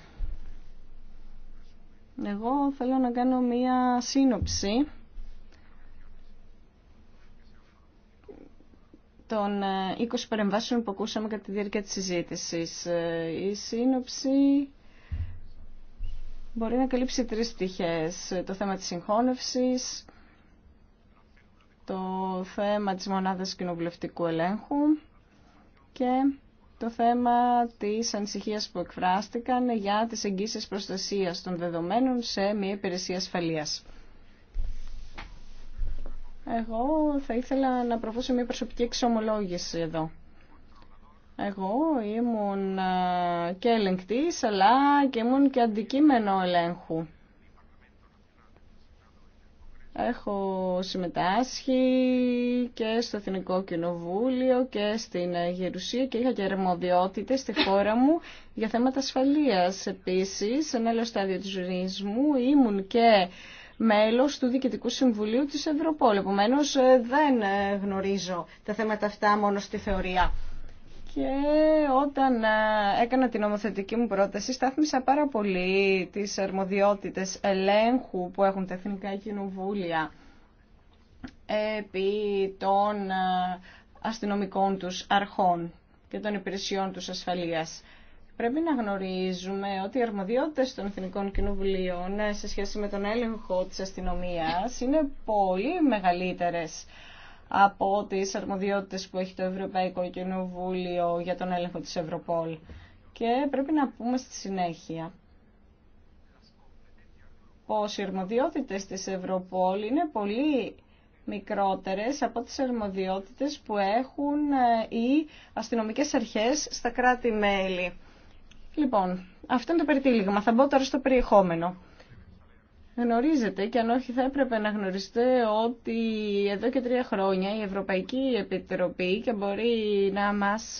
Εγώ θέλω να κάνω μία σύνοψη των 20 ε, παρεμβάσεων που ακούσαμε κατά τη διάρκεια της συζήτησης. Ε, η σύνοψη μπορεί να καλύψει τρεις πτυχές. Το θέμα της συγχώνευσης, το θέμα της μονάδας κοινοβουλευτικού ελέγχου και το θέμα της ανησυχίας που εκφράστηκαν για τις εγγύσεις προστασίας των δεδομένων σε μια υπηρεσία ασφαλείας. Εγώ θα ήθελα να προβούσω μια προσωπική εξομολόγηση εδώ. Εγώ ήμουν ε, και ελεγκτής, αλλά και ήμουν και αντικείμενο ελέγχου. Έχω συμμετάσχει και στο Εθνικό Κοινοβούλιο και στην Γερουσία και είχα και αρμοδιότητε στη χώρα μου για θέματα ασφαλείας. Επίσης, σε άλλο στάδιο της ζωή μου ήμουν και μέλο του Διοικητικού Συμβουλίου της Ευρωπόλου. Επομένω, ε, δεν ε, γνωρίζω τα θέματα αυτά μόνο στη θεωρία. Και όταν ε, έκανα την νομοθετική μου πρόταση, στάθμισα πάρα πολύ τις αρμοδιότητες ελέγχου που έχουν τα Εθνικά Κοινοβούλια επί των ε, αστυνομικών τους αρχών και των υπηρεσιών τους ασφαλείας. Πρέπει να γνωρίζουμε ότι οι αρμοδιότητες των Εθνικών Κοινοβουλίων ε, σε σχέση με τον έλεγχο της αστυνομίας είναι πολύ μεγαλύτερες από τις αρμοδιότητες που έχει το Ευρωπαϊκό Κοινοβούλιο για τον έλεγχο της Ευρωπόλ. Και πρέπει να πούμε στη συνέχεια πως οι αρμοδιότητες της Ευρωπόλ είναι πολύ μικρότερες από τις αρμοδιότητες που έχουν ε, οι αστυνομικές αρχές στα κράτη-μέλη. Λοιπόν, αυτό είναι το περιτύλιγμα. Θα μπω τώρα στο περιεχόμενο. Γνωρίζετε και αν όχι θα έπρεπε να γνωριστε ότι εδώ και τρία χρόνια η Ευρωπαϊκή Επιτροπή και μπορεί να μας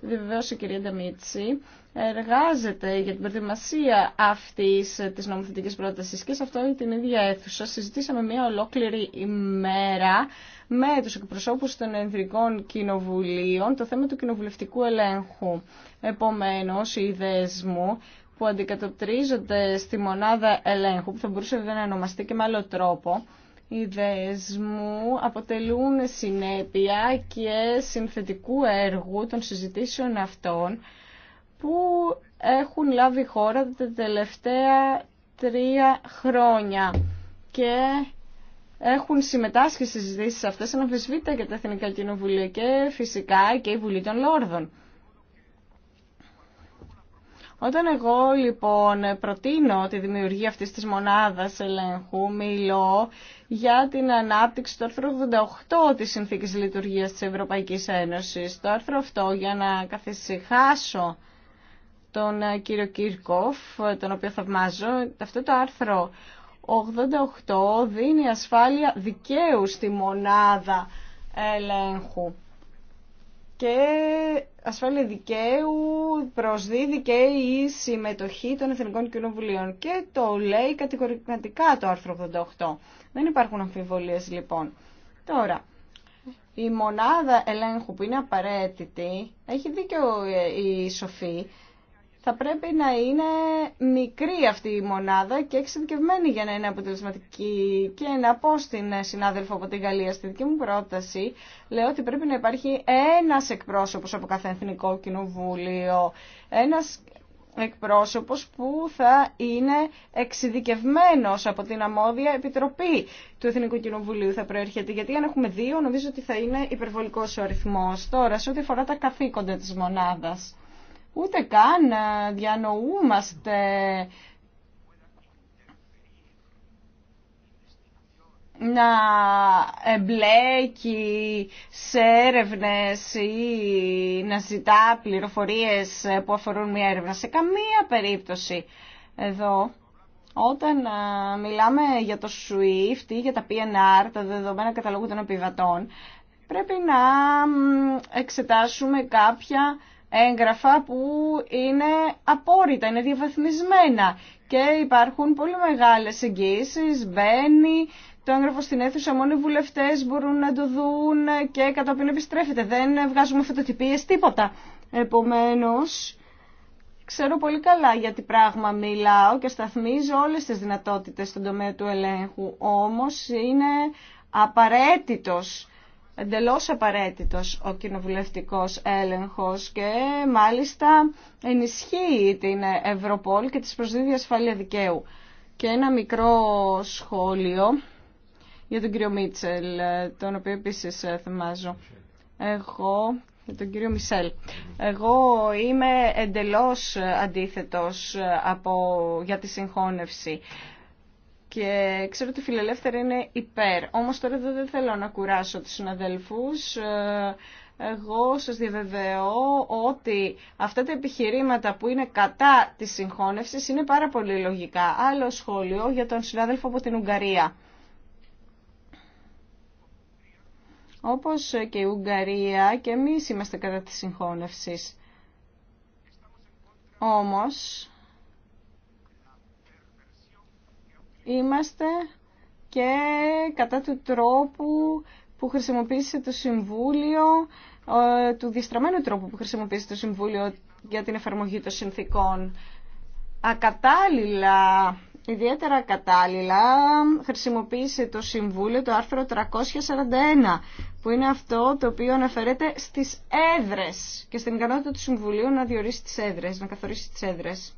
το διαβεβαιώσει η κυρία Νταμίτση εργάζεται για την προετοιμασία αυτής της νομοθετικής πρότασης και σε αυτό την ίδια αίθουσα συζητήσαμε μια ολόκληρη ημέρα με τους εκπροσώπους των Ενδρικών Κοινοβουλίων το θέμα του κοινοβουλευτικού ελέγχου. Επομένως, οι ιδέες μου που αντικατοπτρίζονται στη μονάδα ελέγχου, που θα μπορούσε να ονομαστεί και με άλλο τρόπο, οι ιδέες μου αποτελούν συνέπεια και συνθετικού έργου των συζητήσεων αυτών που έχουν λάβει χώρα τα τελευταία τρία χρόνια και έχουν συμμετάσχει στις συζητήσεις αυτές αναμφισβήτητα και τα Εθνικά Κοινοβουλία και φυσικά και η Βουλή των Λόρδων. Όταν εγώ λοιπόν προτείνω τη δημιουργία αυτής της μονάδας ελέγχου, μιλώ για την ανάπτυξη του άρθρου 88 της Συνθήκης Λειτουργίας της Ευρωπαϊκής Ένωσης. Το άρθρο αυτό για να καθησυχάσω τον ε, κύριο Κίρκοφ, ε, τον οποίο θαυμάζω, αυτό το άρθρο 88 δίνει ασφάλεια δικαίου στη μονάδα ελέγχου και ασφάλεια δικαίου προσδίδει και η συμμετοχή των Εθνικών Κοινοβουλίων και το λέει κατηγορηματικά το άρθρο 88. Δεν υπάρχουν αμφιβολίες λοιπόν. Τώρα, η μονάδα ελέγχου που είναι απαραίτητη, έχει δίκιο ε, η Σοφή, θα πρέπει να είναι μικρή αυτή η μονάδα και εξειδικευμένη για να είναι αποτελεσματική. Και να πω στην συνάδελφο από την Γαλλία, στη δική μου πρόταση, λέω ότι πρέπει να υπάρχει ένας εκπρόσωπος από κάθε εθνικό κοινοβούλιο, ένας εκπρόσωπος που θα είναι εξειδικευμένος από την αμόδια επιτροπή του Εθνικού Κοινοβουλίου θα προέρχεται. Γιατί αν έχουμε δύο νομίζω ότι θα είναι υπερβολικός ο αριθμός. Τώρα, σε ό,τι αφορά τα καθήκοντα της μονάδας ούτε καν ε, διανοούμαστε να εμπλέκει σε έρευνες ή να ζητά πληροφορίες που αφορούν μια έρευνα. Σε καμία περίπτωση εδώ, όταν ε, μιλάμε για το SWIFT ή για τα PNR, τα δεδομένα καταλόγου των επιβατών, πρέπει να εξετάσουμε κάποια έγγραφα που είναι απόρριτα, είναι διαβαθμισμένα και υπάρχουν πολύ μεγάλες εγγύσεις, μπαίνει το έγγραφο στην αίθουσα, μόνο οι βουλευτές μπορούν να το δουν και κατόπιν επιστρέφεται, δεν βγάζουμε φωτοτυπίες, τίποτα. Επομένως, ξέρω πολύ καλά για τι πράγμα μιλάω και σταθμίζω όλες τις δυνατότητες στον τομέα του ελέγχου, όμως είναι απαραίτητος εντελώς απαραίτητος ο κοινοβουλευτικός έλεγχος και μάλιστα ενισχύει την Ευρωπόλ και τις προσδίδει ασφάλεια δικαίου. Και ένα μικρό σχόλιο για τον κύριο Μίτσελ, τον οποίο επίση θυμάζω. Εγώ για τον κύριο Μισελ. Εγώ είμαι εντελώς αντίθετος για τη συγχώνευση και ξέρω ότι η φιλελεύθερη είναι υπέρ. Όμως τώρα εδώ δεν θέλω να κουράσω τους συναδέλφους. Ε, εγώ σας διαβεβαιώ ότι αυτά τα επιχειρήματα που είναι κατά της συγχώνευσης είναι πάρα πολύ λογικά. Άλλο σχόλιο για τον συνάδελφο από την Ουγγαρία. Όπως και η Ουγγαρία και εμείς είμαστε κατά της συγχώνευσης. Όμως, είμαστε και κατά του τρόπου που χρησιμοποίησε το Συμβούλιο, ε, του διαστραμμένου τρόπου που χρησιμοποίησε το Συμβούλιο για την εφαρμογή των συνθήκων. Ακατάλληλα, ιδιαίτερα ακατάλληλα, χρησιμοποίησε το Συμβούλιο το άρθρο 341, που είναι αυτό το οποίο αναφέρεται στις έδρες και στην ικανότητα του Συμβουλίου να διορίσει τις έδρες, να καθορίσει τις έδρες.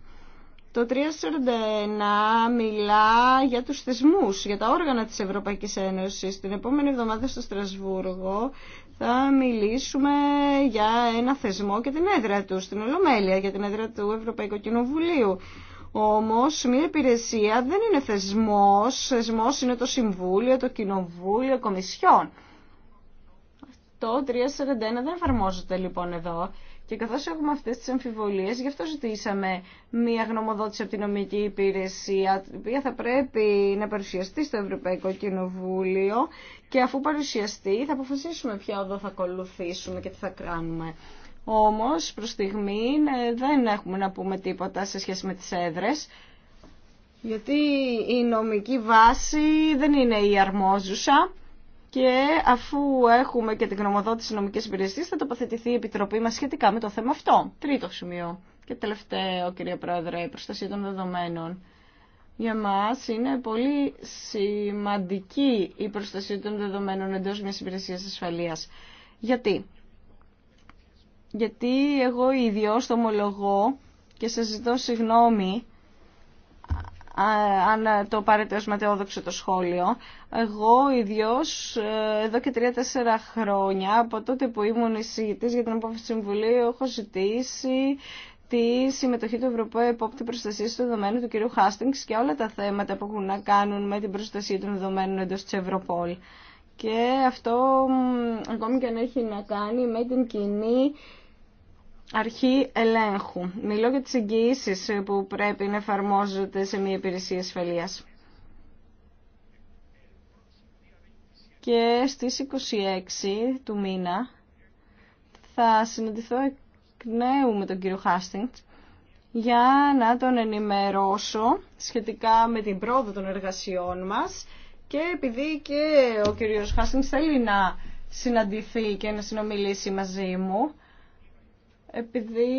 Το 341 μιλά για τους θεσμούς, για τα όργανα της Ευρωπαϊκής Ένωσης. Την επόμενη εβδομάδα στο Στρασβούργο θα μιλήσουμε για ένα θεσμό και την έδρα του, στην Ολομέλεια, για την έδρα του Ευρωπαϊκού Κοινοβουλίου. Όμως μια υπηρεσία δεν είναι θεσμός, θεσμός είναι το Συμβούλιο, το Κοινοβούλιο, Κομισιόν. Το 341 δεν εφαρμόζεται λοιπόν εδώ. Και καθώς έχουμε αυτές τις αμφιβολίες, γι' αυτό ζητήσαμε μία γνωμοδότηση από την νομική υπηρεσία, η οποία θα πρέπει να παρουσιαστεί στο Ευρωπαϊκό Κοινοβούλιο και αφού παρουσιαστεί θα αποφασίσουμε ποια οδό θα ακολουθήσουμε και τι θα κάνουμε. Όμως, προς στιγμή ναι, δεν έχουμε να πούμε τίποτα σε σχέση με τι έδρε, Γιατί η νομική βάση δεν είναι η αρμόζουσα και αφού έχουμε και την γνωμοδότηση νομική υπηρεσία, θα τοποθετηθεί η Επιτροπή μα σχετικά με το θέμα αυτό. Τρίτο σημείο και τελευταίο κυρία Πρόεδρε, η προστασία των δεδομένων. Για μας είναι πολύ σημαντική η προστασία των δεδομένων εντός μιας υπηρεσίας ασφαλείας. Γιατί? Γιατί εγώ ίδιος το ομολογώ και σας ζητώ συγγνώμη αν το πάρετε ως ματαιόδοξο το σχόλιο. Εγώ ιδιώς ε, εδώ και τρία-τέσσερα χρόνια από τότε που ήμουν εισηγητής για την απόφαση συμβουλίου έχω ζητήσει τη συμμετοχή του Ευρωπαίου Επόπτη Προστασία του Δεδομένου του κ. Χάστινγκ και όλα τα θέματα που έχουν να κάνουν με την προστασία των δεδομένων εντό τη Ευρωπόλ. Και αυτό ακόμη και αν έχει να κάνει με την κοινή αρχή ελέγχου. Μιλώ για τις εγγυήσεις που πρέπει να εφαρμόζονται σε μια υπηρεσία ασφαλείας. Και στις 26 του μήνα θα συναντηθώ εκ νέου με τον κύριο Χάστινγκ για να τον ενημερώσω σχετικά με την πρόοδο των εργασιών μας και επειδή και ο κύριος Χάστινγκ θέλει να συναντηθεί και να συνομιλήσει μαζί μου, επειδή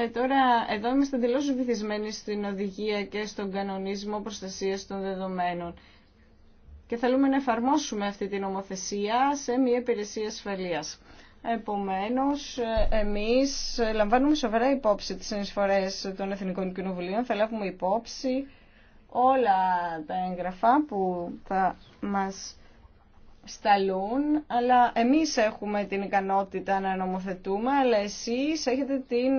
ε, τώρα εδώ είμαστε εντελώ βυθισμένοι στην οδηγία και στον κανονισμό προστασίας των δεδομένων και θέλουμε να εφαρμόσουμε αυτή την νομοθεσία σε μια υπηρεσία ασφαλείας. Επομένως, ε, εμείς λαμβάνουμε σοβαρά υπόψη τις ενισφορές των Εθνικών Κοινοβουλίων, θα λάβουμε υπόψη όλα τα έγγραφα που θα μας σταλούν, αλλά εμείς έχουμε την ικανότητα να νομοθετούμε, αλλά εσείς έχετε την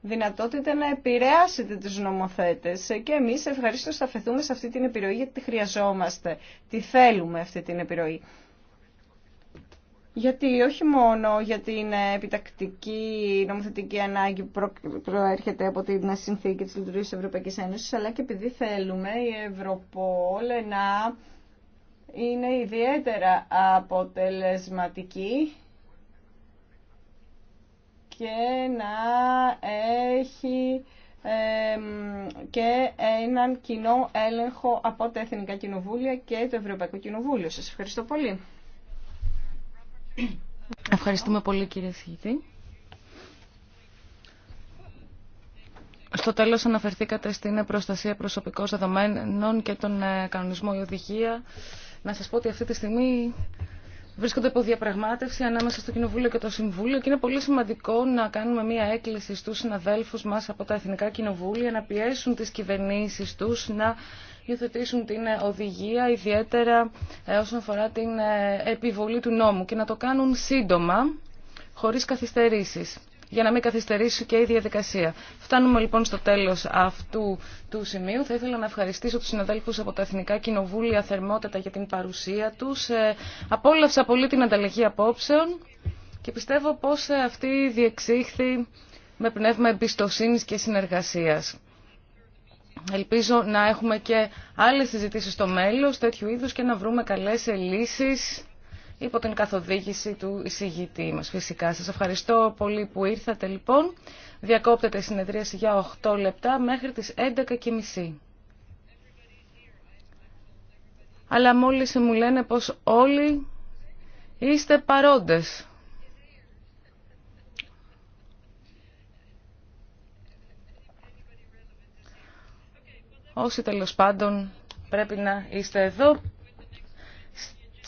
δυνατότητα να επηρεάσετε τους νομοθέτες και εμείς ευχαριστώ σταφεθούμε σε αυτή την επιρροή γιατί τη χρειαζόμαστε, τη θέλουμε αυτή την επιρροή. Γιατί όχι μόνο για την επιτακτική νομοθετική ανάγκη που προέρχεται από την συνθήκη της λειτουργίας της Ευρωπαϊκής Ένωσης, αλλά και επειδή θέλουμε η Ευρωπόλ να είναι ιδιαίτερα αποτελεσματική και να έχει και έναν κοινό έλεγχο από τα Εθνικά Κοινοβούλια και το Ευρωπαϊκό Κοινοβούλιο. Σας ευχαριστώ πολύ. Ευχαριστούμε πολύ κύριε Σιγητή. Στο τέλος αναφερθήκατε στην προστασία προσωπικών δεδομένων και τον ε, κανονισμό η οδηγία να σας πω ότι αυτή τη στιγμή βρίσκονται υπό διαπραγμάτευση ανάμεσα στο Κοινοβούλιο και το Συμβούλιο και είναι πολύ σημαντικό να κάνουμε μια έκκληση στους συναδέλφους μας από τα Εθνικά Κοινοβούλια να πιέσουν τις κυβερνήσεις τους να υιοθετήσουν την οδηγία ιδιαίτερα ε, όσον αφορά την ε, επιβολή του νόμου και να το κάνουν σύντομα χωρίς καθυστερήσεις για να μην καθυστερήσει και η διαδικασία. Φτάνουμε λοιπόν στο τέλος αυτού του σημείου. Θα ήθελα να ευχαριστήσω τους συναδέλφους από τα Εθνικά Κοινοβούλια θερμότατα για την παρουσία τους. Ε, απόλαυσα πολύ την ανταλλαγή απόψεων και πιστεύω πως ε, αυτή διεξήχθη με πνεύμα εμπιστοσύνης και συνεργασίας. Ελπίζω να έχουμε και άλλες συζητήσεις στο μέλλον, τέτοιου είδους και να βρούμε καλές λύσεις υπό την καθοδήγηση του εισηγητή μας φυσικά. Σας ευχαριστώ πολύ που ήρθατε λοιπόν. Διακόπτεται η συνεδρίαση για 8 λεπτά μέχρι τις 11.30. Αλλά μόλις μου λένε πως όλοι είστε παρόντες. Όσοι τέλος πάντων πρέπει να είστε εδώ.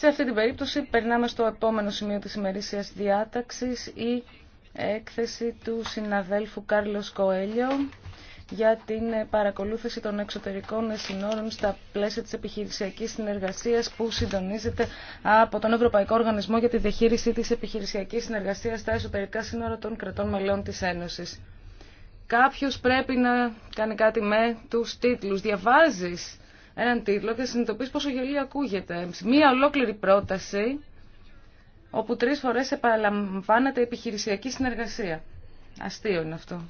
Σε αυτή την περίπτωση περνάμε στο επόμενο σημείο της ημερήσιας διάταξης η έκθεση του συναδέλφου Κάρλος Κοέλιο για την παρακολούθηση των εξωτερικών συνόρων στα πλαίσια της επιχειρησιακής συνεργασίας που συντονίζεται από τον Ευρωπαϊκό Οργανισμό για τη Διαχείριση της Επιχειρησιακής Συνεργασίας στα εσωτερικά σύνορα των κρατών μελών της Ένωσης. Κάποιος πρέπει να κάνει κάτι με τους τίτλους. Διαβάζεις έναν τίτλο και συνειδητοποιεί πόσο γελίο ακούγεται. Μία ολόκληρη πρόταση όπου τρεις φορές επαναλαμβάνεται επιχειρησιακή συνεργασία. Αστείο είναι αυτό.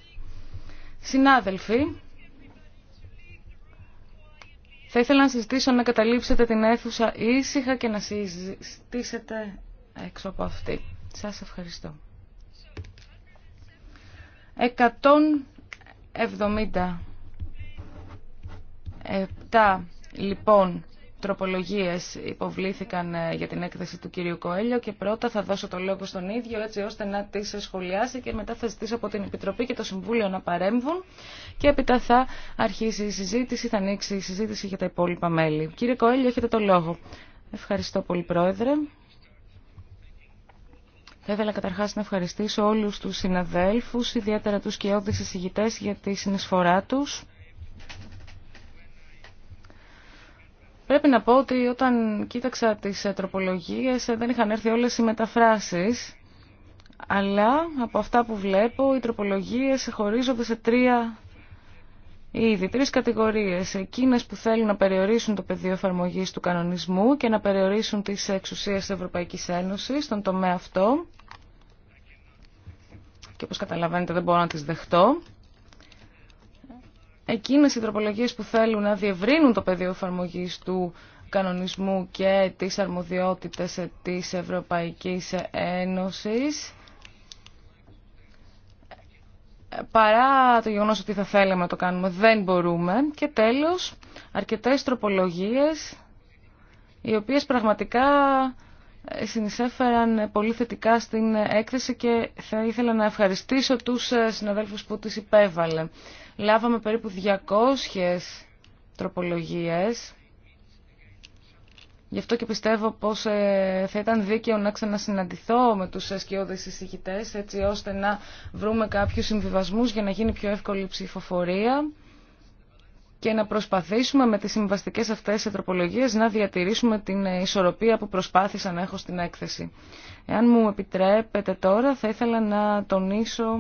Συνάδελφοι, θα ήθελα να συζητήσω να καταλήψετε την αίθουσα ήσυχα και να συζητήσετε έξω από αυτή. Σας ευχαριστώ. 170 Λοιπόν, τροπολογίες υποβλήθηκαν ε, για την έκθεση του κυρίου Κοέλιο και πρώτα θα δώσω το λόγο στον ίδιο έτσι ώστε να τις σχολιάσει και μετά θα ζητήσω από την Επιτροπή και το Συμβούλιο να παρέμβουν και έπειτα θα αρχίσει η συζήτηση, θα ανοίξει η συζήτηση για τα υπόλοιπα μέλη. Κύριε Κοέλιο, έχετε το λόγο. Ευχαριστώ πολύ, Πρόεδρε. Θα ήθελα καταρχά να ευχαριστήσω όλου του συναδέλφου, ιδιαίτερα τους κοιόδης εισηγητέ για τη συνεισφορά του. Πρέπει να πω ότι όταν κοίταξα τις ε, τροπολογίες ε, δεν είχαν έρθει όλες οι μεταφράσεις, αλλά από αυτά που βλέπω οι τροπολογίες χωρίζονται σε τρία Ήδη τρεις κατηγορίες, εκείνες που θέλουν να περιορίσουν το πεδίο εφαρμογή του κανονισμού και να περιορίσουν τις εξουσίες της Ευρωπαϊκής Ένωσης στον τομέα αυτό. Και όπως καταλαβαίνετε δεν μπορώ να τις δεχτώ εκείνες οι τροπολογίες που θέλουν να διευρύνουν το πεδίο εφαρμογή του κανονισμού και τις αρμοδιότητες της Ευρωπαϊκής Ένωσης παρά το γεγονός ότι θα θέλαμε να το κάνουμε δεν μπορούμε και τέλος αρκετές τροπολογίες οι οποίες πραγματικά συνεισέφεραν πολύ θετικά στην έκθεση και θα ήθελα να ευχαριστήσω τους συναδέλφους που τις υπέβαλε λάβαμε περίπου 200 τροπολογίες. Γι' αυτό και πιστεύω πως ε, θα ήταν δίκαιο να ξανασυναντηθώ με τους σκιώδες εισηγητές έτσι ώστε να βρούμε κάποιους συμβιβασμούς για να γίνει πιο εύκολη η ψηφοφορία και να προσπαθήσουμε με τις συμβαστικές αυτές τροπολογίες να διατηρήσουμε την ισορροπία που προσπάθησα να έχω στην έκθεση. Εάν μου επιτρέπετε τώρα θα ήθελα να τονίσω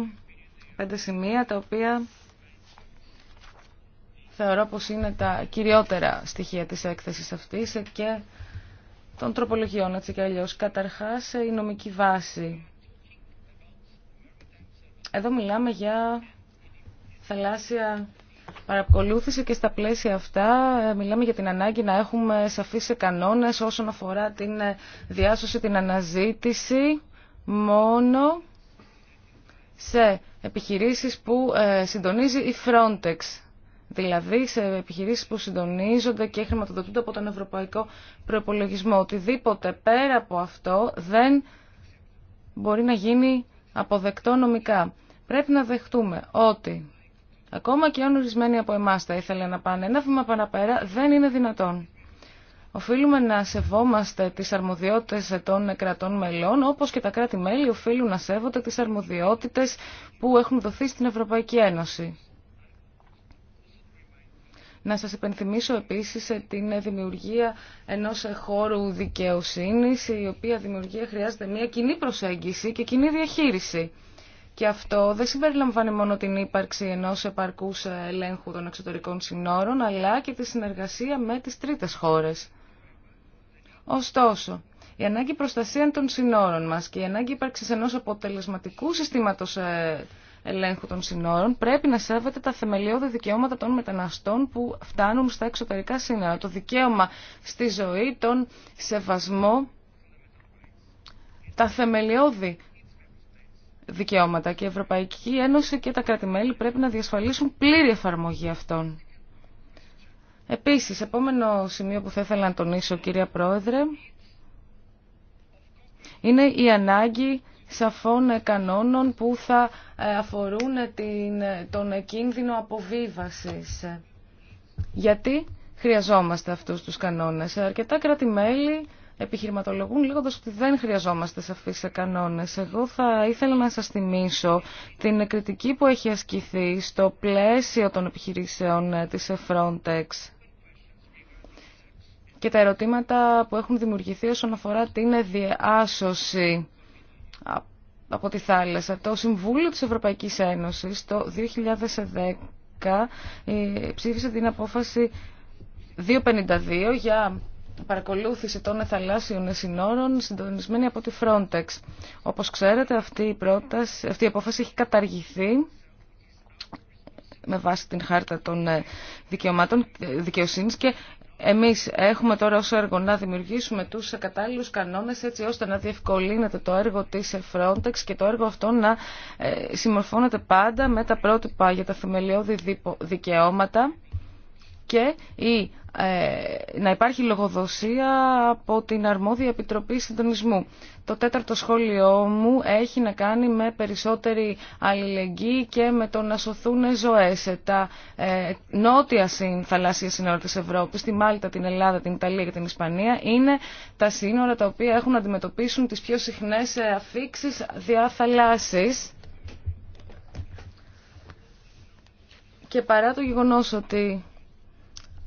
πέντε σημεία τα οποία θεωρώ πως είναι τα κυριότερα στοιχεία της έκθεσης αυτής και των τροπολογιών, έτσι και αλλιώς. Καταρχάς, η νομική βάση. Εδώ μιλάμε για θαλάσσια παρακολούθηση και στα πλαίσια αυτά ε, μιλάμε για την ανάγκη να έχουμε σαφείς κανόνες όσον αφορά την ε, διάσωση, την αναζήτηση μόνο σε επιχειρήσεις που ε, συντονίζει η Frontex δηλαδή σε επιχειρήσει που συντονίζονται και χρηματοδοτούνται από τον ευρωπαϊκό προπολογισμό. Οτιδήποτε πέρα από αυτό δεν μπορεί να γίνει αποδεκτό νομικά. Πρέπει να δεχτούμε ότι ακόμα και αν ορισμένοι από εμάς θα ήθελαν να πάνε ένα βήμα παραπέρα, δεν είναι δυνατόν. Οφείλουμε να σεβόμαστε τι αρμοδιότητε των κρατών μελών, όπω και τα κράτη-μέλη οφείλουν να σέβονται τι αρμοδιότητε που έχουν δοθεί στην Ευρωπαϊκή Ένωση. Να σας υπενθυμίσω επίσης ε, την δημιουργία ενός ε, χώρου δικαιοσύνης, η οποία δημιουργία χρειάζεται μια κοινή προσέγγιση και κοινή διαχείριση. Και αυτό δεν συμπεριλαμβάνει μόνο την ύπαρξη ενός επαρκούς ε, ελέγχου των εξωτερικών συνόρων, αλλά και τη συνεργασία με τις τρίτες χώρες. Ωστόσο, η ανάγκη προστασία των συνόρων μας και η ανάγκη ύπαρξης ενός αποτελεσματικού συστήματος ελέγχου των συνόρων πρέπει να σέβεται τα θεμελιώδη δικαιώματα των μεταναστών που φτάνουν στα εξωτερικά σύνορα. Το δικαίωμα στη ζωή, τον σεβασμό, τα θεμελιώδη δικαιώματα και η Ευρωπαϊκή Ένωση και τα κράτη-μέλη πρέπει να διασφαλίσουν πλήρη εφαρμογή αυτών. Επίσης, επόμενο σημείο που θα ήθελα να τονίσω, κυρία Πρόεδρε, είναι η ανάγκη σαφών κανόνων που θα ε, αφορούν την, τον κίνδυνο αποβίβασης. Γιατί χρειαζόμαστε αυτούς τους κανόνες. Αρκετά κράτη-μέλη επιχειρηματολογούν λέγοντας ότι δεν χρειαζόμαστε σαφείς κανόνες. Εγώ θα ήθελα να σας θυμίσω την κριτική που έχει ασκηθεί στο πλαίσιο των επιχειρήσεων ε, της Frontex και τα ερωτήματα που έχουν δημιουργηθεί όσον αφορά την διάσωση από τη θάλασσα. Το Συμβούλιο της Ευρωπαϊκής Ένωσης το 2010 ε, ψήφισε την απόφαση 252 για παρακολούθηση των θαλάσσιων συνόρων συντονισμένη από τη Frontex. Όπως ξέρετε αυτή η, αυτή η απόφαση έχει καταργηθεί με βάση την χάρτα των ε, δικαιωμάτων ε, δικαιοσύνης και εμείς έχουμε τώρα ως έργο να δημιουργήσουμε τους κατάλληλους κανόνες έτσι ώστε να διευκολύνεται το έργο της Frontex και το έργο αυτό να ε, συμμορφώνεται πάντα με τα πρότυπα για τα θεμελιώδη δικαιώματα και η, ε, να υπάρχει λογοδοσία από την αρμόδια Επιτροπή Συντονισμού. Το τέταρτο σχόλιο μου έχει να κάνει με περισσότερη αλληλεγγύη και με το να σωθούν ζωές. Τα ε, νότια θαλάσσια σύνορα της Ευρώπης, τη Μάλτα, την Ελλάδα, την Ιταλία και την Ισπανία, είναι τα σύνορα τα οποία έχουν να αντιμετωπίσουν τις πιο συχνές ε, αφήξεις διαθαλάσσης. Και παρά το γεγονός ότι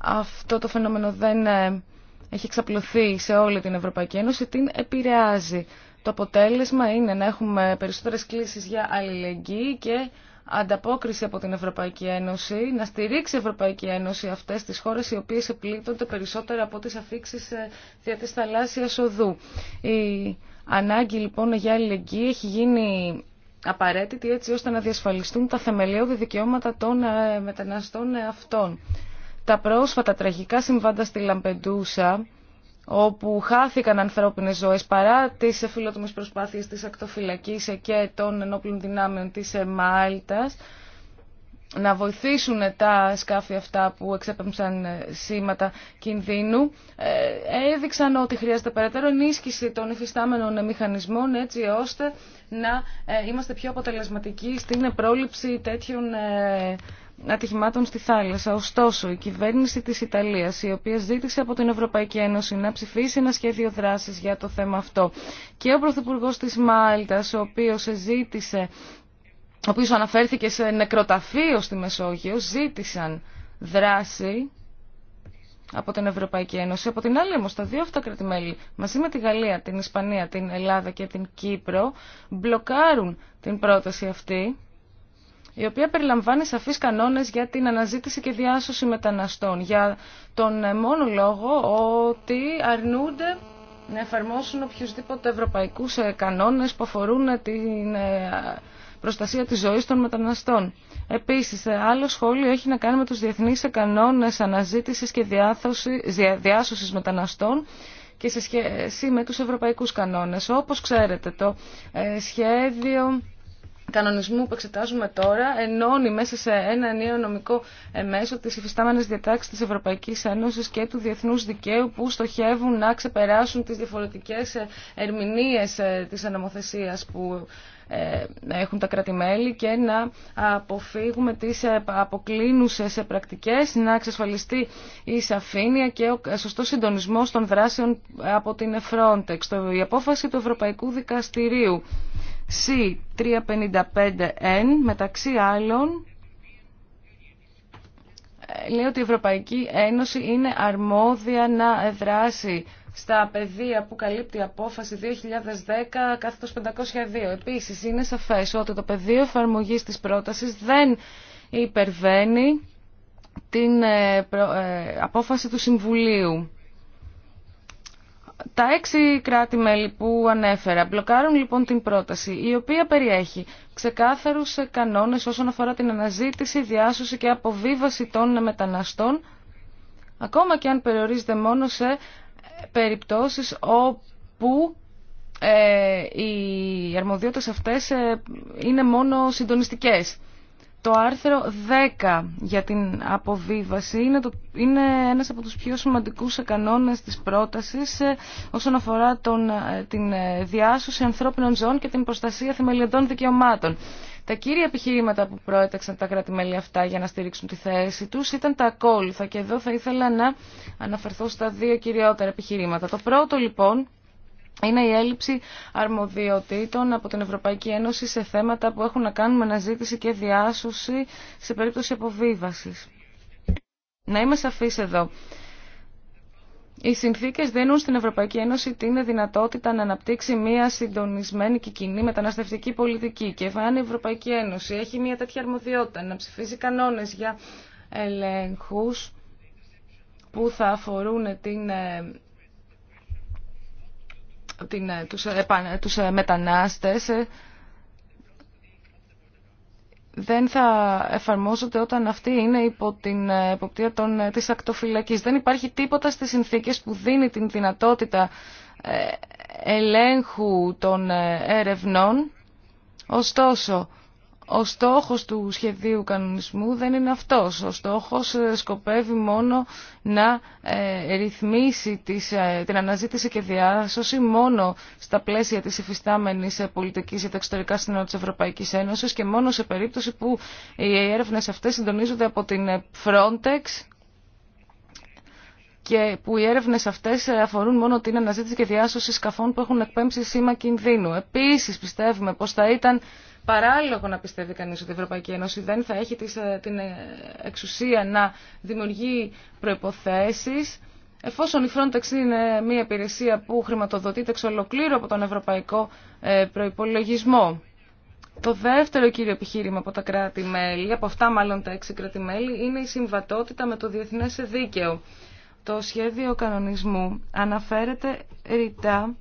αυτό το φαινόμενο δεν ε, έχει εξαπλωθεί σε όλη την Ευρωπαϊκή Ένωση, την επηρεάζει. Το αποτέλεσμα είναι να έχουμε περισσότερες κλήσεις για αλληλεγγύη και ανταπόκριση από την Ευρωπαϊκή Ένωση, να στηρίξει η Ευρωπαϊκή Ένωση αυτές τις χώρες οι οποίες επλήττονται περισσότερο από τις αφήξεις ε, δια της θαλάσσιας οδού. Η ανάγκη λοιπόν για αλληλεγγύη έχει γίνει απαραίτητη έτσι ώστε να διασφαλιστούν τα θεμελιώδη δικαιώματα των ε, μεταναστών αυτών τα πρόσφατα τραγικά συμβάντα στη Λαμπεντούσα, όπου χάθηκαν ανθρώπινες ζωές παρά τις φιλότιμες προσπάθειες της ακτοφυλακής και των ενόπλων δυνάμεων της Μάλτας, να βοηθήσουν τα σκάφη αυτά που εξέπεμψαν σήματα κινδύνου, ε, έδειξαν ότι χρειάζεται περαιτέρω ενίσχυση των υφιστάμενων μηχανισμών έτσι ώστε να ε, είμαστε πιο αποτελεσματικοί στην πρόληψη τέτοιων ε, ατυχημάτων στη θάλασσα. Ωστόσο, η κυβέρνηση της Ιταλίας, η οποία ζήτησε από την Ευρωπαϊκή Ένωση να ψηφίσει ένα σχέδιο δράσης για το θέμα αυτό και ο Πρωθυπουργό της Μάλτας, ο οποίος ζήτησε, ο οποίος αναφέρθηκε σε νεκροταφείο στη Μεσόγειο, ζήτησαν δράση από την Ευρωπαϊκή Ένωση. Από την άλλη όμως τα δύο αυτά κρατημέλη μαζί με τη Γαλλία, την Ισπανία, την Ελλάδα και την Κύπρο μπλοκάρουν την πρόταση αυτή η οποία περιλαμβάνει σαφείς κανόνες για την αναζήτηση και διάσωση μεταναστών, για τον ε, μόνο λόγο ότι αρνούνται να εφαρμόσουν οποιουσδήποτε ευρωπαϊκούς ε, κανόνες που αφορούν ε, την προστασία της ζωής των μεταναστών. Επίσης, άλλο σχόλιο έχει να κάνει με τους διεθνείς κανόνες αναζήτησης και διάσωσης μεταναστών και σε σχέση με τους ευρωπαϊκούς κανόνες. Όπως ξέρετε, το σχέδιο κανονισμού που εξετάζουμε τώρα ενώνει μέσα σε ένα νέο νομικό ε, μέσο τις υφιστάμενες διατάξεις της Ευρωπαϊκής Ένωσης και του διεθνούς δικαίου που στοχεύουν να ξεπεράσουν τις διαφορετικές ε, ερμηνείες ε, της αναμοθεσίας που έχουν τα κράτη-μέλη και να αποφύγουμε τις αποκλίνουσες πρακτικές, να εξασφαλιστεί η σαφήνεια και ο σωστός συντονισμός των δράσεων από την Frontex. Η απόφαση του Ευρωπαϊκού Δικαστηρίου C355N μεταξύ άλλων λέει ότι η Ευρωπαϊκή Ένωση είναι αρμόδια να δράσει στα πεδία που καλύπτει η απόφαση 2010 502. Επίσης είναι σαφές ότι το πεδίο εφαρμογής της πρότασης δεν υπερβαίνει την ε, ε, απόφαση του Συμβουλίου. Τα έξι κράτη-μέλη που ανέφερα μπλοκάρουν λοιπόν την πρόταση, η οποία περιέχει ξεκάθαρους κανόνες όσον αφορά την αναζήτηση, διάσωση και αποβίβαση των μεταναστών, ακόμα και αν περιορίζεται μόνο σε περιπτώσεις όπου ε, οι αρμοδιότητες αυτές ε, είναι μόνο συντονιστικές. Το άρθρο 10 για την αποβίβαση είναι, το, είναι ένας από τους πιο σημαντικούς κανόνες της πρότασης ε, όσον αφορά τον, ε, την ε, διάσωση ανθρώπινων ζώων και την προστασία θεμελιωδών δικαιωμάτων. Τα κύρια επιχειρήματα που προέταξαν τα κράτη-μέλη αυτά για να στηρίξουν τη θέση τους ήταν τα ακόλουθα και εδώ θα ήθελα να αναφερθώ στα δύο κυριότερα επιχειρήματα. Το πρώτο λοιπόν είναι η έλλειψη αρμοδιοτήτων από την Ευρωπαϊκή Ένωση σε θέματα που έχουν να κάνουν με αναζήτηση και διάσωση σε περίπτωση αποβίβασης. Να είμαι σαφής εδώ. Οι συνθήκες δίνουν στην Ευρωπαϊκή Ένωση την δυνατότητα να αναπτύξει μια συντονισμένη και κοινή μεταναστευτική πολιτική. Και εάν η Ευρωπαϊκή Ένωση έχει μια τέτοια αρμοδιότητα να ψηφίζει κανόνες για ελέγχους που θα αφορούν την ε, την, ε, τους, ε, ε, τους μετανάστες δεν θα εφαρμόζονται όταν αυτοί είναι υπό την εποπτεία των, της ακτοφυλακής. Δεν υπάρχει τίποτα στις συνθήκες που δίνει την δυνατότητα ελέγχου των ερευνών. Ωστόσο, ο στόχος του σχεδίου κανονισμού δεν είναι αυτός. Ο στόχος ε, σκοπεύει μόνο να ε, ρυθμίσει ε, την αναζήτηση και διάσωση μόνο στα πλαίσια της υφιστάμενης πολιτικής και τα εξωτερικά σύνορα της Ευρωπαϊκής Ένωσης και μόνο σε περίπτωση που οι έρευνες αυτές συντονίζονται από την Frontex και που οι έρευνε αυτέ αφορούν μόνο την αναζήτηση και διάσωση σκαφών που έχουν εκπέμψει σήμα κινδύνου. Επίση, πιστεύουμε πω θα ήταν παράλογο να πιστεύει κανεί ότι η Ευρωπαϊκή Ένωση δεν θα έχει ε, την ε, εξουσία να δημιουργεί προποθέσει Εφόσον η Frontex είναι μια υπηρεσία που χρηματοδοτείται εξ ολοκλήρου από τον ευρωπαϊκό ε, προϋπολογισμό. Το δεύτερο κύριο επιχείρημα από τα κράτη-μέλη, από αυτά μάλλον τα έξι κράτη-μέλη, είναι η συμβατότητα με το διεθνές δίκαιο το σχέδιο κανονισμού αναφέρεται ρητά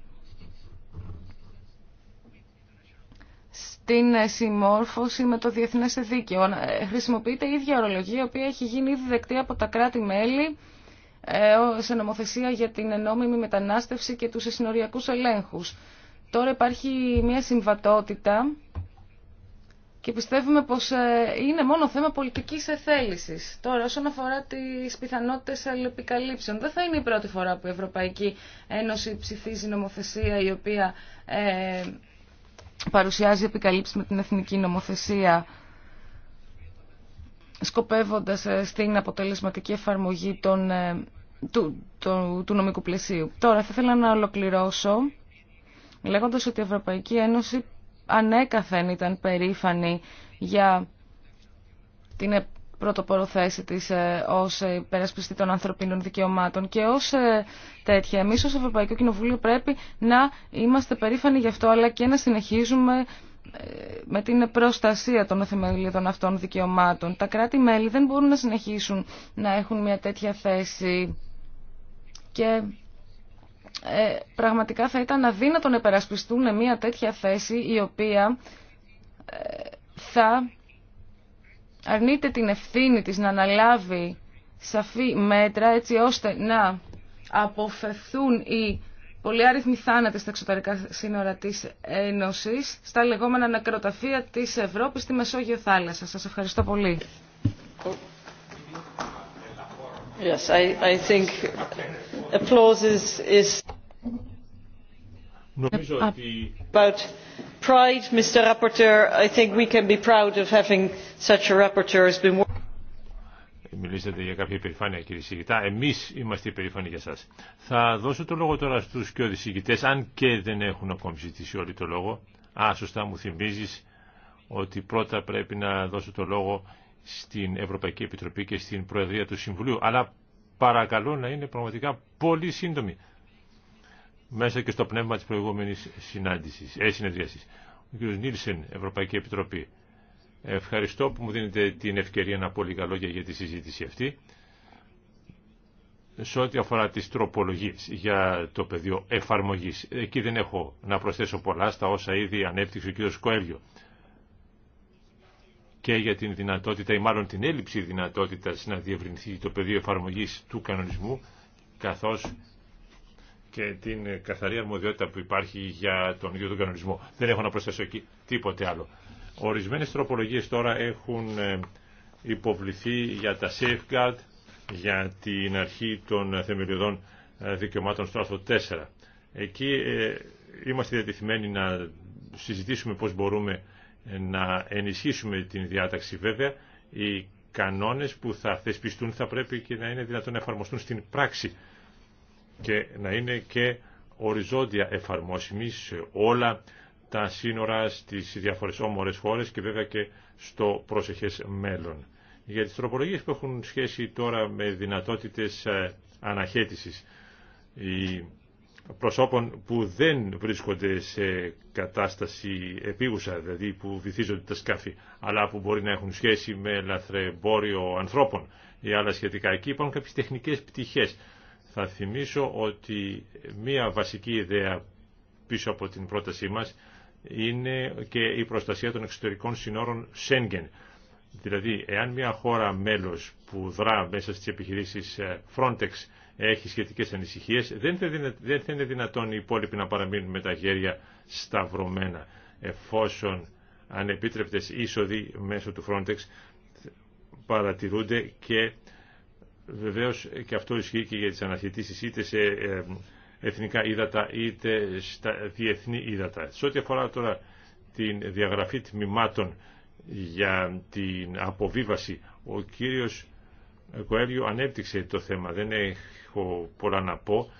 στην συμμόρφωση με το διεθνές δίκαιο. Ε, χρησιμοποιείται η ίδια ορολογία, η οποία έχει γίνει ήδη δεκτή από τα κράτη-μέλη ε, σε νομοθεσία για την ενόμιμη μετανάστευση και τους συνοριακούς ελέγχους. Τώρα υπάρχει μια συμβατότητα και πιστεύουμε πως ε, είναι μόνο θέμα πολιτικής εθέλησης. Τώρα, όσον αφορά τις πιθανότητες αλληλεπικαλύψεων, δεν θα είναι η πρώτη φορά που η Ευρωπαϊκή Ένωση ψηφίζει νομοθεσία η οποία ε, παρουσιάζει επικαλύψεις με την εθνική νομοθεσία, σκοπεύοντας ε, στην αποτελεσματική εφαρμογή ε, του, του, του νομικού πλαισίου. Τώρα, θα ήθελα να ολοκληρώσω λέγοντας ότι η Ευρωπαϊκή Ένωση ανέκαθεν ήταν περήφανη για την πρωτοπόρο θέση της ε, ως υπερασπιστή των ανθρωπίνων δικαιωμάτων και ως ε, τέτοια. Εμείς ως Ευρωπαϊκό Κοινοβούλιο πρέπει να είμαστε περήφανοι γι' αυτό αλλά και να συνεχίζουμε ε, με την προστασία των θεμελιωδών αυτών δικαιωμάτων. Τα κράτη-μέλη δεν μπορούν να συνεχίσουν να έχουν μια τέτοια θέση και ε, πραγματικά θα ήταν αδύνατο να περασπιστούν μια τέτοια θέση η οποία ε, θα αρνείται την ευθύνη της να αναλάβει σαφή μέτρα έτσι ώστε να αποφευθούν οι πολύ άριθμοι θάνατοι στα εξωτερικά σύνορα της Ένωσης στα λεγόμενα νεκροταφεία της Ευρώπης στη Μεσόγειο Θάλασσα. Σας ευχαριστώ πολύ. Νομίζω ότι... Μιλήσατε για κάποια υπερηφάνεια κύριε Σιγητά. Εμείς είμαστε υπερηφανοί για σας. Θα δώσω το λόγο τώρα στους και οδησηγητές, αν και δεν έχουν ακόμη ζητήσει όλοι το λόγο. Α, σωστά μου θυμίζεις ότι πρώτα πρέπει να δώσω το λόγο στην Ευρωπαϊκή Επιτροπή και στην Προεδρία του Συμβουλίου, αλλά παρακαλώ να είναι πραγματικά πολύ σύντομη μέσα και στο πνεύμα της προηγούμενης συνάντησης, ε, συνεδρίασης. Ο κ. Νίλσεν, Ευρωπαϊκή Επιτροπή, ευχαριστώ που μου δίνετε την ευκαιρία να πω λίγα λόγια για τη συζήτηση αυτή σε ό,τι αφορά τις τροπολογίες για το πεδίο εφαρμογής. Εκεί δεν έχω να προσθέσω πολλά στα όσα ήδη ανέπτυξε ο κ. Σκοέλιο και για την δυνατότητα ή μάλλον την έλλειψη δυνατότητας να διευρυνθεί το πεδίο εφαρμογής του κανονισμού καθώς και την καθαρή αρμοδιότητα που υπάρχει για τον ίδιο τον κανονισμό. Δεν έχω να προσθέσω εκεί τίποτε άλλο. Ορισμένες τροπολογίες τώρα έχουν ε, υποβληθεί για τα safeguard, για την αρχή των θεμελιωδών ε, δικαιωμάτων στο άρθρο 4. Εκεί ε, είμαστε διατεθειμένοι να συζητήσουμε πώς μπορούμε να ενισχύσουμε την διάταξη. Βέβαια, οι κανόνες που θα θεσπιστούν θα πρέπει και να είναι δυνατόν να εφαρμοστούν στην πράξη και να είναι και οριζόντια εφαρμόσιμοι σε όλα τα σύνορα στις διάφορες όμορες χώρες και βέβαια και στο προσεχές μέλλον. Για τις τροπολογίες που έχουν σχέση τώρα με δυνατότητες ε, αναχέτησης, προσώπων που δεν βρίσκονται σε κατάσταση επίγουσα, δηλαδή που βυθίζονται τα σκάφη, αλλά που μπορεί να έχουν σχέση με λαθρεμπόριο ανθρώπων ή άλλα σχετικά. Εκεί υπάρχουν κάποιες τεχνικές πτυχές. Θα θυμίσω ότι μία βασική ιδέα πίσω από την πρότασή μας είναι και η προστασία των εξωτερικών συνόρων Σέγγεν. Δηλαδή, εάν μια χώρα μέλος που δρά μέσα στις επιχειρήσεις ε, Frontex έχει σχετικές ανησυχίες, δεν θα, είναι, δεν είναι δυνατόν οι υπόλοιποι να παραμείνουν με τα χέρια σταυρωμένα, εφόσον ανεπίτρεπτες είσοδοι μέσω του Frontex παρατηρούνται και βεβαίως και αυτό ισχύει και για τις αναθετήσεις είτε σε ε, εθνικά ύδατα είτε στα διεθνή ύδατα. Σε ό,τι αφορά τώρα την διαγραφή τμήματων για την αποβίβαση, ο κύριος Κοέλιο ανέπτυξε το θέμα. Δεν έχω πολλά να πω.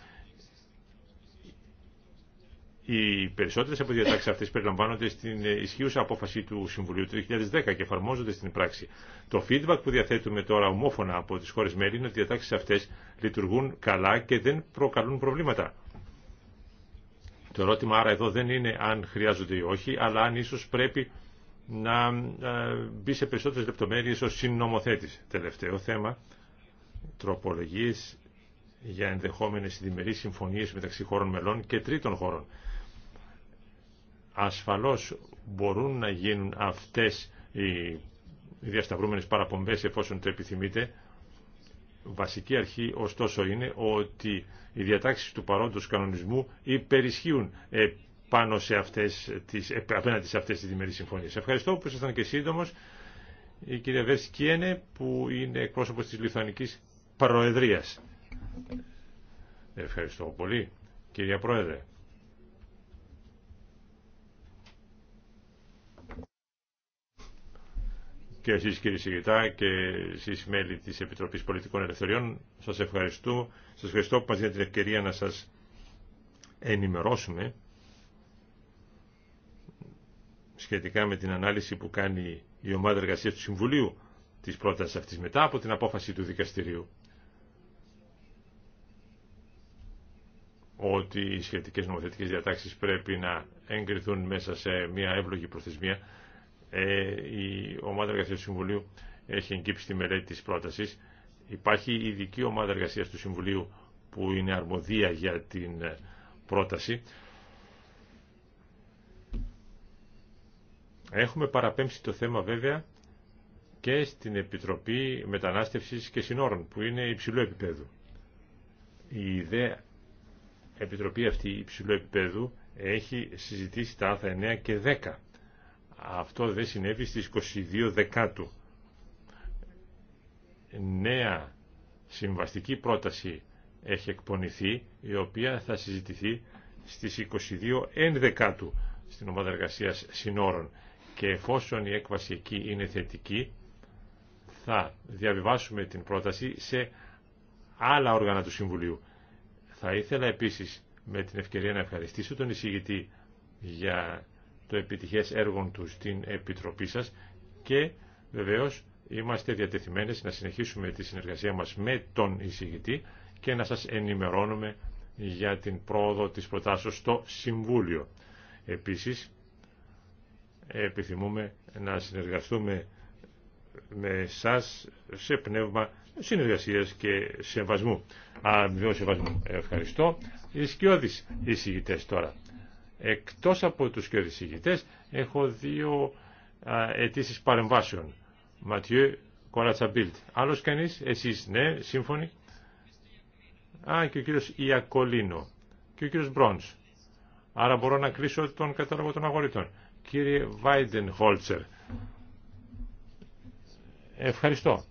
Οι περισσότερε από τι διατάξει αυτέ περιλαμβάνονται στην ισχύουσα απόφαση του Συμβουλίου του 2010 και εφαρμόζονται στην πράξη. Το feedback που διαθέτουμε τώρα ομόφωνα από τι χώρε μέλη είναι ότι οι διατάξει αυτέ λειτουργούν καλά και δεν προκαλούν προβλήματα. Το ερώτημα άρα εδώ δεν είναι αν χρειάζονται ή όχι, αλλά αν ίσω πρέπει να ε, μπει σε περισσότερε λεπτομέρειε ω συνομοθέτη. Τελευταίο θέμα, τροπολογίε για ενδεχόμενε διμερεί συμφωνίε μεταξύ χωρών μελών και τρίτων χωρών. Ασφαλώς μπορούν να γίνουν αυτές οι διασταυρούμενε παραπομπές εφόσον το επιθυμείτε. Βασική αρχή ωστόσο είναι ότι οι διατάξεις του παρόντος κανονισμού υπερισχύουν πάνω σε αυτές τις, ε, απέναντι σε αυτές τις διμερείς συμφωνίες. Ευχαριστώ που ήσασταν και σύντομος η κυρία Βέρση που είναι εκπρόσωπος της Λιθανικής Προεδρίας. Ευχαριστώ πολύ. Κυρία Πρόεδρε. Και εσείς κύριε Σιγητά και εσείς μέλη της Επιτροπής Πολιτικών Ελευθεριών σας ευχαριστώ. Σας ευχαριστώ που μας δίνετε την ευκαιρία να σας ενημερώσουμε σχετικά με την ανάλυση που κάνει η ομάδα εργασίας του Συμβουλίου της πρότασης αυτής μετά από την απόφαση του δικαστηρίου. ότι οι σχετικές νομοθετικές διατάξεις πρέπει να εγκριθούν μέσα σε μια εύλογη προθεσμία. Ε, η ομάδα εργασίας του Συμβουλίου έχει εγκύψει τη μελέτη της πρότασης. Υπάρχει η ειδική ομάδα εργασίας του Συμβουλίου που είναι αρμοδία για την πρόταση. Έχουμε παραπέμψει το θέμα βέβαια και στην Επιτροπή Μετανάστευσης και Συνόρων που είναι υψηλού επίπεδου. Η ιδέα επιτροπή αυτή υψηλού επίπεδου έχει συζητήσει τα άρθρα 9 και 10. Αυτό δεν συνέβη στις 22 Δεκάτου. Νέα συμβαστική πρόταση έχει εκπονηθεί, η οποία θα συζητηθεί στις 22 Ενδεκάτου στην Ομάδα Εργασίας Συνόρων και εφόσον η έκβαση εκεί είναι θετική, θα διαβιβάσουμε την πρόταση σε άλλα όργανα του Συμβουλίου θα ήθελα επίσης με την ευκαιρία να ευχαριστήσω τον εισηγητή για το επιτυχές έργο του στην Επιτροπή σας και βεβαίως είμαστε διατεθειμένες να συνεχίσουμε τη συνεργασία μας με τον εισηγητή και να σας ενημερώνουμε για την πρόοδο της προτάσεως στο Συμβούλιο. Επίσης, επιθυμούμε να συνεργαστούμε με σας σε πνεύμα συνεργασία και σεβασμού. σεβασμού. Ευχαριστώ. Οι σκιώδει εισηγητέ τώρα. Εκτός από τους σκιώδει εισηγητέ, έχω δύο αιτήσει παρεμβάσεων. Ματιέ Κορατσαμπίλτ. Άλλος κανείς, εσείς ναι, σύμφωνοι. Α, και ο κύριος Ιακολίνο. Και ο κύριος Μπρον. Άρα μπορώ να κλείσω τον κατάλογο των αγορητών. Κύριε Βάιντεν Χόλτσερ. Ευχαριστώ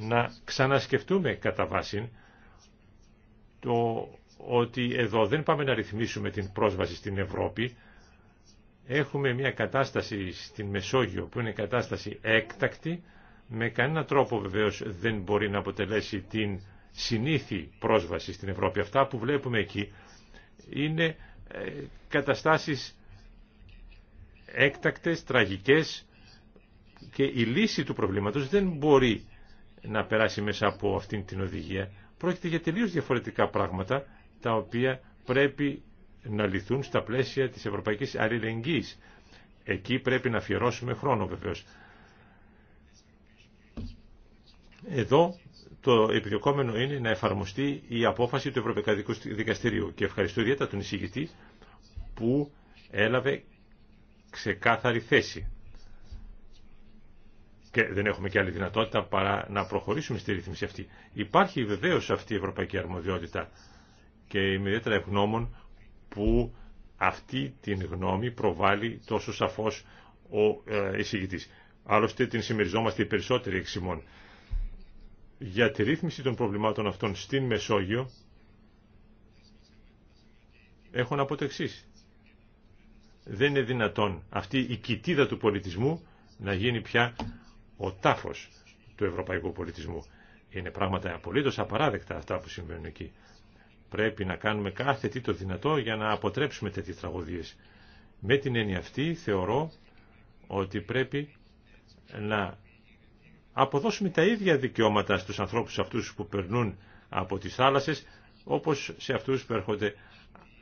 να ξανασκεφτούμε κατά βάση το ότι εδώ δεν πάμε να ρυθμίσουμε την πρόσβαση στην Ευρώπη. Έχουμε μια κατάσταση στην Μεσόγειο που είναι κατάσταση έκτακτη. Με κανένα τρόπο βεβαίως δεν μπορεί να αποτελέσει την συνήθη πρόσβαση στην Ευρώπη. Αυτά που βλέπουμε εκεί είναι ε, καταστάσεις έκτακτες, τραγικές και η λύση του προβλήματος δεν μπορεί να περάσει μέσα από αυτήν την οδηγία. Πρόκειται για τελείως διαφορετικά πράγματα, τα οποία πρέπει να λυθούν στα πλαίσια της ευρωπαϊκής αλληλεγγύης. Εκεί πρέπει να αφιερώσουμε χρόνο βεβαίως. Εδώ το επιδιωκόμενο είναι να εφαρμοστεί η απόφαση του Ευρωπαϊκού Δικαστηρίου και ευχαριστώ ιδιαίτερα τον εισηγητή που έλαβε ξεκάθαρη θέση και δεν έχουμε και άλλη δυνατότητα παρά να προχωρήσουμε στη ρύθμιση αυτή. Υπάρχει βεβαίω αυτή η ευρωπαϊκή αρμοδιότητα και η ιδιαίτερα ευγνώμων που αυτή την γνώμη προβάλλει τόσο σαφώς ο ε, εισηγητής. Άλλωστε την συμμεριζόμαστε οι περισσότεροι εξημών. Για τη ρύθμιση των προβλημάτων αυτών στην Μεσόγειο έχουν να Δεν είναι δυνατόν αυτή η κοιτίδα του πολιτισμού να γίνει πια ο τάφος του ευρωπαϊκού πολιτισμού. Είναι πράγματα απολύτως απαράδεκτα αυτά που συμβαίνουν εκεί. Πρέπει να κάνουμε κάθε τι το δυνατό για να αποτρέψουμε τέτοιες τραγωδίες. Με την έννοια αυτή θεωρώ ότι πρέπει να αποδώσουμε τα ίδια δικαιώματα στους ανθρώπους αυτούς που περνούν από τις θάλασσες όπως σε αυτούς που έρχονται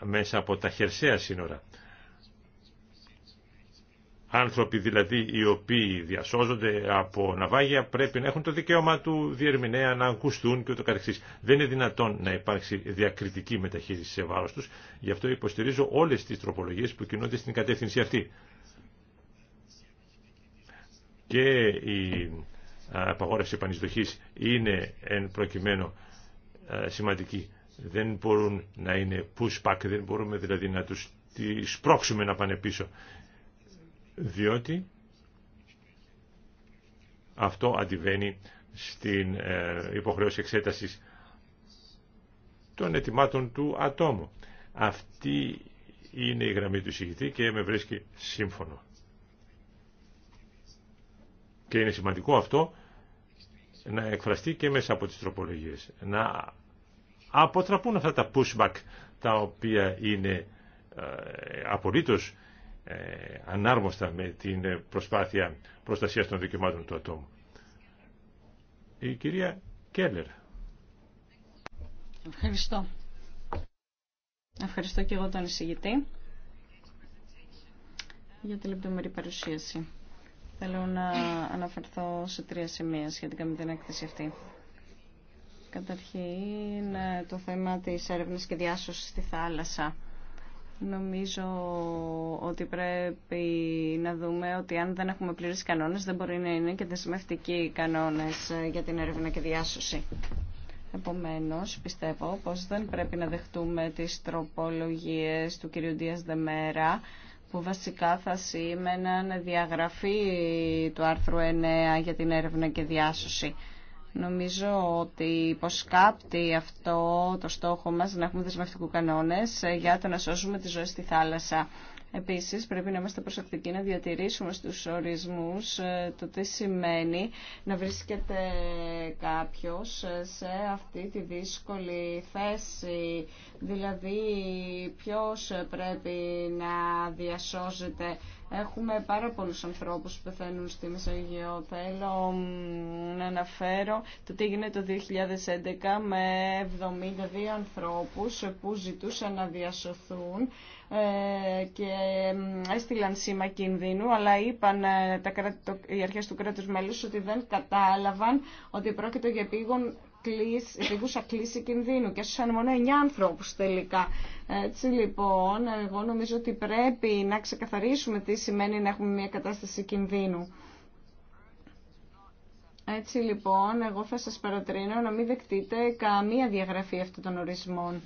μέσα από τα χερσαία σύνορα. Άνθρωποι δηλαδή οι οποίοι διασώζονται από ναυάγια πρέπει να έχουν το δικαίωμα του διερμηνέα να ακουστούν και ούτω καθεξής. Δεν είναι δυνατόν να υπάρξει διακριτική μεταχείριση σε βάρος τους. Γι' αυτό υποστηρίζω όλες τις τροπολογίες που κινούνται στην κατεύθυνση αυτή. Και η απαγόρευση επανεισδοχής είναι εν προκειμένου σημαντική. Δεν μπορούν να είναι pushback, δεν μπορούμε δηλαδή να τους σπρώξουμε να πάνε πίσω διότι αυτό αντιβαίνει στην ε, υποχρέωση εξέτασης των ετοιμάτων του ατόμου. Αυτή είναι η γραμμή του συγητή και με βρίσκει σύμφωνο. Και είναι σημαντικό αυτό να εκφραστεί και μέσα από τις τροπολογίες. Να αποτραπούν αυτά τα pushback τα οποία είναι ε, απολύτως ε, ανάρμοστα με την ε, προσπάθεια προστασίας των δικαιωμάτων του ατόμου. Η κυρία Κέλλερ. Ευχαριστώ. Ευχαριστώ και εγώ τον εισηγητή για τη λεπτομερή παρουσίαση. Θέλω να αναφερθώ σε τρία σημεία σχετικά με την έκθεση αυτή. Καταρχήν ε, το θέμα της έρευνας και διάσωσης στη θάλασσα. Νομίζω ότι πρέπει να δούμε ότι αν δεν έχουμε πλήρες κανόνες δεν μπορεί να είναι και δεσμευτικοί κανόνες για την έρευνα και διάσωση. Επομένως, πιστεύω πως δεν πρέπει να δεχτούμε τις τροπολογίες του κ. Δίας Δεμέρα που βασικά θα σήμαιναν διαγραφή του άρθρου 9 για την έρευνα και διάσωση. Νομίζω ότι υποσκάπτει αυτό το στόχο μας να έχουμε δεσμευτικού κανόνες για το να σώσουμε τη ζωή στη θάλασσα. Επίσης πρέπει να είμαστε προσεκτικοί να διατηρήσουμε στους ορισμούς ε, το τι σημαίνει να βρίσκεται κάποιος σε αυτή τη δύσκολη θέση. Δηλαδή ποιος πρέπει να διασώζεται Έχουμε πάρα πολλούς ανθρώπους που πεθαίνουν στη Μεσογείο. Θέλω να αναφέρω το τι έγινε το 2011 με 72 ανθρώπους που ζητούσαν να διασωθούν ε, και έστειλαν σήμα κινδύνου, αλλά είπαν ε, τα κράτη, οι αρχές του κράτους μέλους ότι δεν κατάλαβαν ότι πρόκειται για επίγον κλείσει επίγουσα κλίση κινδύνου και έσωσαν μόνο 9 ανθρώπου τελικά. Έτσι λοιπόν, εγώ νομίζω ότι πρέπει να ξεκαθαρίσουμε τι σημαίνει να έχουμε μια κατάσταση κινδύνου. Έτσι λοιπόν, εγώ θα σας παροτρύνω να μην δεχτείτε καμία διαγραφή αυτών των ορισμών.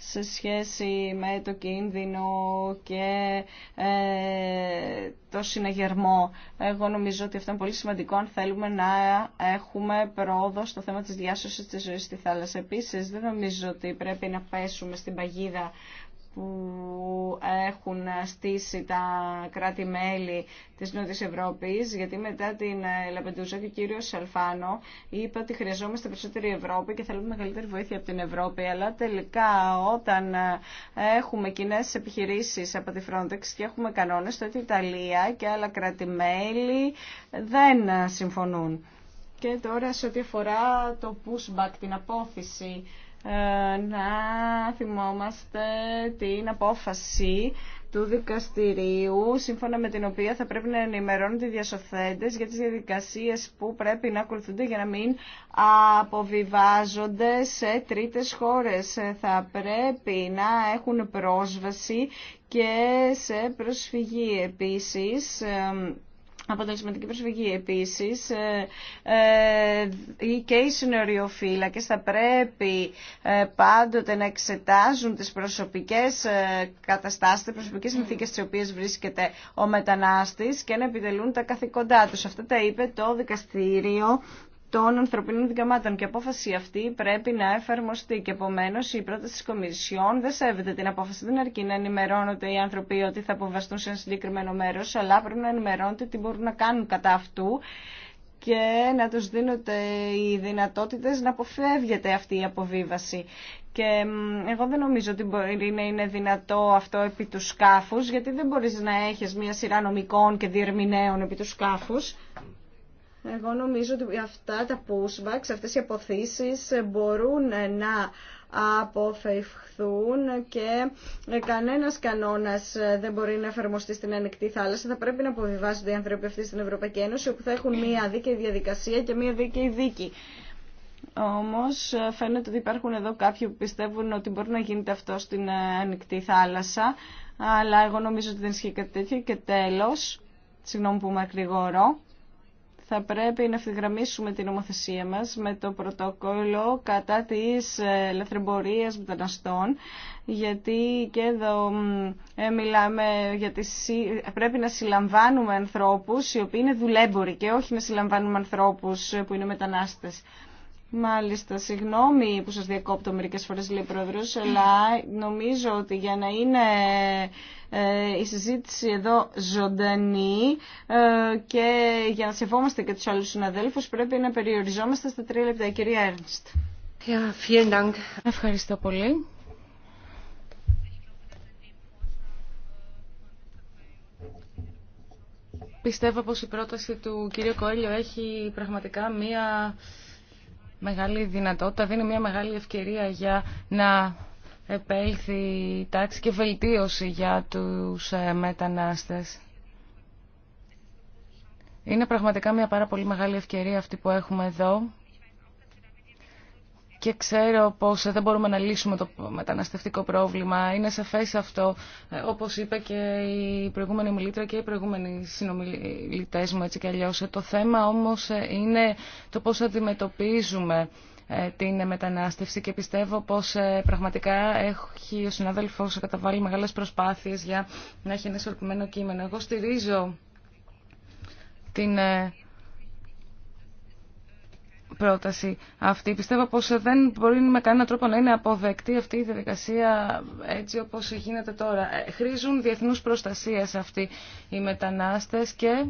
σε σχέση με το κίνδυνο και ε, το συναγερμό. Εγώ νομίζω ότι αυτό είναι πολύ σημαντικό αν θέλουμε να έχουμε πρόοδο στο θέμα της διάσωσης της ζωής στη θάλασσα. Επίσης, δεν νομίζω ότι πρέπει να πέσουμε στην παγίδα που έχουν στήσει τα κράτη-μέλη της Νότιας Ευρώπης, γιατί μετά την ε, Λαπεντούζα και ο κύριος Σαλφάνο είπε ότι χρειαζόμαστε περισσότερη Ευρώπη και θέλουμε μεγαλύτερη βοήθεια από την Ευρώπη, αλλά τελικά όταν ε, έχουμε κοινέ επιχειρήσεις από τη Frontex και έχουμε κανόνες, τότε η Ιταλία και άλλα κράτη-μέλη δεν συμφωνούν. Και τώρα σε ό,τι αφορά το pushback, την απόφυση ε, να θυμόμαστε την απόφαση του δικαστηρίου σύμφωνα με την οποία θα πρέπει να ενημερώνουν οι διασωθέντες για τις διαδικασίες που πρέπει να ακολουθούνται για να μην αποβιβάζονται σε τρίτες χώρες. Θα πρέπει να έχουν πρόσβαση και σε προσφυγή επίσης ε, αποτελεσματική προσφυγή. Επίσης, ε, ε, και οι συνοριοφύλακες θα πρέπει ε, πάντοτε να εξετάζουν τις προσωπικές καταστάσεις, τις προσωπικές συνθήκες στις οποίες βρίσκεται ο μετανάστης και να επιτελούν τα καθήκοντά τους. Αυτά τα είπε το δικαστήριο των ανθρωπίνων δικαιωμάτων και η απόφαση αυτή πρέπει να εφαρμοστεί και επομένω η πρόταση τη Κομισιόν δεν σέβεται την απόφαση. Δεν αρκεί να ενημερώνονται οι άνθρωποι ότι θα αποβαστούν σε ένα συγκεκριμένο μέρο, αλλά πρέπει να ενημερώνονται τι μπορούν να κάνουν κατά αυτού και να τους δίνονται οι δυνατότητες να αποφεύγεται αυτή η αποβίβαση. Και εγώ δεν νομίζω ότι μπορεί να είναι δυνατό αυτό επί του σκάφους, γιατί δεν μπορείς να έχεις μια σειρά νομικών και διερμηνέων επί του σκάφους. Εγώ νομίζω ότι αυτά τα pushbacks, αυτές οι αποθήσεις ε, μπορούν ε, να αποφευχθούν και ε, κανένας κανόνας δεν μπορεί να εφαρμοστεί στην ανοιχτή θάλασσα. Θα πρέπει να αποβιβάζονται οι άνθρωποι αυτοί στην Ευρωπαϊκή Ένωση όπου θα έχουν μία δίκαιη διαδικασία και μία δίκαιη δίκη. Όμως φαίνεται ότι υπάρχουν εδώ κάποιοι που πιστεύουν ότι μπορεί να γίνεται αυτό στην ανοιχτή θάλασσα αλλά εγώ νομίζω ότι δεν ισχύει κάτι τέτοιο και τέλος, συγγνώμη που θα πρέπει να ευθυγραμμίσουμε την νομοθεσία μας με το πρωτόκολλο κατά της ελευθερμπορίας μεταναστών, γιατί και εδώ ε, μιλάμε για πρέπει να συλλαμβάνουμε ανθρώπους οι οποίοι είναι δουλέμποροι και όχι να συλλαμβάνουμε ανθρώπους που είναι μετανάστες. Μάλιστα, συγγνώμη που σας διακόπτω μερικές φορές, λέει Πρόεδρος, αλλά νομίζω ότι για να είναι ε, η συζήτηση εδώ ζωντανή ε, και για να σεβόμαστε και τους άλλους συναδέλφους πρέπει να περιοριζόμαστε στα τρία λεπτά. Κυρία Έρνστ. Ευχαριστώ πολύ. Πιστεύω πως η πρόταση του κύριου Κόελιο έχει πραγματικά μία μεγάλη δυνατότητα, δίνει μια μεγάλη ευκαιρία για να επέλθει τάξη και βελτίωση για τους ε, μετανάστες. Είναι πραγματικά μια πάρα πολύ μεγάλη ευκαιρία αυτή που έχουμε εδώ και ξέρω πως δεν μπορούμε να λύσουμε το μεταναστευτικό πρόβλημα. Είναι σαφές αυτό, ε, όπως είπε και η προηγούμενη μιλήτρα και οι προηγούμενοι συνομιλητές μου έτσι κι αλλιώς. Ε, το θέμα όμως ε, είναι το πώς αντιμετωπίζουμε την μετανάστευση και πιστεύω πως πραγματικά έχει ο συνάδελφος καταβάλει μεγάλες προσπάθειες για να έχει ένα ισορροπημένο κείμενο. Εγώ στηρίζω την πρόταση αυτή. Πιστεύω πως δεν μπορεί με κανένα τρόπο να είναι αποδεκτή αυτή η διαδικασία έτσι όπως γίνεται τώρα. Ε, χρήζουν διεθνούς προστασίες αυτοί οι μετανάστες και ε,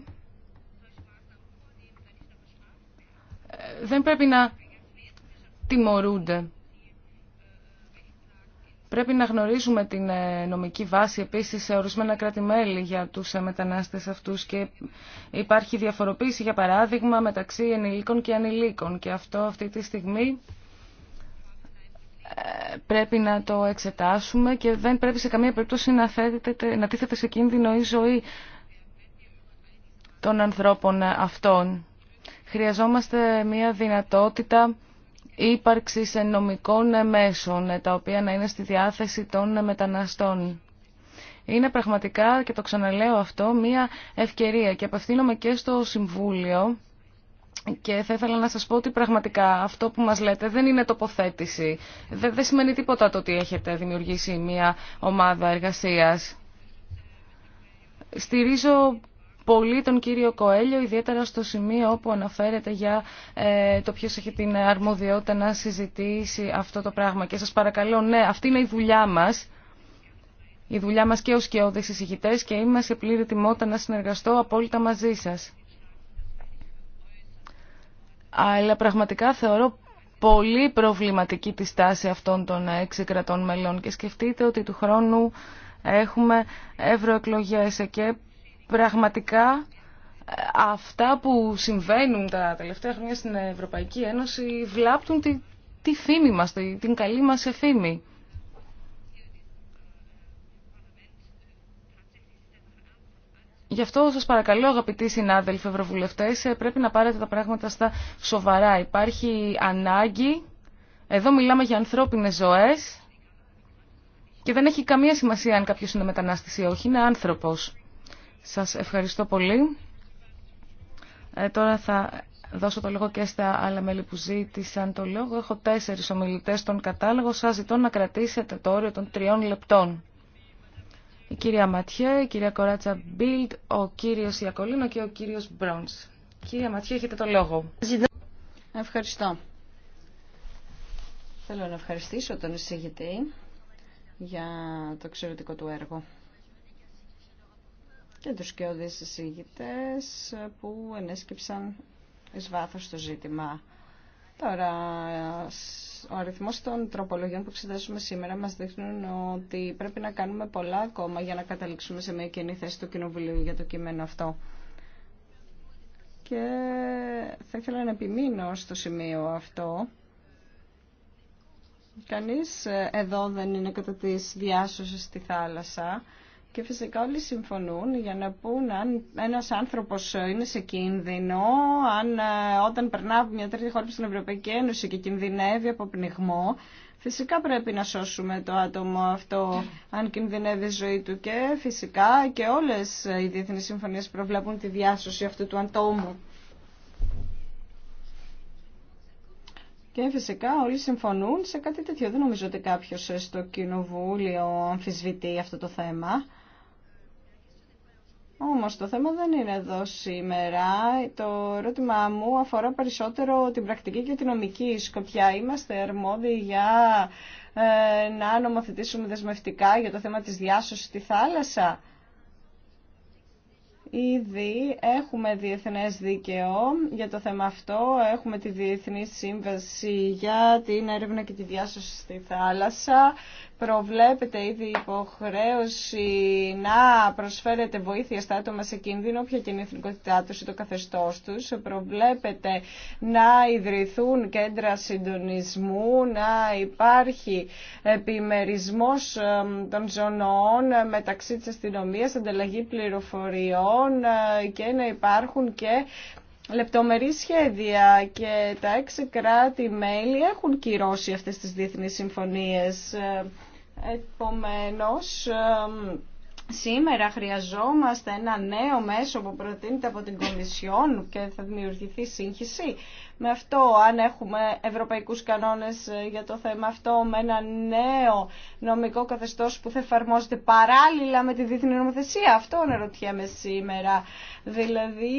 δεν πρέπει να τιμωρούνται. Πρέπει να γνωρίζουμε την ε, νομική βάση επίσης σε ορισμένα κράτη-μέλη για τους ε, μετανάστες αυτούς και υπάρχει διαφοροποίηση για παράδειγμα μεταξύ ενηλίκων και ανηλίκων και αυτό αυτή τη στιγμή ε, πρέπει να το εξετάσουμε και δεν πρέπει σε καμία περίπτωση να, θέτεται, να τίθεται σε κίνδυνο η ζωή των ανθρώπων αυτών. Χρειαζόμαστε μια δυνατότητα ύπαρξης νομικών μέσων, ε, τα οποία να είναι στη διάθεση των μεταναστών. Είναι πραγματικά, και το ξαναλέω αυτό, μία ευκαιρία και απευθύνομαι και στο Συμβούλιο και θα ήθελα να σας πω ότι πραγματικά αυτό που μας λέτε δεν είναι τοποθέτηση. Δεν, δεν σημαίνει τίποτα το ότι έχετε δημιουργήσει μία ομάδα εργασίας. Στηρίζω πολύ τον κύριο Κοέλιο, ιδιαίτερα στο σημείο όπου αναφέρεται για ε, το ποιο έχει την αρμοδιότητα να συζητήσει αυτό το πράγμα. Και σας παρακαλώ, ναι, αυτή είναι η δουλειά μας. Η δουλειά μας και ω και συζητητέ και είμαι σε πλήρη τιμότητα να συνεργαστώ απόλυτα μαζί σας. Αλλά πραγματικά θεωρώ πολύ προβληματική τη στάση αυτών των έξι κρατών μελών και σκεφτείτε ότι του χρόνου έχουμε ευρωεκλογέ και πραγματικά ε, αυτά που συμβαίνουν τα τελευταία χρόνια στην Ευρωπαϊκή Ένωση βλάπτουν τη, τη φήμη μας, την καλή μας εφήμη. Γι' αυτό σας παρακαλώ αγαπητοί συνάδελφοι ευρωβουλευτές, ε, πρέπει να πάρετε τα πράγματα στα σοβαρά. Υπάρχει ανάγκη, εδώ μιλάμε για ανθρώπινες ζωές και δεν έχει καμία σημασία αν κάποιος είναι μετανάστης ή όχι, είναι άνθρωπος. Σας ευχαριστώ πολύ. Ε, τώρα θα δώσω το λόγο και στα άλλα μέλη που ζήτησαν το λόγο. Έχω τέσσερις ομιλητές στον κατάλογο. Σας ζητώ να κρατήσετε το όριο των τριών λεπτών. Η κυρία Ματιέ, η κυρία Κοράτσα Μπίλτ, ο κύριος Ιακολίνο και ο κύριος Μπρόντς. Κυρία Ματιέ, έχετε το λόγο. Ευχαριστώ. Θέλω να ευχαριστήσω τον εισηγητή για το εξαιρετικό του έργο και τους κοιόδες εισηγητές που ενέσκυψαν εις βάθος το ζήτημα. Τώρα, ο αριθμός των τροπολογιών που εξετάζουμε σήμερα μας δείχνουν ότι πρέπει να κάνουμε πολλά ακόμα για να καταλήξουμε σε μια κοινή θέση του Κοινοβουλίου για το κείμενο αυτό. Και θα ήθελα να επιμείνω στο σημείο αυτό. Κανείς ε, εδώ δεν είναι κατά της διάσωσης στη θάλασσα. Και φυσικά όλοι συμφωνούν για να πούν αν ένας άνθρωπος είναι σε κίνδυνο, αν ε, όταν περνά από μια τρίτη χώρα στην Ευρωπαϊκή Ένωση και κινδυνεύει από πνιγμό, Φυσικά πρέπει να σώσουμε το άτομο αυτό αν κινδυνεύει η ζωή του και φυσικά και όλες οι διεθνείς συμφωνίες προβλέπουν τη διάσωση αυτού του αντόμου. Και φυσικά όλοι συμφωνούν σε κάτι τέτοιο. Δεν νομίζω ότι κάποιος στο Κοινοβούλιο αμφισβητεί αυτό το θέμα. Όμως το θέμα δεν είναι εδώ σήμερα. Το ερώτημά μου αφορά περισσότερο την πρακτική και την νομική σκοπιά. Είμαστε αρμόδιοι για ε, να νομοθετήσουμε δεσμευτικά για το θέμα της διάσωσης στη θάλασσα. Ήδη έχουμε διεθνές δίκαιο για το θέμα αυτό. Έχουμε τη Διεθνή Σύμβαση για την έρευνα και τη διάσωση στη θάλασσα προβλέπεται ήδη υποχρέωση να προσφέρεται βοήθεια στα άτομα σε κίνδυνο, όποια και είναι η εθνικότητά του ή το καθεστώ του. Προβλέπεται να ιδρυθούν κέντρα συντονισμού, να υπάρχει επιμερισμό των ζωνών μεταξύ τη αστυνομία, ανταλλαγή πληροφοριών ε, και να υπάρχουν και λεπτομερή σχέδια και τα έξι κράτη-μέλη έχουν κυρώσει αυτές τις διεθνείς συμφωνίες. Ε, Επομένως, σήμερα χρειαζόμαστε ένα νέο μέσο που προτείνεται από την Κομισιόν και θα δημιουργηθεί σύγχυση. Με αυτό, αν έχουμε ευρωπαϊκούς κανόνες ε, για το θέμα αυτό, με ένα νέο νομικό καθεστώς που θα εφαρμόζεται παράλληλα με τη διεθνή νομοθεσία, αυτό αναρωτιέμαι σήμερα. Δηλαδή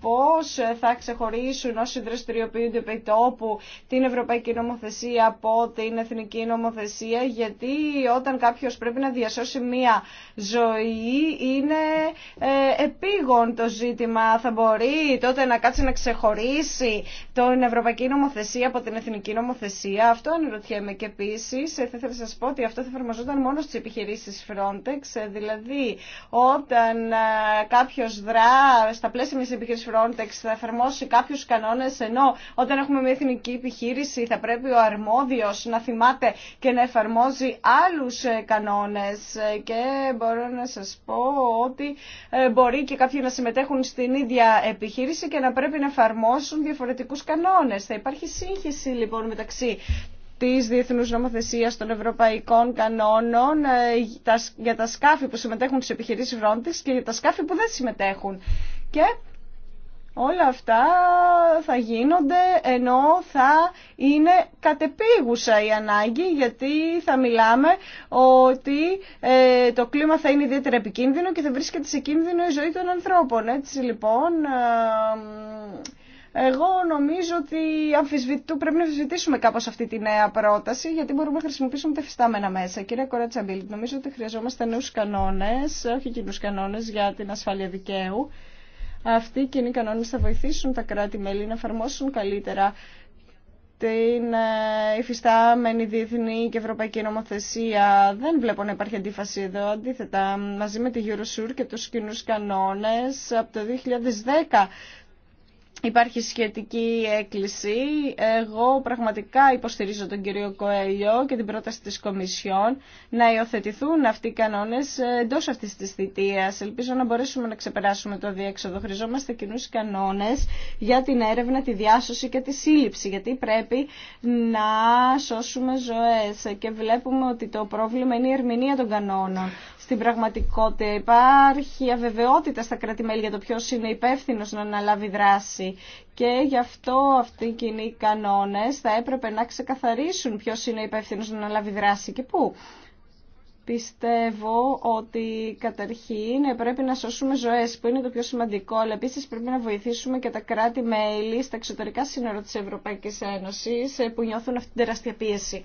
πώς θα ξεχωρίσουν όσοι δραστηριοποιούνται επί τόπου την Ευρωπαϊκή Νομοθεσία από την Εθνική Νομοθεσία γιατί όταν κάποιος πρέπει να διασώσει μία ζωή είναι ε, επίγον το ζήτημα. Θα μπορεί τότε να κάτσει να ξεχωρίσει την Ευρωπαϊκή Νομοθεσία από την Εθνική Νομοθεσία. Αυτό ανερωτιέμαι και επίση. Ε, θα ήθελα να σα πω ότι αυτό θα εφαρμοζόταν μόνο στι επιχειρήσει Frontex. Ε, δηλαδή, όταν κάποιο στα πλαίσια μια επιχείρησης Frontex θα εφαρμόσει κάποιους κανόνες, ενώ όταν έχουμε μια εθνική επιχείρηση θα πρέπει ο αρμόδιος να θυμάται και να εφαρμόζει άλλους ε, κανόνες. Ε, και μπορώ να σα πω ότι ε, μπορεί και κάποιοι να συμμετέχουν στην ίδια επιχείρηση και να πρέπει να εφαρμόσουν διαφορετικούς κανόνες. Θα υπάρχει σύγχυση λοιπόν μεταξύ της διεθνούς νομοθεσίας των ευρωπαϊκών κανόνων ε, για τα σκάφη που συμμετέχουν στις επιχειρήσεις Frontex και για τα σκάφη που δεν συμμετέχουν. Και όλα αυτά θα γίνονται ενώ θα είναι κατεπίγουσα η ανάγκη γιατί θα μιλάμε ότι ε, το κλίμα θα είναι ιδιαίτερα επικίνδυνο και θα βρίσκεται σε κίνδυνο η ζωή των ανθρώπων. Έτσι λοιπόν ε, εγώ νομίζω ότι αμφισβητού, πρέπει να αμφισβητήσουμε κάπω αυτή τη νέα πρόταση, γιατί μπορούμε να χρησιμοποιήσουμε τα φυστάμενα μέσα. Κυρία Κορατσαμπίλη, νομίζω ότι χρειαζόμαστε νέου κανόνε, όχι κοινού κανόνε για την ασφάλεια δικαίου. Αυτοί οι κοινοί κανόνε θα βοηθήσουν τα κράτη-μέλη να εφαρμόσουν καλύτερα την ε, υφιστάμενη διεθνή και ευρωπαϊκή νομοθεσία δεν βλέπω να υπάρχει αντίφαση εδώ. Αντίθετα, μαζί με τη Eurosur και του κοινού κανόνες, από το 2010 Υπάρχει σχετική έκκληση. Εγώ πραγματικά υποστηρίζω τον κύριο Κοέλιο και την πρόταση της Κομισιόν να υιοθετηθούν αυτοί οι κανόνες εντός αυτής της θητείας. Ελπίζω να μπορέσουμε να ξεπεράσουμε το διέξοδο. Χρειαζόμαστε κοινού κανόνες για την έρευνα, τη διάσωση και τη σύλληψη, γιατί πρέπει να σώσουμε ζωές. Και βλέπουμε ότι το πρόβλημα είναι η ερμηνεία των κανόνων στην πραγματικότητα. Υπάρχει αβεβαιότητα στα κράτη-μέλη για το ποιο είναι υπεύθυνο να αναλάβει δράση. Και γι' αυτό αυτοί οι κοινοί κανόνε θα έπρεπε να ξεκαθαρίσουν ποιο είναι υπεύθυνο να αναλάβει δράση και πού. Πιστεύω ότι καταρχήν πρέπει να σώσουμε ζωές που πιστευω οτι καταρχην πρεπει να σωσουμε ζωε που ειναι το πιο σημαντικό, αλλά επίση πρέπει να βοηθήσουμε και τα κράτη-μέλη στα εξωτερικά σύνορα τη Ευρωπαϊκή Ένωση, ε, που νιώθουν αυτή την τεράστια πίεση.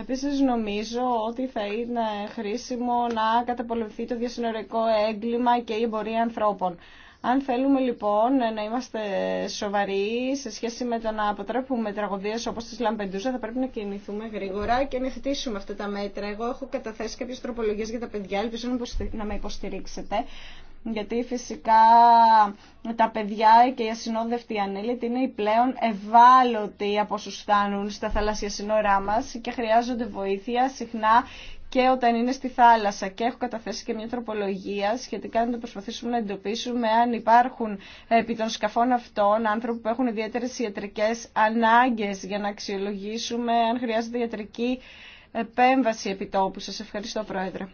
Επίσης νομίζω ότι θα είναι χρήσιμο να καταπολεμηθεί το διασυνορικό έγκλημα και η εμπορία ανθρώπων. Αν θέλουμε λοιπόν να είμαστε σοβαροί σε σχέση με το να αποτρέπουμε τραγωδίες όπως τις Λαμπεντούζα θα πρέπει να κινηθούμε γρήγορα και να θετήσουμε αυτά τα μέτρα. Εγώ έχω καταθέσει κάποιες τροπολογίες για τα παιδιά, ελπίζω να με υποστηρίξετε γιατί φυσικά τα παιδιά και οι ασυνόδευτοι ανήλυτοι είναι οι πλέον ευάλωτοι από όσου φτάνουν στα θαλάσσια σύνορά και χρειάζονται βοήθεια συχνά και όταν είναι στη θάλασσα. Και έχω καταθέσει και μια τροπολογία σχετικά να το προσπαθήσουμε να εντοπίσουμε αν υπάρχουν επί των σκαφών αυτών άνθρωποι που έχουν ιδιαίτερε ιατρικέ ανάγκε για να αξιολογήσουμε αν χρειάζεται ιατρική επέμβαση επιτόπου. Σα ευχαριστώ, Πρόεδρε.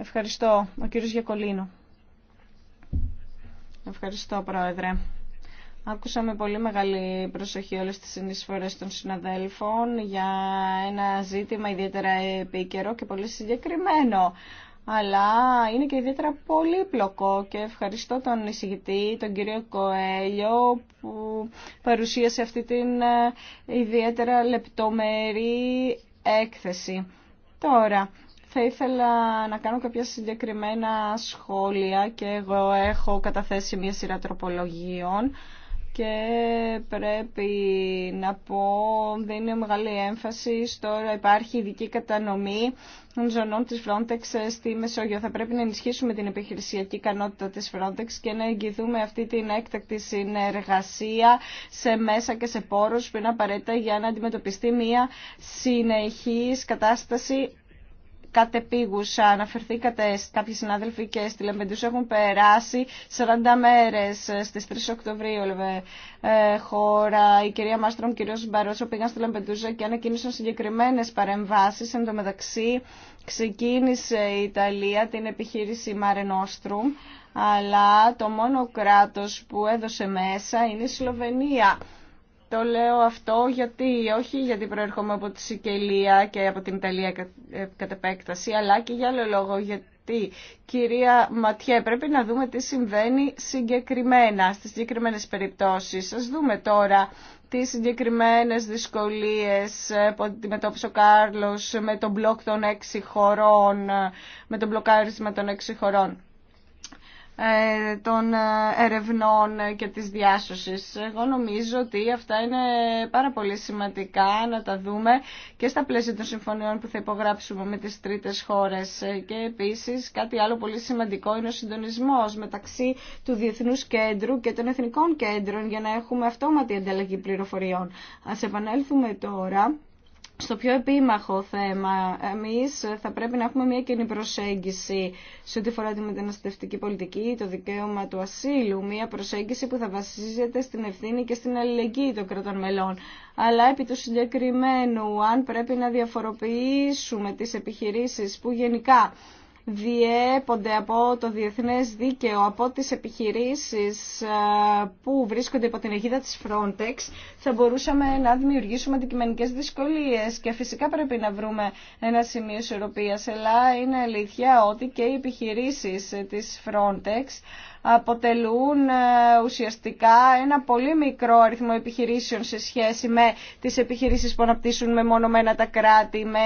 Ευχαριστώ. Ο κύριος Γιακολίνο. Ευχαριστώ, Πρόεδρε. Άκουσα με πολύ μεγάλη προσοχή όλες τις συνεισφορές των συναδέλφων για ένα ζήτημα ιδιαίτερα επίκαιρο και πολύ συγκεκριμένο. Αλλά είναι και ιδιαίτερα πολύπλοκο και ευχαριστώ τον εισηγητή, τον κύριο Κοέλιο που παρουσίασε αυτή την ε, ιδιαίτερα λεπτομερή έκθεση. Τώρα, θα ήθελα να κάνω κάποια συγκεκριμένα σχόλια και εγώ έχω καταθέσει μια σειρά τροπολογίων και πρέπει να πω δίνει μεγάλη έμφαση στο υπάρχει ειδική κατανομή των ζωνών της Frontex στη Μεσόγειο. Θα πρέπει να ενισχύσουμε την επιχειρησιακή ικανότητα της Frontex και να εγγυηθούμε αυτή την έκτακτη συνεργασία σε μέσα και σε πόρους που είναι απαραίτητα για να αντιμετωπιστεί μια συνεχής κατάσταση κατεπίγουσα. Αναφερθήκατε κάποιοι συνάδελφοι και στη Λεμπεντούσα έχουν περάσει 40 μέρες ε, στις 3 Οκτωβρίου ε, χώρα. Η κυρία Μάστρομ και ο κύριο Μπαρόσο πήγαν στη Λεμπεντούσα και ανακοίνωσαν συγκεκριμένες παρεμβάσεις. Εν τω μεταξύ ξεκίνησε η Ιταλία την επιχείρηση Mare Nostrum αλλά το μόνο κράτος που έδωσε μέσα είναι η Σλοβενία. Το λέω αυτό γιατί, όχι γιατί προέρχομαι από τη Σικελία και από την Ιταλία ε, κατ' επέκταση, αλλά και για άλλο λόγο, γιατί, κυρία Ματιέ, πρέπει να δούμε τι συμβαίνει συγκεκριμένα, στις συγκεκριμένες περιπτώσεις. Σας δούμε τώρα τι συγκεκριμένες δυσκολίες που αντιμετώπισε ο Κάρλος με τον μπλοκ των έξι χωρών, με τον μπλοκάρισμα των έξι χωρών. Ε, των ε, ερευνών και της διάσωσης. Εγώ νομίζω ότι αυτά είναι πάρα πολύ σημαντικά να τα δούμε και στα πλαίσια των συμφωνιών που θα υπογράψουμε με τις τρίτες χώρες. Ε, και επίσης κάτι άλλο πολύ σημαντικό είναι ο συντονισμός μεταξύ του Διεθνούς Κέντρου και των Εθνικών Κέντρων για να έχουμε αυτόματη ανταλλαγή πληροφοριών. Ας επανέλθουμε τώρα στο πιο επίμαχο θέμα. Εμείς θα πρέπει να έχουμε μια κοινή προσέγγιση σε ό,τι φορά τη μεταναστευτική πολιτική, το δικαίωμα του ασύλου, μια προσέγγιση που θα βασίζεται στην ευθύνη και στην αλληλεγγύη των κρατών μελών. Αλλά επί του συγκεκριμένου, αν πρέπει να διαφοροποιήσουμε τις επιχειρήσεις που γενικά διέπονται από το διεθνές δίκαιο, από τις επιχειρήσεις ε, που βρίσκονται υπό την αιγίδα της Frontex, θα μπορούσαμε να δημιουργήσουμε αντικειμενικές δυσκολίες και φυσικά πρέπει να βρούμε ένα σημείο ισορροπίας, αλλά είναι αλήθεια ότι και οι επιχειρήσεις της Frontex αποτελούν ε, ουσιαστικά ένα πολύ μικρό αριθμό επιχειρήσεων σε σχέση με τις επιχειρήσεις που αναπτύσσουν μένα τα κράτη, με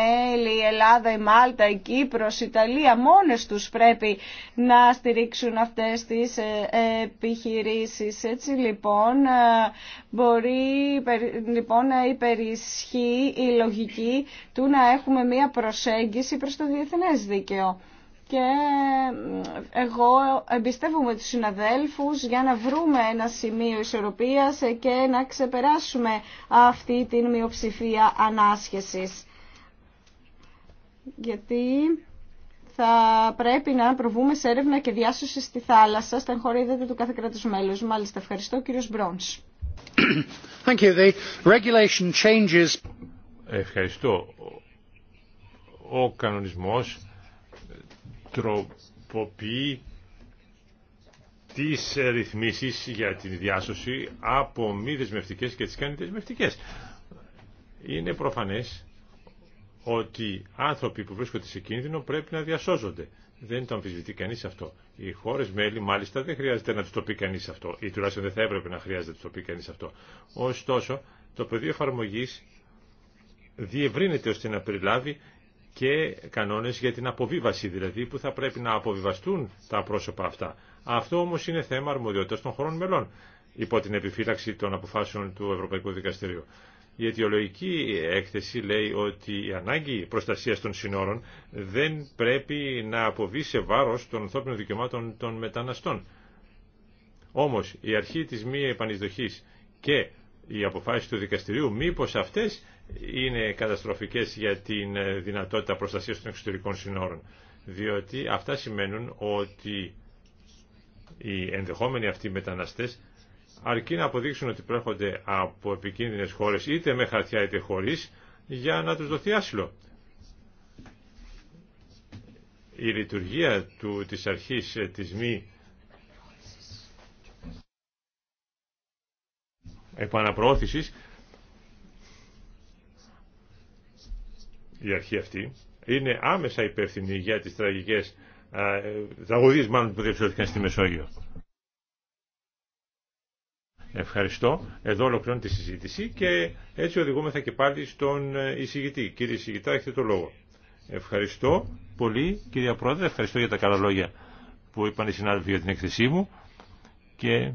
η Ελλάδα, η Μάλτα, η Κύπρος, η Ιταλία, μόνες τους πρέπει να στηρίξουν αυτές τις ε, επιχειρήσεις. Έτσι λοιπόν ε, μπορεί λοιπόν, να υπερισχύει η λογική του να έχουμε μία προσέγγιση προς το διεθνές δίκαιο και εγώ εμπιστεύομαι τους συναδέλφους για να βρούμε ένα σημείο ισορροπίας και να ξεπεράσουμε αυτή την μειοψηφία ανάσχεσης. Γιατί θα πρέπει να προβούμε σε έρευνα και διάσωση στη θάλασσα, στα εγχωρίδια του κάθε κράτους μέλους. Μάλιστα, ευχαριστώ κύριος Μπρόνς. Ευχαριστώ. Ο κανονισμός τροποποιεί τις ρυθμίσεις για την διάσωση από μη δεσμευτικέ και τις κάνει δεσμευτικέ. Είναι προφανές ότι άνθρωποι που βρίσκονται σε κίνδυνο πρέπει να διασώζονται. Δεν το αμφισβητεί κανεί αυτό. Οι χώρε μέλη, μάλιστα, δεν χρειάζεται να του το πει κανεί αυτό, ή τουλάχιστον δεν θα έπρεπε να χρειάζεται να του το πει κανεί αυτό. Ωστόσο, το πεδίο εφαρμογή διευρύνεται ώστε να περιλάβει και κανόνες για την αποβίβαση, δηλαδή που θα πρέπει να αποβιβαστούν τα πρόσωπα αυτά. Αυτό όμως είναι θέμα αρμοδιότητας των χωρών μελών υπό την επιφύλαξη των αποφάσεων του Ευρωπαϊκού Δικαστηρίου. Η αιτιολογική έκθεση λέει ότι η ανάγκη προστασίας των συνόρων δεν πρέπει να αποβεί σε βάρος των ανθρώπινων δικαιωμάτων των μεταναστών. Όμως η αρχή της μη επανεισδοχής και οι αποφάσεις του δικαστηρίου, μήπως αυτές είναι καταστροφικές για την ε, δυνατότητα προστασίας των εξωτερικών συνόρων. Διότι αυτά σημαίνουν ότι οι ενδεχόμενοι αυτοί μεταναστές αρκεί να αποδείξουν ότι προέρχονται από επικίνδυνες χώρες είτε με χαρτιά είτε χωρίς για να τους δοθεί άσυλο. Η λειτουργία του, της αρχής ε, της μη επαναπροώθησης η αρχή αυτή είναι άμεσα υπεύθυνη για τις τραγικές τραγωδίες μάλλον που διευθυνθήκαν στη Μεσόγειο. Ευχαριστώ. Εδώ ολοκληρώνω τη συζήτηση και έτσι οδηγούμεθα και πάλι στον ε, εισηγητή. Κύριε εισηγητά, έχετε το λόγο. Ευχαριστώ πολύ, κυρία Πρόεδρε. Ευχαριστώ για τα καλά λόγια που είπαν οι συνάδελφοι για την έκθεσή μου και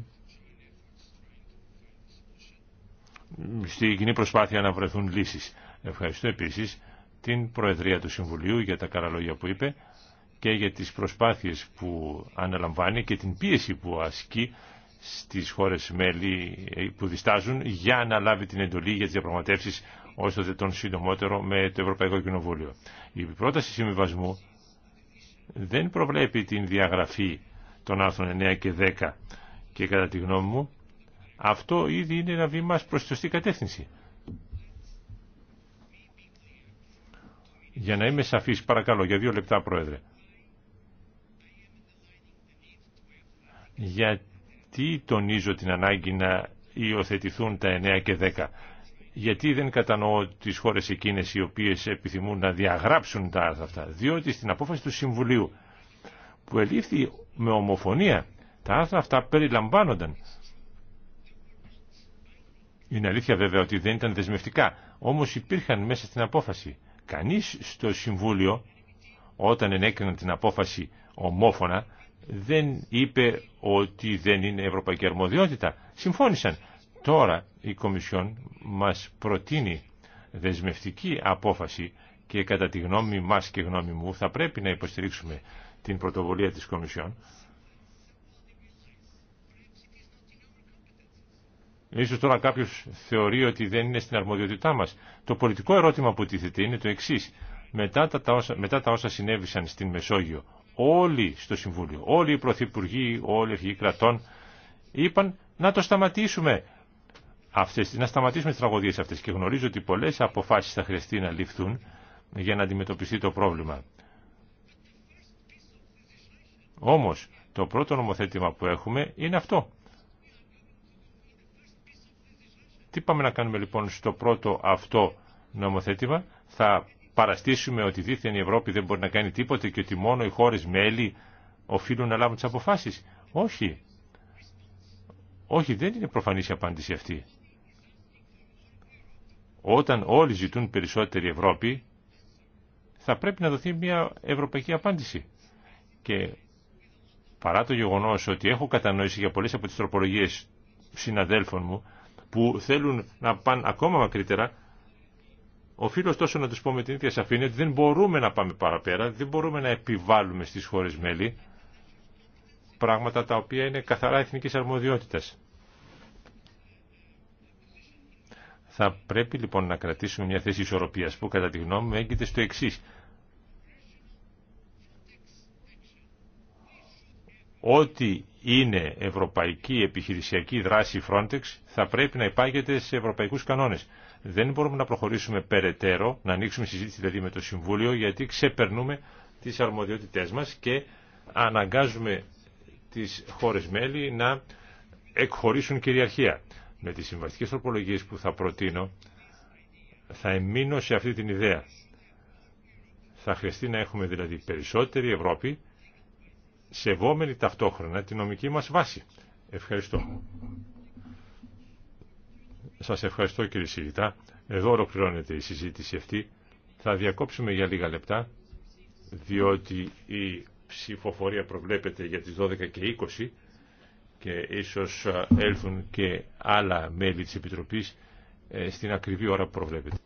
στη κοινή προσπάθεια να βρεθούν λύσεις. Ευχαριστώ επίσης την Προεδρία του Συμβουλίου για τα καλά λόγια που είπε και για τις προσπάθειες που αναλαμβάνει και την πίεση που ασκεί στις χώρες μέλη ε, που διστάζουν για να λάβει την εντολή για τις διαπραγματεύσεις όσο δε τον συντομότερο με το Ευρωπαϊκό Κοινοβούλιο. Η πρόταση συμβιβασμού δεν προβλέπει την διαγραφή των άρθρων 9 και 10 και κατά τη γνώμη μου αυτό ήδη είναι ένα βήμα προς τη σωστή κατεύθυνση. Για να είμαι σαφής, παρακαλώ, για δύο λεπτά, Πρόεδρε. Γιατί τονίζω την ανάγκη να υιοθετηθούν τα 9 και 10. Γιατί δεν κατανοώ τις χώρες εκείνες οι οποίες επιθυμούν να διαγράψουν τα άρθρα αυτά. Διότι στην απόφαση του Συμβουλίου που ελήφθη με ομοφωνία τα άρθρα αυτά περιλαμβάνονταν είναι αλήθεια βέβαια ότι δεν ήταν δεσμευτικά, όμως υπήρχαν μέσα στην απόφαση. Κανείς στο Συμβούλιο, όταν ενέκριναν την απόφαση ομόφωνα, δεν είπε ότι δεν είναι ευρωπαϊκή αρμοδιότητα. Συμφώνησαν. Τώρα η Κομισιόν μας προτείνει δεσμευτική απόφαση και κατά τη γνώμη μας και γνώμη μου θα πρέπει να υποστηρίξουμε την πρωτοβουλία της Κομισιόν Ίσως τώρα κάποιο θεωρεί ότι δεν είναι στην αρμοδιότητά μας. Το πολιτικό ερώτημα που τίθεται είναι το εξής. Μετά τα, όσα, μετά τα όσα συνέβησαν στην Μεσόγειο, όλοι στο Συμβούλιο, όλοι οι πρωθυπουργοί, όλοι οι αρχηγοί κρατών, είπαν να το σταματήσουμε. Αυτές, να σταματήσουμε τις τραγωδίες αυτές και γνωρίζω ότι πολλές αποφάσεις θα χρειαστεί να ληφθούν για να αντιμετωπιστεί το πρόβλημα. Όμως, το πρώτο νομοθέτημα που έχουμε είναι αυτό. Τι πάμε να κάνουμε λοιπόν στο πρώτο αυτό νομοθέτημα. Θα παραστήσουμε ότι δίθεν η Ευρώπη δεν μπορεί να κάνει τίποτε και ότι μόνο οι χώρες μέλη οφείλουν να λάβουν τις αποφάσεις. Όχι. Όχι, δεν είναι προφανής η απάντηση αυτή. Όταν όλοι ζητούν περισσότερη Ευρώπη, θα πρέπει να δοθεί μια ευρωπαϊκή απάντηση. Και παρά το γεγονός ότι έχω κατανόηση για πολλές από τις τροπολογίες συναδέλφων μου, που θέλουν να πάνε ακόμα μακρύτερα, οφείλω τόσο να τους πω με την ίδια σαφήνεια ότι δεν μπορούμε να πάμε παραπέρα, δεν μπορούμε να επιβάλλουμε στις χώρες μέλη πράγματα τα οποία είναι καθαρά εθνικής αρμοδιότητας. Θα πρέπει λοιπόν να κρατήσουμε μια θέση ισορροπίας που κατά τη γνώμη μου έγκυται στο εξής. Ό,τι είναι ευρωπαϊκή επιχειρησιακή δράση Frontex θα πρέπει να υπάγεται σε ευρωπαϊκούς κανόνες. Δεν μπορούμε να προχωρήσουμε περαιτέρω, να ανοίξουμε συζήτηση δηλαδή με το Συμβούλιο γιατί ξεπερνούμε τις αρμοδιότητές μας και αναγκάζουμε τις χώρες μέλη να εκχωρήσουν κυριαρχία. Με τις συμβαστικές τροπολογίες που θα προτείνω θα εμείνω σε αυτή την ιδέα. Θα χρειαστεί να έχουμε δηλαδή περισσότερη Ευρώπη σεβόμενοι ταυτόχρονα τη νομική μας βάση. Ευχαριστώ. Σας ευχαριστώ κύριε Σιγητά. Εδώ ολοκληρώνεται η συζήτηση αυτή. Θα διακόψουμε για λίγα λεπτά, διότι η ψηφοφορία προβλέπεται για τις 12 και 20 και ίσως ε, έλθουν και άλλα μέλη της Επιτροπής ε, στην ακριβή ώρα που προβλέπεται.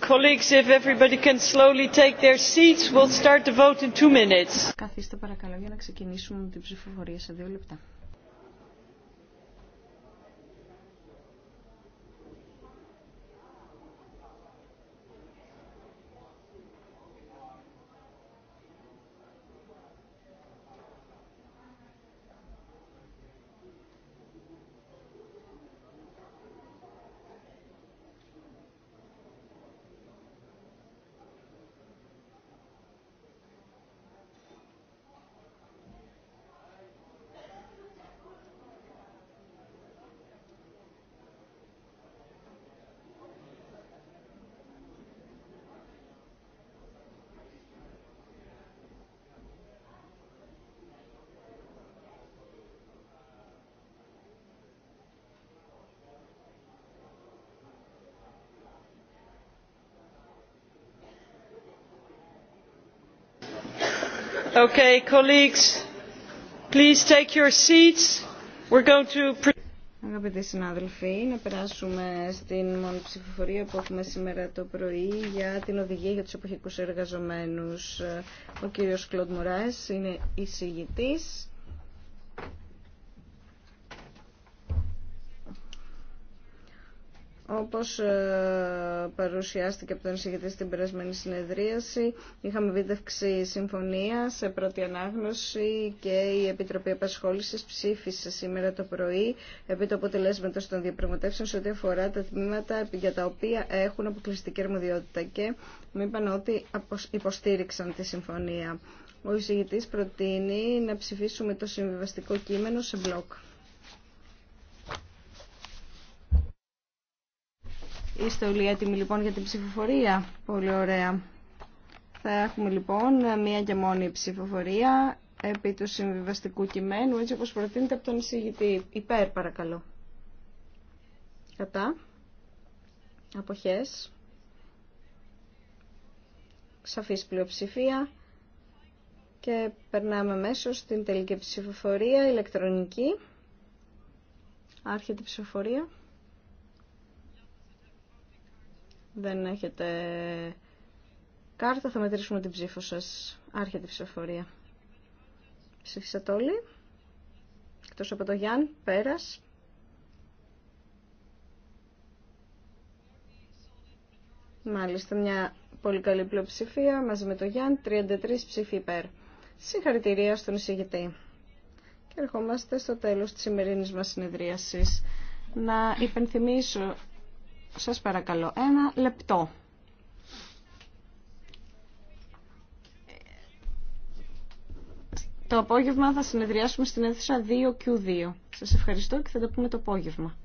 Colleagues, if everybody can slowly take their seats, we'll start the vote in two minutes. Okay, please take your seats. going to... Αγαπητοί συνάδελφοι, να περάσουμε στην μόνη ψηφοφορία που έχουμε σήμερα το πρωί για την οδηγία για τους εποχικούς εργαζομένους. Ο κύριος Κλοντ Μωράς είναι εισηγητής. Όπως ε, παρουσιάστηκε από τον εισηγητή στην περασμένη συνεδρίαση, είχαμε βίτευξη συμφωνία σε πρώτη ανάγνωση και η Επιτροπή Απασχόλησης ψήφισε σήμερα το πρωί επί το αποτελέσματο των διαπραγματεύσεων σε ό,τι αφορά τα τμήματα για τα οποία έχουν αποκλειστική αρμοδιότητα και μου είπαν ότι υποστήριξαν τη συμφωνία. Ο εισηγητής προτείνει να ψηφίσουμε το συμβιβαστικό κείμενο σε μπλοκ. Είστε όλοι έτοιμοι λοιπόν για την ψηφοφορία. Πολύ ωραία. Θα έχουμε λοιπόν μία και μόνη ψηφοφορία επί του συμβιβαστικού κειμένου, έτσι όπως προτείνεται από τον εισηγητή. Υπέρ παρακαλώ. Κατά. Αποχές. Σαφής πλειοψηφία. Και περνάμε μέσω στην τελική ψηφοφορία ηλεκτρονική. Άρχεται η ψηφοφορία. δεν έχετε κάρτα, θα μετρήσουμε την ψήφο σας. Άρχεται η ψηφοφορία. Ψήφισατε όλοι. Εκτός από το Γιάνν, πέρας. Μάλιστα, μια πολύ καλή πλειοψηφία μαζί με το Γιάνν, 33 ψήφοι υπέρ. Συγχαρητηρία στον εισηγητή. Και ερχόμαστε στο τέλος της σημερινής μας συνεδρίασης. Να υπενθυμίσω σας παρακαλώ, ένα λεπτό. Το απόγευμα θα συνεδριάσουμε στην αίθουσα 2Q2. Σας ευχαριστώ και θα τα πούμε το απόγευμα.